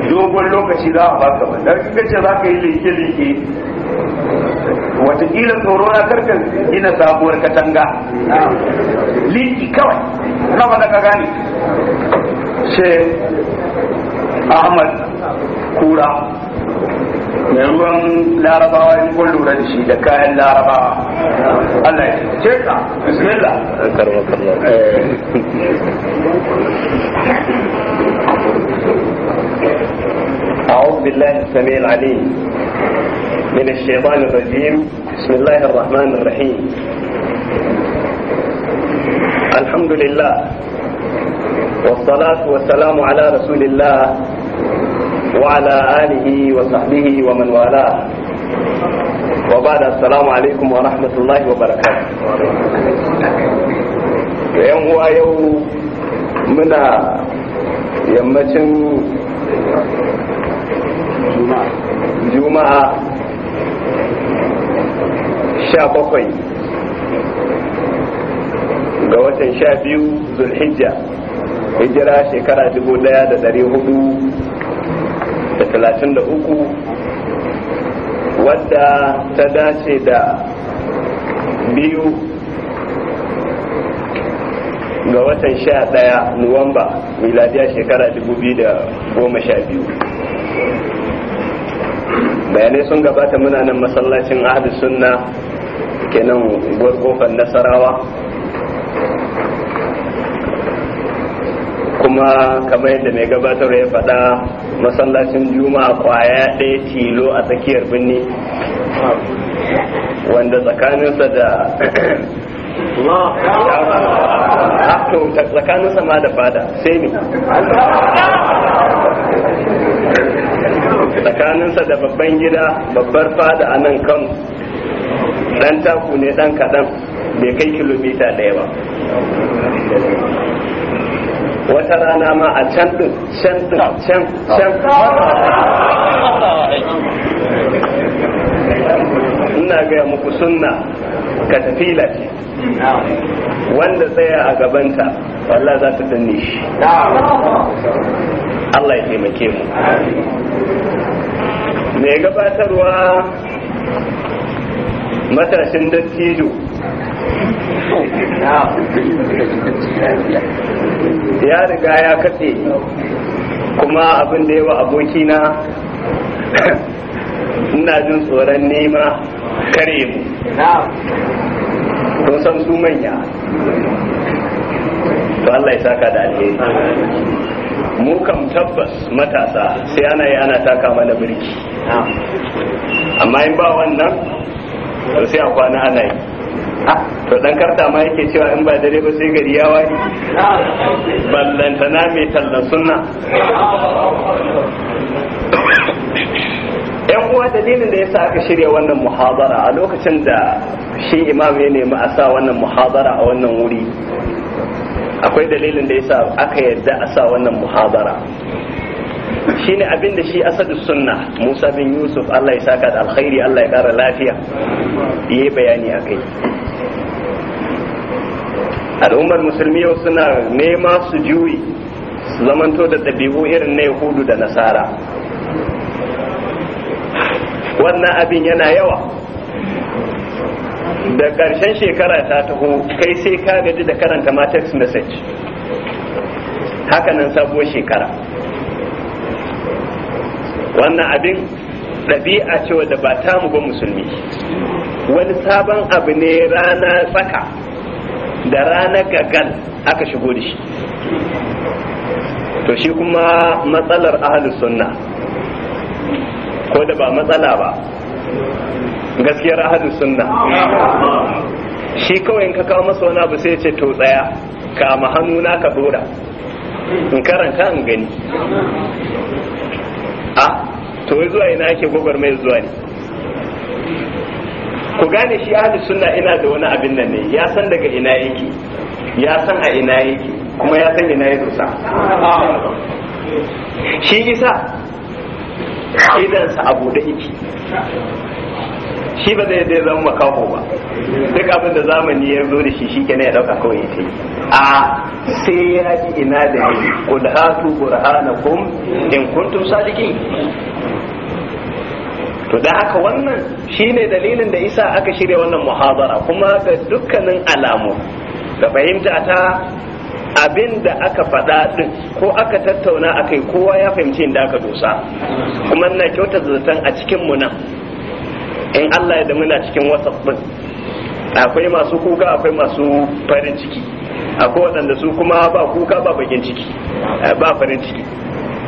dogon lokaci za a baka ba dan kace za ka yi leke-leke watakila tsoro na karkar ina sabuwar katanga liki kawai na faɗa ka gani ce ahmad kura mai ruwan larabawa in kun lura da shi da kayan larabawa Allah ya ce ka bismillah karwa karwa أعوذ بالله السميع العليم من الشيطان الرجيم بسم الله الرحمن الرحيم الحمد لله والصلاة والسلام على رسول الله وعلى آله وصحبه ومن والاه وبعد السلام عليكم ورحمة الله وبركاته يوم هو يوم منا يمتن جمعة sha bakwai ga watan sha biyu zulhijja hijira shekara dubu daya da dari hudu da talatin da uku wadda ta dace da biyu ga watan sha daya nuwamba miladiya shekara dubu biyu da goma sha biyu bayanai sun gabata muna nan masallacin ahadu sunna ke nan nasarawa kuma kamar yadda mai gabatar ya faɗa masallacin juma'a kwaya ɗaya tilo a tsakiyar birni wanda tsakaninsa da tsakaninsa ma da fada sai ne tsakaninsa da babban gida babbar fada a nan kan. dan taku ne dan kaɗan bai kai kilomita ɗaya ba wata rana ma a can din can din can can ina gaya muku sunna katafila ce wanda tsaya a gabanta Allah za ta danne shi Allah ya taimake mu mai gabatarwa matashin dattijo ya riga ya katse kuma abin da yawa abokina ina jin tsoron nema kare mu kun san su manya to Allah ya saka da alheri mu kam tabbas matasa sai ana yi ana taka mana birki amma in ba wannan to sai a kwana ana yi to dan karta ma yake cewa in ba dare ba sai gari ya ballanta ballantana mai tallan sunna yan uwa dalilin da yasa aka shirya wannan muhabara a lokacin da shi imam ya nemi a sa wannan muhabara a wannan wuri akwai dalilin da yasa aka yadda a sa wannan muhabara shine abin da shi asadu sunna Musa bin Yusuf Allah ya saka da alkhairi Allah ya kara lafiya yayi bayani akai al'ummar musulmi yau suna nema su juyi su zamanto da ɗabi'u irin na yahudu da nasara wannan abin yana yawa da ƙarshen shekara ta taho kai sai ka gaji da karanta ma text message hakanan sabuwar shekara wannan abin ɗabi'a ce wadda ba ta mu ba musulmi wani sabon abu ne rana tsaka da rana gagal aka shigo da shi to shi kuma matsalar ahalus sunna ko da ba matsala ba gaskiyar ahalus sunna shi kawai in ka kawo masa wani abu sai ce to tsaya ka hannu na ka dora in karanta in gani a to zuwa ina ake mai zuwa ne ku gane shi ahli sunna ina da wani abin nan ne ya san daga ina yake ya san a ina yake kuma ya san ina ya dosa shi isa sa abu da yake shi ba zai zai zama makaho ba duk abin da zamani ya zo da shi shi kenan ya dauka kawai ya yi a sai ya ji ina da ni qul hatu burhanakum in kuntum sadiqin to da haka wannan shine dalilin da isa aka shirya wannan muhabara kuma ga dukkanin alamu da fahimta ta abin da aka faɗa ɗin ko aka tattauna akai kowa ya fahimci inda aka dosa kuma na kyauta zaton a cikin mu nan in Allah ya da muna cikin WhatsApp din akwai masu kuka akwai masu farin ciki akwai waɗanda su kuma ba kuka ba bakin ciki eh, ba farin ciki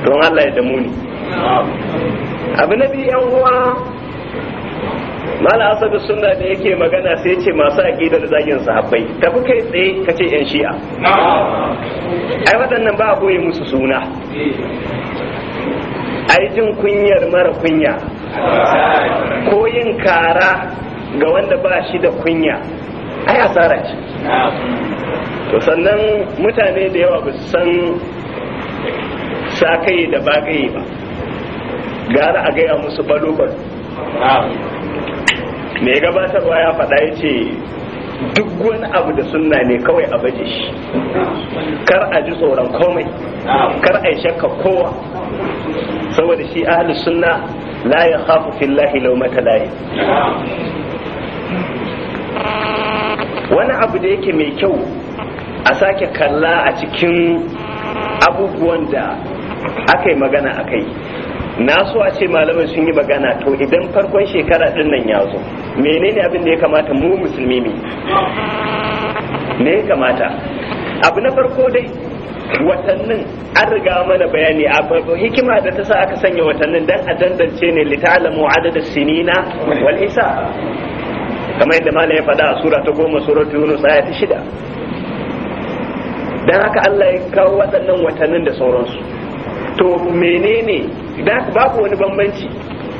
don Allah ya damu ni abu na biyu yan uwa mala asabi sunna da yake magana sai ce masu aqidar zagin sahabbai tafi kai tsaye kace yan shi'a ai waɗannan ba a boye musu suna Aijin kunyar mara kunya ko yin kara ga wanda ba shi da kunya ai asara ce to sannan mutane da yawa ba san sakai da bagaye ba gara a gaya musu balobar mai gabatarwa ya faɗa ya ce duk wani abu da sunna ne kawai a baje shi kar a ji tsoron komai kar a yi shakka kowa saboda shi ahli sunna la ya khafu fillahi law layi. wani abu da yake mai kyau a sake kalla a cikin abubuwan da aka magana a kai na so a ce malamai sun yi magana to idan farkon shekara din nan ya zo menene abin da ya kamata mu musulmi ne ne ya kamata abu na farko dai watannin an riga mana bayani a hikima da ta sa aka sanya watannin dan a dandance ne mu adada sinina wal isa. kamar yadda malam ya faɗa a sura ta goma ta yunus aya ta shida dan haka Allah ya kawo waɗannan watannin da sauransu to menene babu wani bambanci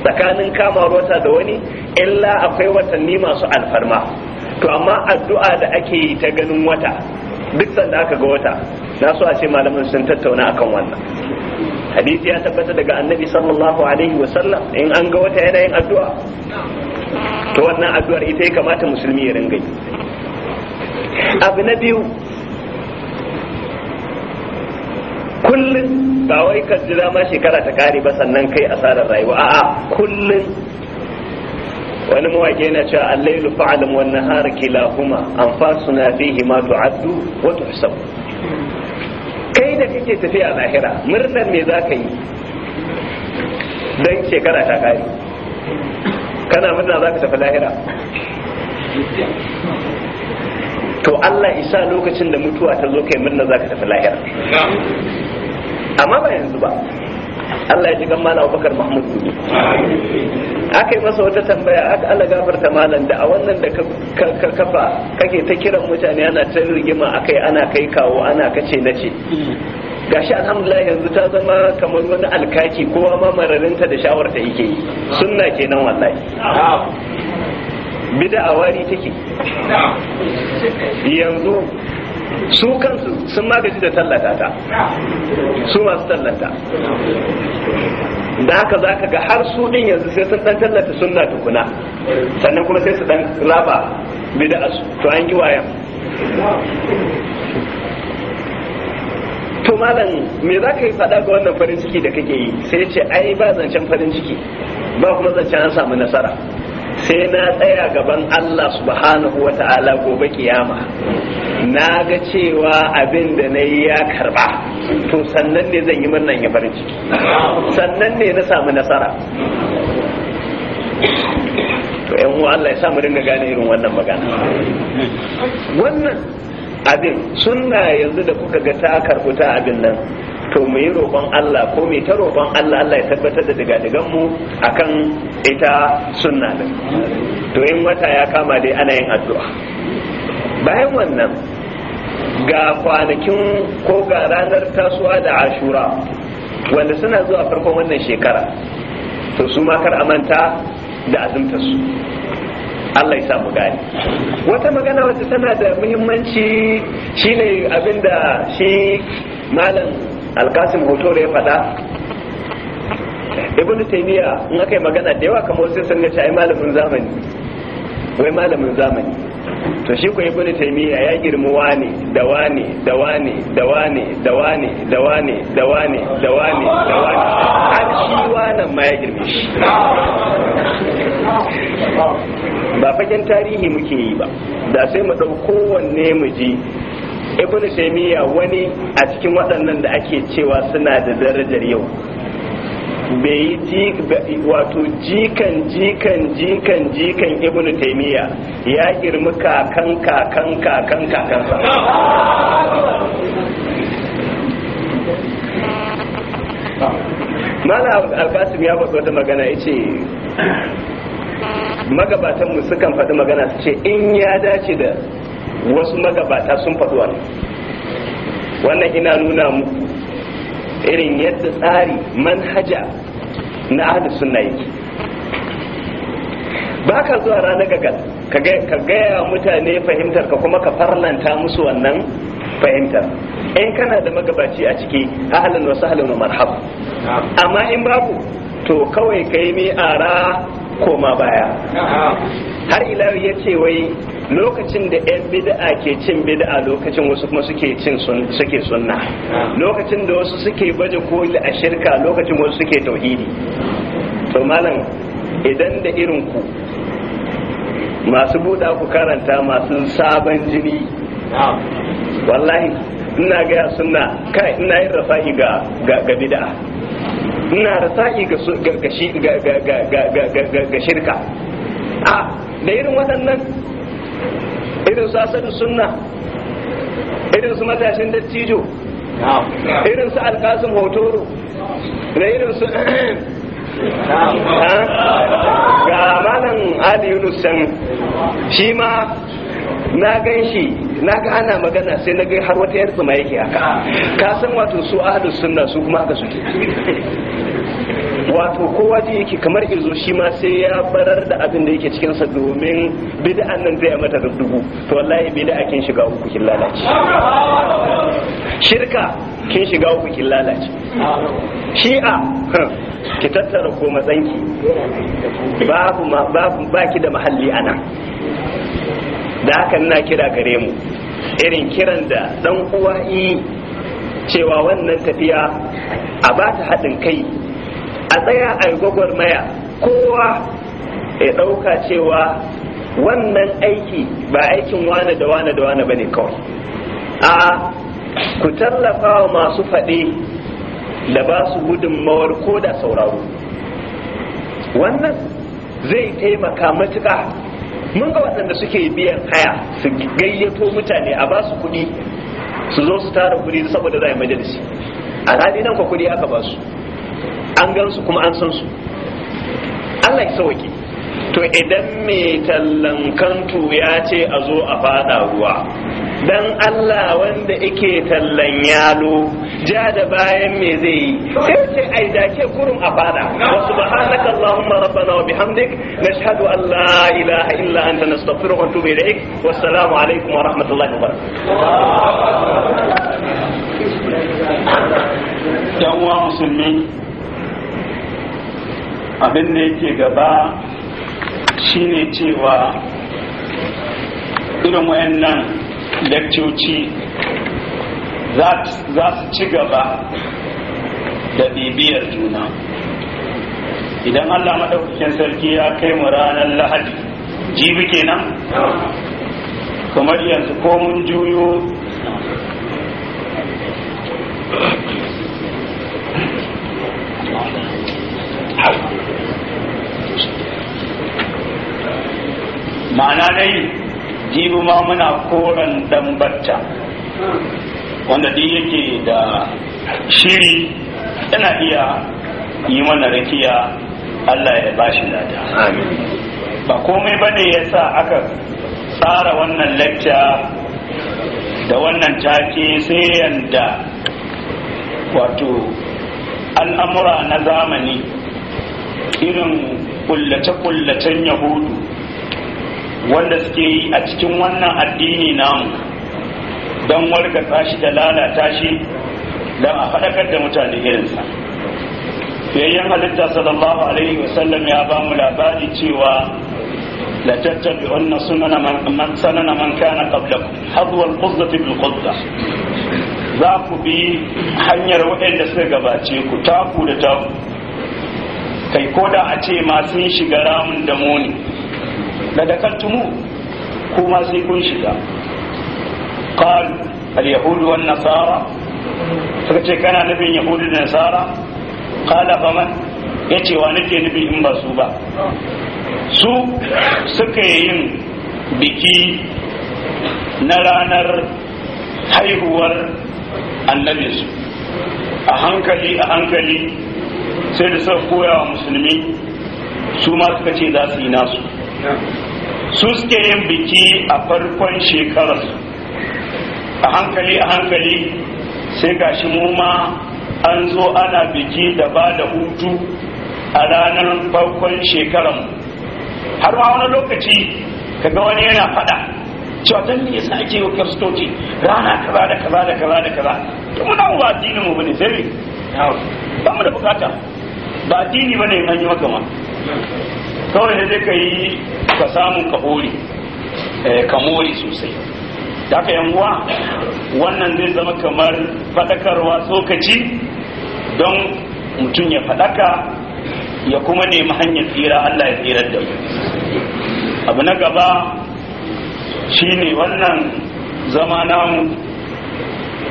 tsakanin kama wata da wani illa akwai watanni masu alfarma to amma addu'a da ake yi ta ganin wata duk sanda aka ga wata na so a ce malamin sun tattauna akan wannan hadisi ya tabbata daga annabi sallallahu alaihi wa sallam. in an ga wata yana yin addu'a to wannan addu'ar ita ya kamata musulmi ya ringa yi abu na biyu kullum ba wai ka jira ma shekara ta kare ba sannan kai asarar rayuwa a'a kullum wani mawaƙi yana cewa allailu fa'alam wan nahar kilahuma anfasuna fihi ma tu'addu wa tuhsab kai da kake tafiya lahira murnar me zaka yi dan shekara ta kare kana murna zaka tafi lahira to Allah isa lokacin da mutuwa ta zo kai murna zaka tafi lahira amma ba yanzu ba Allah ya ji gan malam Abubakar Mahmud aka yi masa wata tambaya aka ala gafarta malam da a wannan da ka kafa kake ta kiran mutane ana ta rigima akai ana kai kawo ana kace nace gashi alhamdulillah yanzu ta zama kamar wani alkaki kowa ma mararinta da shawarta yake yi sunna kenan wallahi bida a wari take yanzu su kansu sun magaji da tallata ta su masu tallata da haka za ka ga har su din yanzu sai sun dan tallata sunna tukuna sannan kuma sai su dan raba bid'a to an yi to malam me za ka yi fada ga wannan farin ciki da kake yi sai ce ai ba zancen farin ciki ba kuma zancen an samu nasara sai na tsaya gaban Allah subhanahu wa ta'ala gobe kiyama na ga cewa abin da na ya karba to sannan ne zan yi murnan ya farin ciki sannan ne na samu nasara to yan Allah ya samu ringa gane irin wannan magana wannan abin sunna yanzu da kuka ga ta ta abin nan to mu yi roƙon Allah ko mai ta roƙon Allah Allah ya tabbatar da diga mu akan ita sunna din to in wata ya kama dai ana yin addu'a bayan wannan ga kwanakin ko ga ranar tasuwa da ashura wanda suna zuwa farkon wannan shekara to su ma kar a manta da azumta su Allah ya sa mu gane wata magana wacce tana da muhimmanci shine abinda shi malam alkasim hoto ya faɗa ibnu taymiya in aka yi magana da yawa kamar sai sun ga shi malamin zamani wai malamin zamani to shi ko ibnu taymiya ya girmi wani da wani da wani da wani da wani da wani da wani da wani da wani har shi wannan ma ya girme shi ba fagen tarihi muke yi ba da sai mu dau kowanne mu ji ibnu taymiya wani a cikin waɗannan da ake cewa suna da darajar yau bai yi wato jikan jikan jikan jikan ibnu taimiyya ya girmi kakan kakan kakan kakan mana alkasim ya faɗo wata magana ya ce magabatanmu sukan faɗi magana su ce in ya dace da wasu magabata sun faɗi wannan ina nuna muku irin yadda tsari manhaja na ahli sunna yake ba ka zuwa ranar gagal ka gaya mutane fahimtar ka kuma ka farlanta musu wannan fahimtar in kana da magabaci a ciki ahalin wasu ahalin marhab amma in babu to kawai ka kai mai ara koma baya har ilawi ya ce wai lokacin da 'yan bid'a ke cin bid'a lokacin wasu kuma suke cin suke sunna lokacin da wasu suke baje koli a shirka lokacin wasu suke tauhidi to malam idan da irin ku masu buɗa ku karanta masu sabon jini wallahi ina gaya suna kai ina yin rafa'i ga ga bid'a ina rafa'i ga shirka a da irin waɗannan irin su asadu sunna irin su matashin dattijo irin su alkasim hotoro da irin su ga malam ali yunus san shi ma na gan shi na ga ana magana sai na ga har wata yar tsuma yake haka ka san wato su ahlus sunna su kuma haka suke wato kowa ji yake kamar izo shi ma sai ya barar da abin da yake cikinsa domin bid'an nan zai mata dubu to wallahi bid'a kin shiga uku kin lalace shirka kin shiga uku kin lalace shi'a ki tattara ko matsanki babu babu baki da mahalli ana da hakan na kira gare mu irin kiran da dan uwa yi cewa wannan tafiya a ba ta haɗin kai a tsaya a yi maya kowa ya ɗauka cewa wannan aiki ba aikin wane da wane da wane bane kawai a ku tallafa wa masu faɗe da ba su gudunmawar ko da sauraro wannan zai taimaka matuƙa mun ga waɗanda suke biyan haya su gayyato mutane a ba su kuɗi su zo su tara kuɗi saboda za a yi majalisi nan kwa kuɗi aka ba su an gan su kuma an san su Allah ya sauke to idan mai tallan kantu ya ce a zo a fada ruwa dan Allah wanda yake tallan yalo ja da bayan me zai yi sai ce ai dake kurum a fada wa subhanaka allahumma rabbana wa bihamdik nashhadu an la ilaha illa anta nastaghfiruka wa natubu ilaik wassalamu alaikum wa rahmatullahi wa barakatuh yan uwa musulmi abin da yake gaba shine cewa irin wayannan lekcoci za su ci gaba da bibiyar juna idan allah maɗaukakin sarki ya kai mu ranar lahadi jibi kenan kamar yanzu ko mun juyo Thank you. ma'ana dai jibu ma muna koren dan batta wanda duk yake da shiri yana iya yi mana rakiya Allah ya bashi lada ba komai bane ya sa aka tsara wannan lecture da wannan take sai yanda wato al'amura na zamani irin kullace-kullacen yahudu wanda suke yi a cikin wannan addini namu don wargatsa tashi da lalata shi don a faɗakar da mutane irinsa yayyan halitta sallallahu alaihi wasallam ya ba mu labari cewa la tattabi wannan sunana man sanana man kana ku. hadwa al-qudzati bil qudda za ku bi hanyar waɗanda suka gabace ku taku da taku kai koda a ce ma sun shiga ramin da muni la ko ma sai kun shiga qal al yahud wan nasara suka ce kana nabin yahudu da nasara qala man yace wa nake nabi in ba su ba su suka yin biki na ranar haihuwar su a hankali a hankali sai da suka koya wa musulmi su ma suka ce za su yi nasu su suke yin biki a farkon shekarar a hankali a hankali sai shi mu ma an zo ana biki da ba da hutu a ranar farkon shekarar har ma wani lokaci kaga wani yana fada cewa dan ne yasa ake wa kristoci rana kaza da kaza da kaza da kaza to muna ba dini mu bane sai ba mu da bukata ba addini bane an yi maka ma kawai da zai yi ka samu ka hori eh, ka mori sosai da aka yanguwa wannan zai zama kamar faɗakarwa tsokaci don mutum ya faɗaka ya kuma nemi hanyar tsira Allah ya tsirar da abu na gaba shine wannan zama namu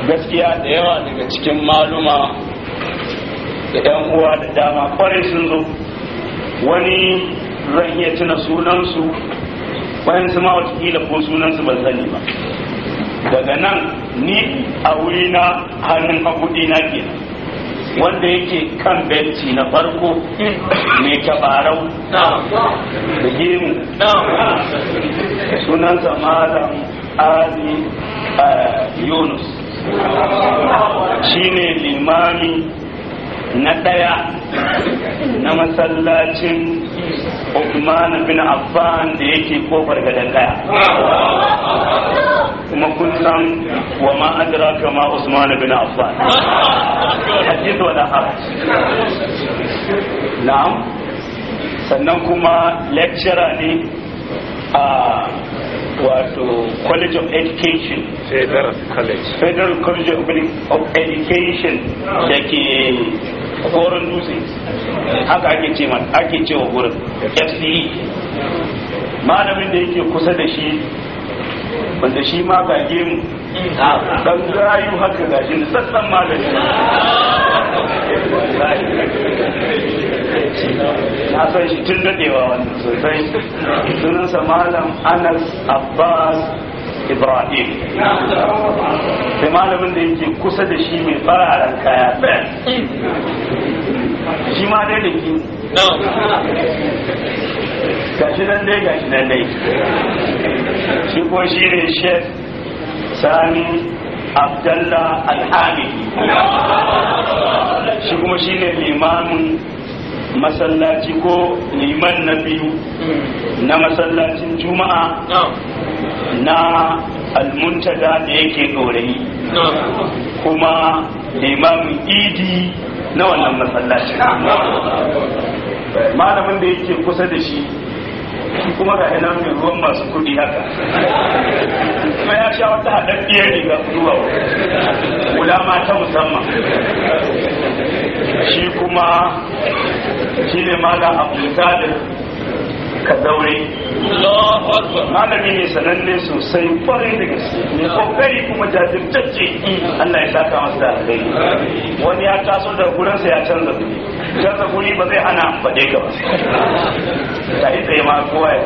gaskiya da yawa daga cikin maluma da 'yan uwa da dama kwarai sun zo wani zan iya tuna sunansu su ma watakila ko sunansu ban sani ba daga nan ni a na hannun na ke wanda yake kan benci na farko mai taɓarau da gemu sunansa malam ali eh, yunus shine limami na ɗaya na masallacin Uthman bin Affan da yake kofar gadon ɗaya kuma kun san wa ma adraka ma Usman bin Affan hadith wala haraj na'am sannan kuma lecturer ne a ah, wato college of education federal college federal college of education da ke horon dutse haka ake ce ake cewa wurin fce malamin da yake kusa da shi wanda shi ma ga gemu dan rayu haka ga shi sassan malami na san shi tun dadewa wanda sosai sunansa malam anas abbas ibrahim sai malamin da yake kusa da shi mai fararen kaya shi ma dai da ki gashi nan dai gashi nan dai shi ko shi ne shef sami abdalla alhamidi shi kuma shi ne limamin masallaci ko liman na biyu na masallacin juma'a na almuntada da yake ɗorayi kuma limamin idi na wannan masallacin malamin da yake kusa da shi shi kuma ga ina mai ruwan masu kudi haka kuma ya sha wata haɗaɗɗiyar riga zuwa wula ma ta musamman shi kuma shi ne malam ka daure malami ne sananne sosai kwarai da gaske ne kokari kuma jajirtacce Allah ya saka masa da alkai wani ya taso da sa ya canza guri canza guri ba zai hana ba dai ba ka yi tsaye ma kowa ya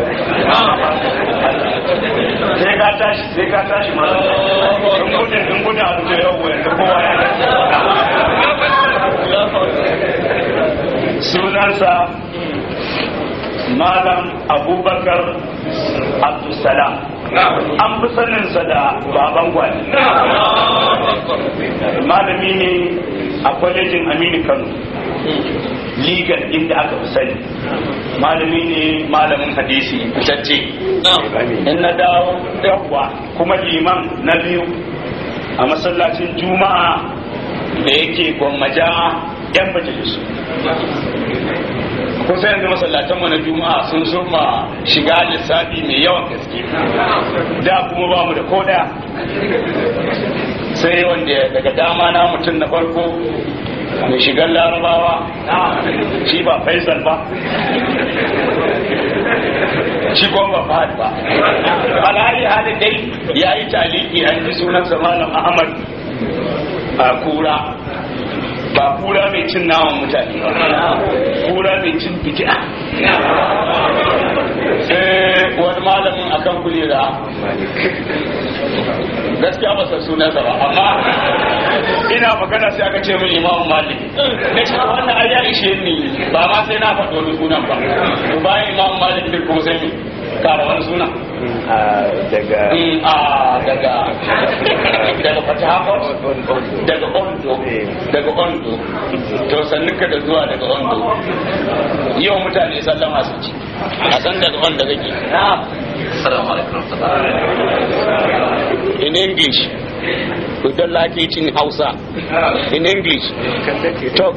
sai ka tashi sai ka tashi ma in gudun in gudun a duk yau da kowa ya sunansa malam abubakar abdulsalam an fi sa da baban gwani malami ne a kwalejin aminu kano legal inda aka fi sani malami ne malamin hadisi fitacce in na dawo yawwa kuma liman na biyu a masallacin juma'a da yake gwammaja 'yan majalisu kusa yanzu mu na juma'a sun surma shiga lissafi mai yawan gaske da kuma ba mu da koda sai wanda daga dama na mutum na farko mai shigar larabawa shi ba faisal ba shi gwamba ba fahad ba alhali halin dai ya yi taliki an yi sunansa malam ahmad a kura ba kura mai cin naman mutane kura mai cin fitina ah, eh, wani malamin akan kulera gaskiya ba san sunansa ba amma ina magana sai aka ce min imamu malik na shi wannan ayya ishe ne ba ma sai na faɗo da sunan ba bayan imamu malik sai kuma sai kara wani suna eh, daga daga daga fatahakot daga ondo daga ondo to sannuka da zuwa daga ondo yau mutane sallama su ci a san daga ondo alaikum in english hausa in english talk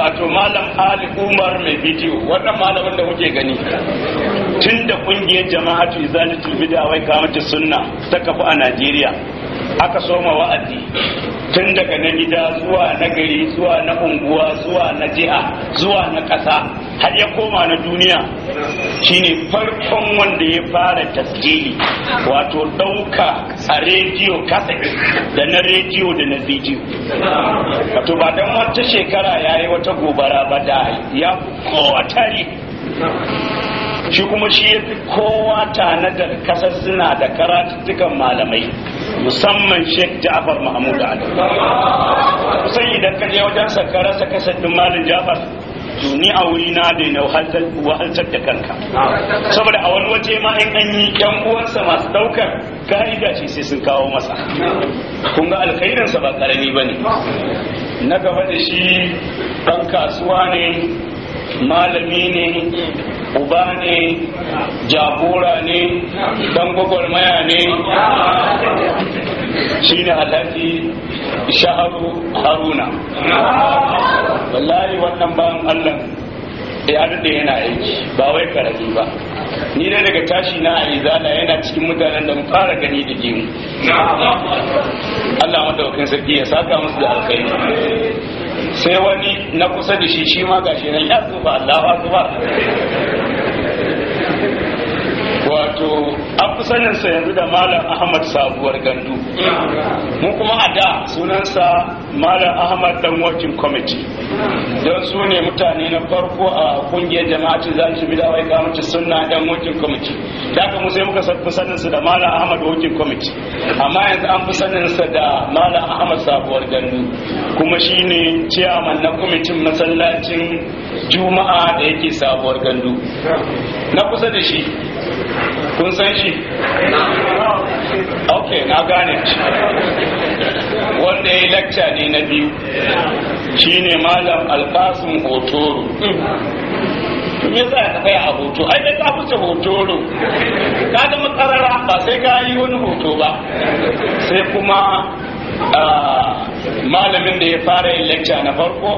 wato malam ali umar mai bidiyo wannan malamin da kuke gani tun da kungiyar jama'atu izalatul bid'a wai kamata sunna ta kafu a najeriya aka soma wa'azi tun daga na gida zuwa na gari zuwa na unguwa zuwa na jiha zuwa na ƙasa har ya koma na duniya shine farkon wanda ya fara tasgili wato ɗauka a rediyo kasa da na rediyo da na bidiyo wato ba don wata shekara ya yi wata gobara ba da ya kowa shi kuma shi ya fi kowa da kasar suna da karatuttukan malamai musamman sheikh ja'far mahmud ali kusan idan ka je wajen sakara sa kasar din malam ja'far to ni a wuri na da na wahaltar da kanka saboda a wani waje ma in an yi yan uwansa masu daukar ka'ida ce sai sun kawo masa kun ga alkhairinsa ba karami ba ne na gaba da shi ɗan kasuwa ne malami ne uba ne jagora ne dan gwagwarmaya ne shine alhaji shaharu haruna wallahi wannan bayan allah ya da yana aiki ba wai karami ba ni dai daga tashi na a yana cikin mutanen da mu fara gani da gemu Allah madaukakin sarki ya saka musu da alkhairi sai wani na kusa da shi shi ma gashi nan ya zuba Allahu ba fi saninsa yanzu da malam ahmad sabuwar gandu mu kuma a da sunansa malam ahmad dan working committee don su ne mutane na farko a kungiyar jama'a zalishi bida wai kamata sunna dan working committee da aka mu sai muka fi saninsa da malam ahmad working committee amma yanzu an fi saninsa da malam ahmad sabuwar gandu kuma shine chairman na kwamitin masallacin juma'a da yake sabuwar gandu na kusa da shi kun san shi ok na gane wanda ya lacca ne na biyu shine malam alfasun hotoro me yasa ka tsaya a hoto ai dai kafin hotoro ka ga makarara ba sai ka yi wani hoto ba sai kuma malamin da ya fara yin lacca na farko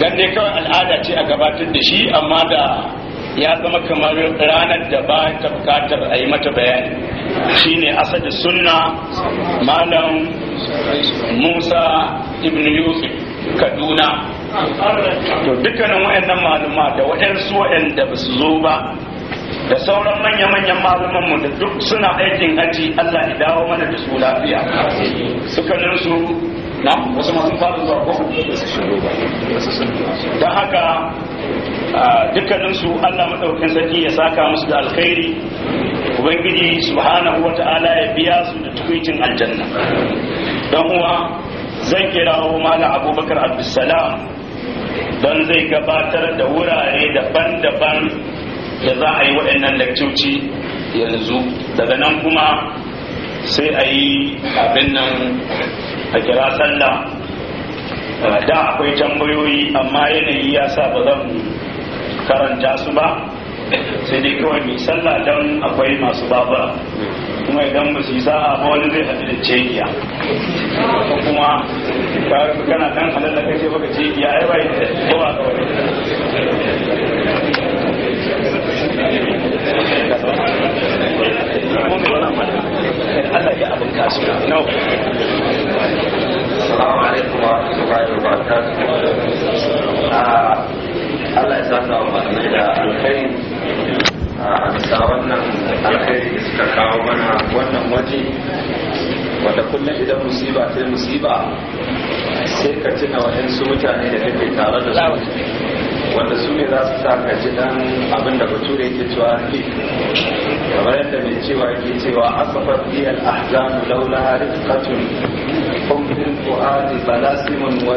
dan ne kawai al'ada ce a gabatar da shi amma da ya zama kamar ranar da ba ta bukatar a yi mata bayani ne asadi sunna malam musa ibn yusuf kaduna to dukkanin wa'annan maluma da waɗansu waɗanda ba su zo ba da sauran manya-manyan malumanmu da duk suna aikin haji Allah ya dawo mana da su lafiya sukanin su na wasu masu fara zuwa ko da haka dukkaninsu Allah maɗaukin sarki ya saka musu da alkhairi ubangiji subhanahu wata'ala ya biya su da tukwicin aljanna don uwa zan kirawo malam abubakar abdulsalam don zai gabatar da wurare daban-daban da za a yi waɗannan lakcoci yanzu daga nan kuma sai a yi abin nan a kira sallah da akwai tambayoyi amma yanayi ya sa ba zan karanta su ba sai dai kawai mai sallah don akwai masu babura kuma idan ba su yi sa'a ba wani zai haɗu da cekiya ko kuma kana dan halalla kai sai baka cekiya ai yi da kowa kawai Allah ya abin kasuwa. assalamu alaikum wa rahmatullahi wa ah, ya saka wa da alkhairi a ah, bisa wannan alkhairi suka kawo mana wannan waje wanda kullum idan musiba musiba sai ka waɗansu mutane da kake tare da su wanda su ne za su sa ka ji dan abin da bature yake cewa hit kamar yadda mai cewa ke cewa asafar diyal ahzanu laula rizqatun hum fil fuadi balasimun wa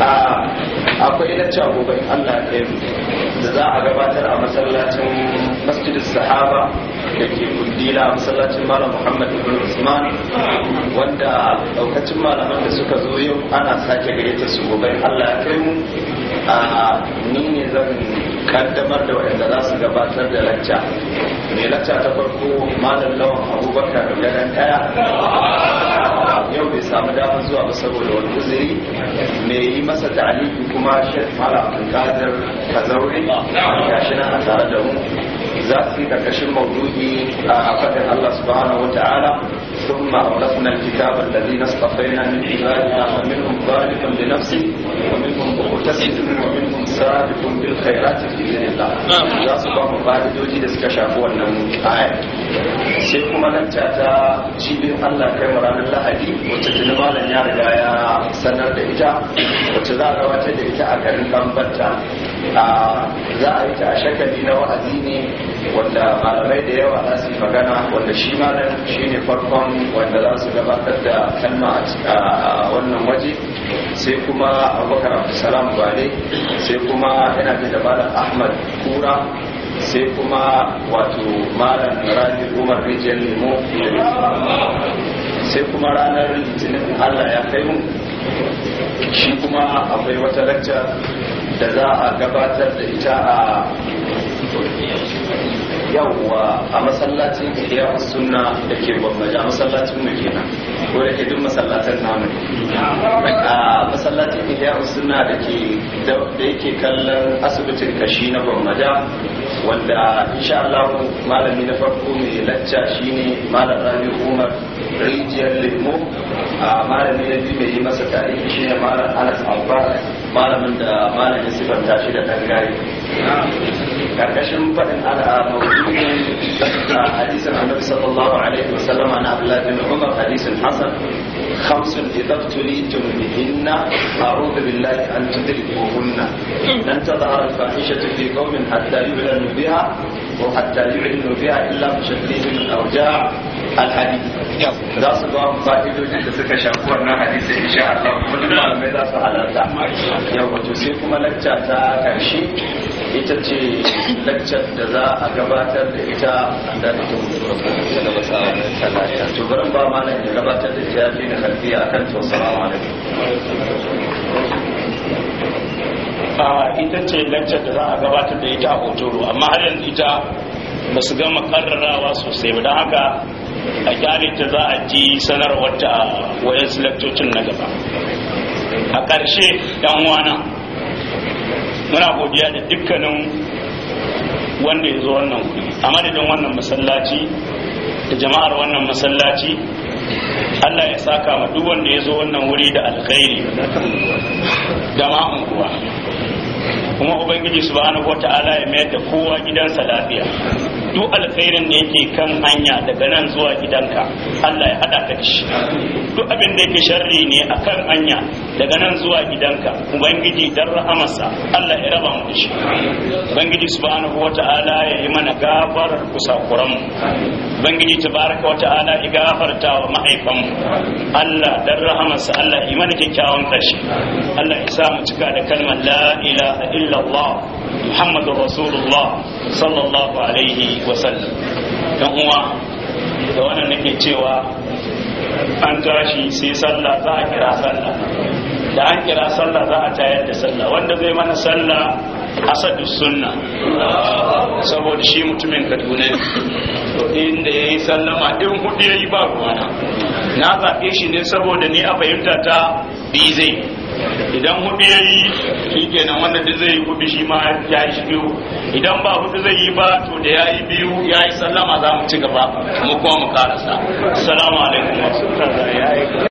akwai lacca gobe Allah ya da za a gabatar a masallacin masjidin sahaba da ke kundila a masallacin malam Muhammad ibn Usman wanda daukacin malaman da suka zo yau ana sake gayyata su gobe Allah ya kai a ni ne zan kaddamar da waɗanda za su gabatar da lacca mai lacca ta farko malam lawan abubakar da ɗaya samu damar zuwa ba saboda wani uzuri me yi masa ta'aliki kuma shek mala gadar kazauri ga shi a tare da mu za su yi karkashin maudu'i a fadin Allah subhanahu wa ta'ala ثم أورثنا الكتاب الذين اصطفينا من عبادنا ومنهم ظالم لنفسه ومنهم مقتصد ومنهم سابق بالخيرات بإذن الله. لا سبحانه وتعالى يوجد سكشاف ونمو. آية. sai kuma nan ta cibin Allah kai mu ranar Lahadi wacce tuni malam ya riga ya sanar da ita wacce za a gabatar da ita a garin Bambanta za a yi ta a shakali na wa'azi ne wanda malamai da yawa za su yi magana wanda shi malam shi ne farkon wanda za su gabatar da kalma a wannan waje sai kuma abubakar salam bale sai kuma yana da malam ahmad kura sai kuma wato malam ranar umar rijiyar lemo sai kuma ranar litinin allah ya kai mu shi kuma akwai wata lacca da za a gabatar da ita a yawwa a masallacin fi suna da ke gwamnati a masallacin mu nan ko da ke duk masallatan namu a masallacin fi suna da ke da yake kallon asibitin kashi na gwamnati wanda insha Allah malami na farko mai lacca shine malam Rabi Umar rijiyar lemo a malami na biyu mai yi masa tarihi shine malam Anas Abba malamin da malamin sifanta shi da dangare karkashin faɗin ala mawdu'in hadisin annabi sallallahu alaihi wa sallam an abdullah bin umar hadisin hasan khamsun idza tulitum bihinna a'udhu billahi an tudrikuhunna lan tadhhar al-fahishatu fi qaumin hatta yu'lanu biha wa hatta yu'lanu biha illa bi shaddidin aw ja'a al-hadith za su ba mu fa'idojin da suka shafi wannan hadisi insha Allah kuma malamai za su halarta yau wato sai kuma lacca ta karshe ita ce lakcar da za a gabatar da ita an da ta mutu tubarin ba malam ya gabatar da ita fi na karfi a kan to salamu alaikum a ita ce lakcar da za a gabatar da ita a hotoro amma har yanzu ita ba su gama karrarawa sosai ba don haka a gyare ta za a ji sanarwar ta wayan silaktocin na gaba a ƙarshe yan wana muna godiya da dukkanin wanda ya zo wannan a madadin wannan masallaci da jama'ar wannan masallaci Allah ya saka ma duk wanda ya zo wannan wuri da alkhairi da ma kuma ubangiji subhanahu wata'ala ya mayar da kowa gidansa lafiya duk alkhairin da yake kan hanya daga nan zuwa gidanka Allah ya hada ka shi duk abin da yake sharri ne akan hanya daga nan zuwa gidanka ubangiji dan rahamarsa Allah ya raba mu shi ubangiji subhanahu wata'ala ya yi mana gafarar kusakuran mu ubangiji tabaraka wata'ala ya gafarta wa ma'aifan mu Allah dan rahamarsa Allah ya yi mana kyakkyawan kashi Allah ya sa mu cika da kalmar la ilaha illallah muhammadur rasulullah sallallahu alaihi wasallam dan uwa da wannan nake cewa an tashi sai sallah za a kira sallah da an kira sallah za a tayar da sallah wanda zai mana sallah asadu sunna saboda shi mutumin kaduna ne to inda ya yi sallama ɗin hudu ya yi ba ruwana na zaɓe shi ne saboda ni a fahimta ta bizai idan hudu ya yi shi kenan wanda duk zai yi hudu shi ma ya yi biyu idan ba hudu zai yi ba to da ya yi biyu ya yi sallama za mu ci gaba mu kuma mu karasa salamu alaikum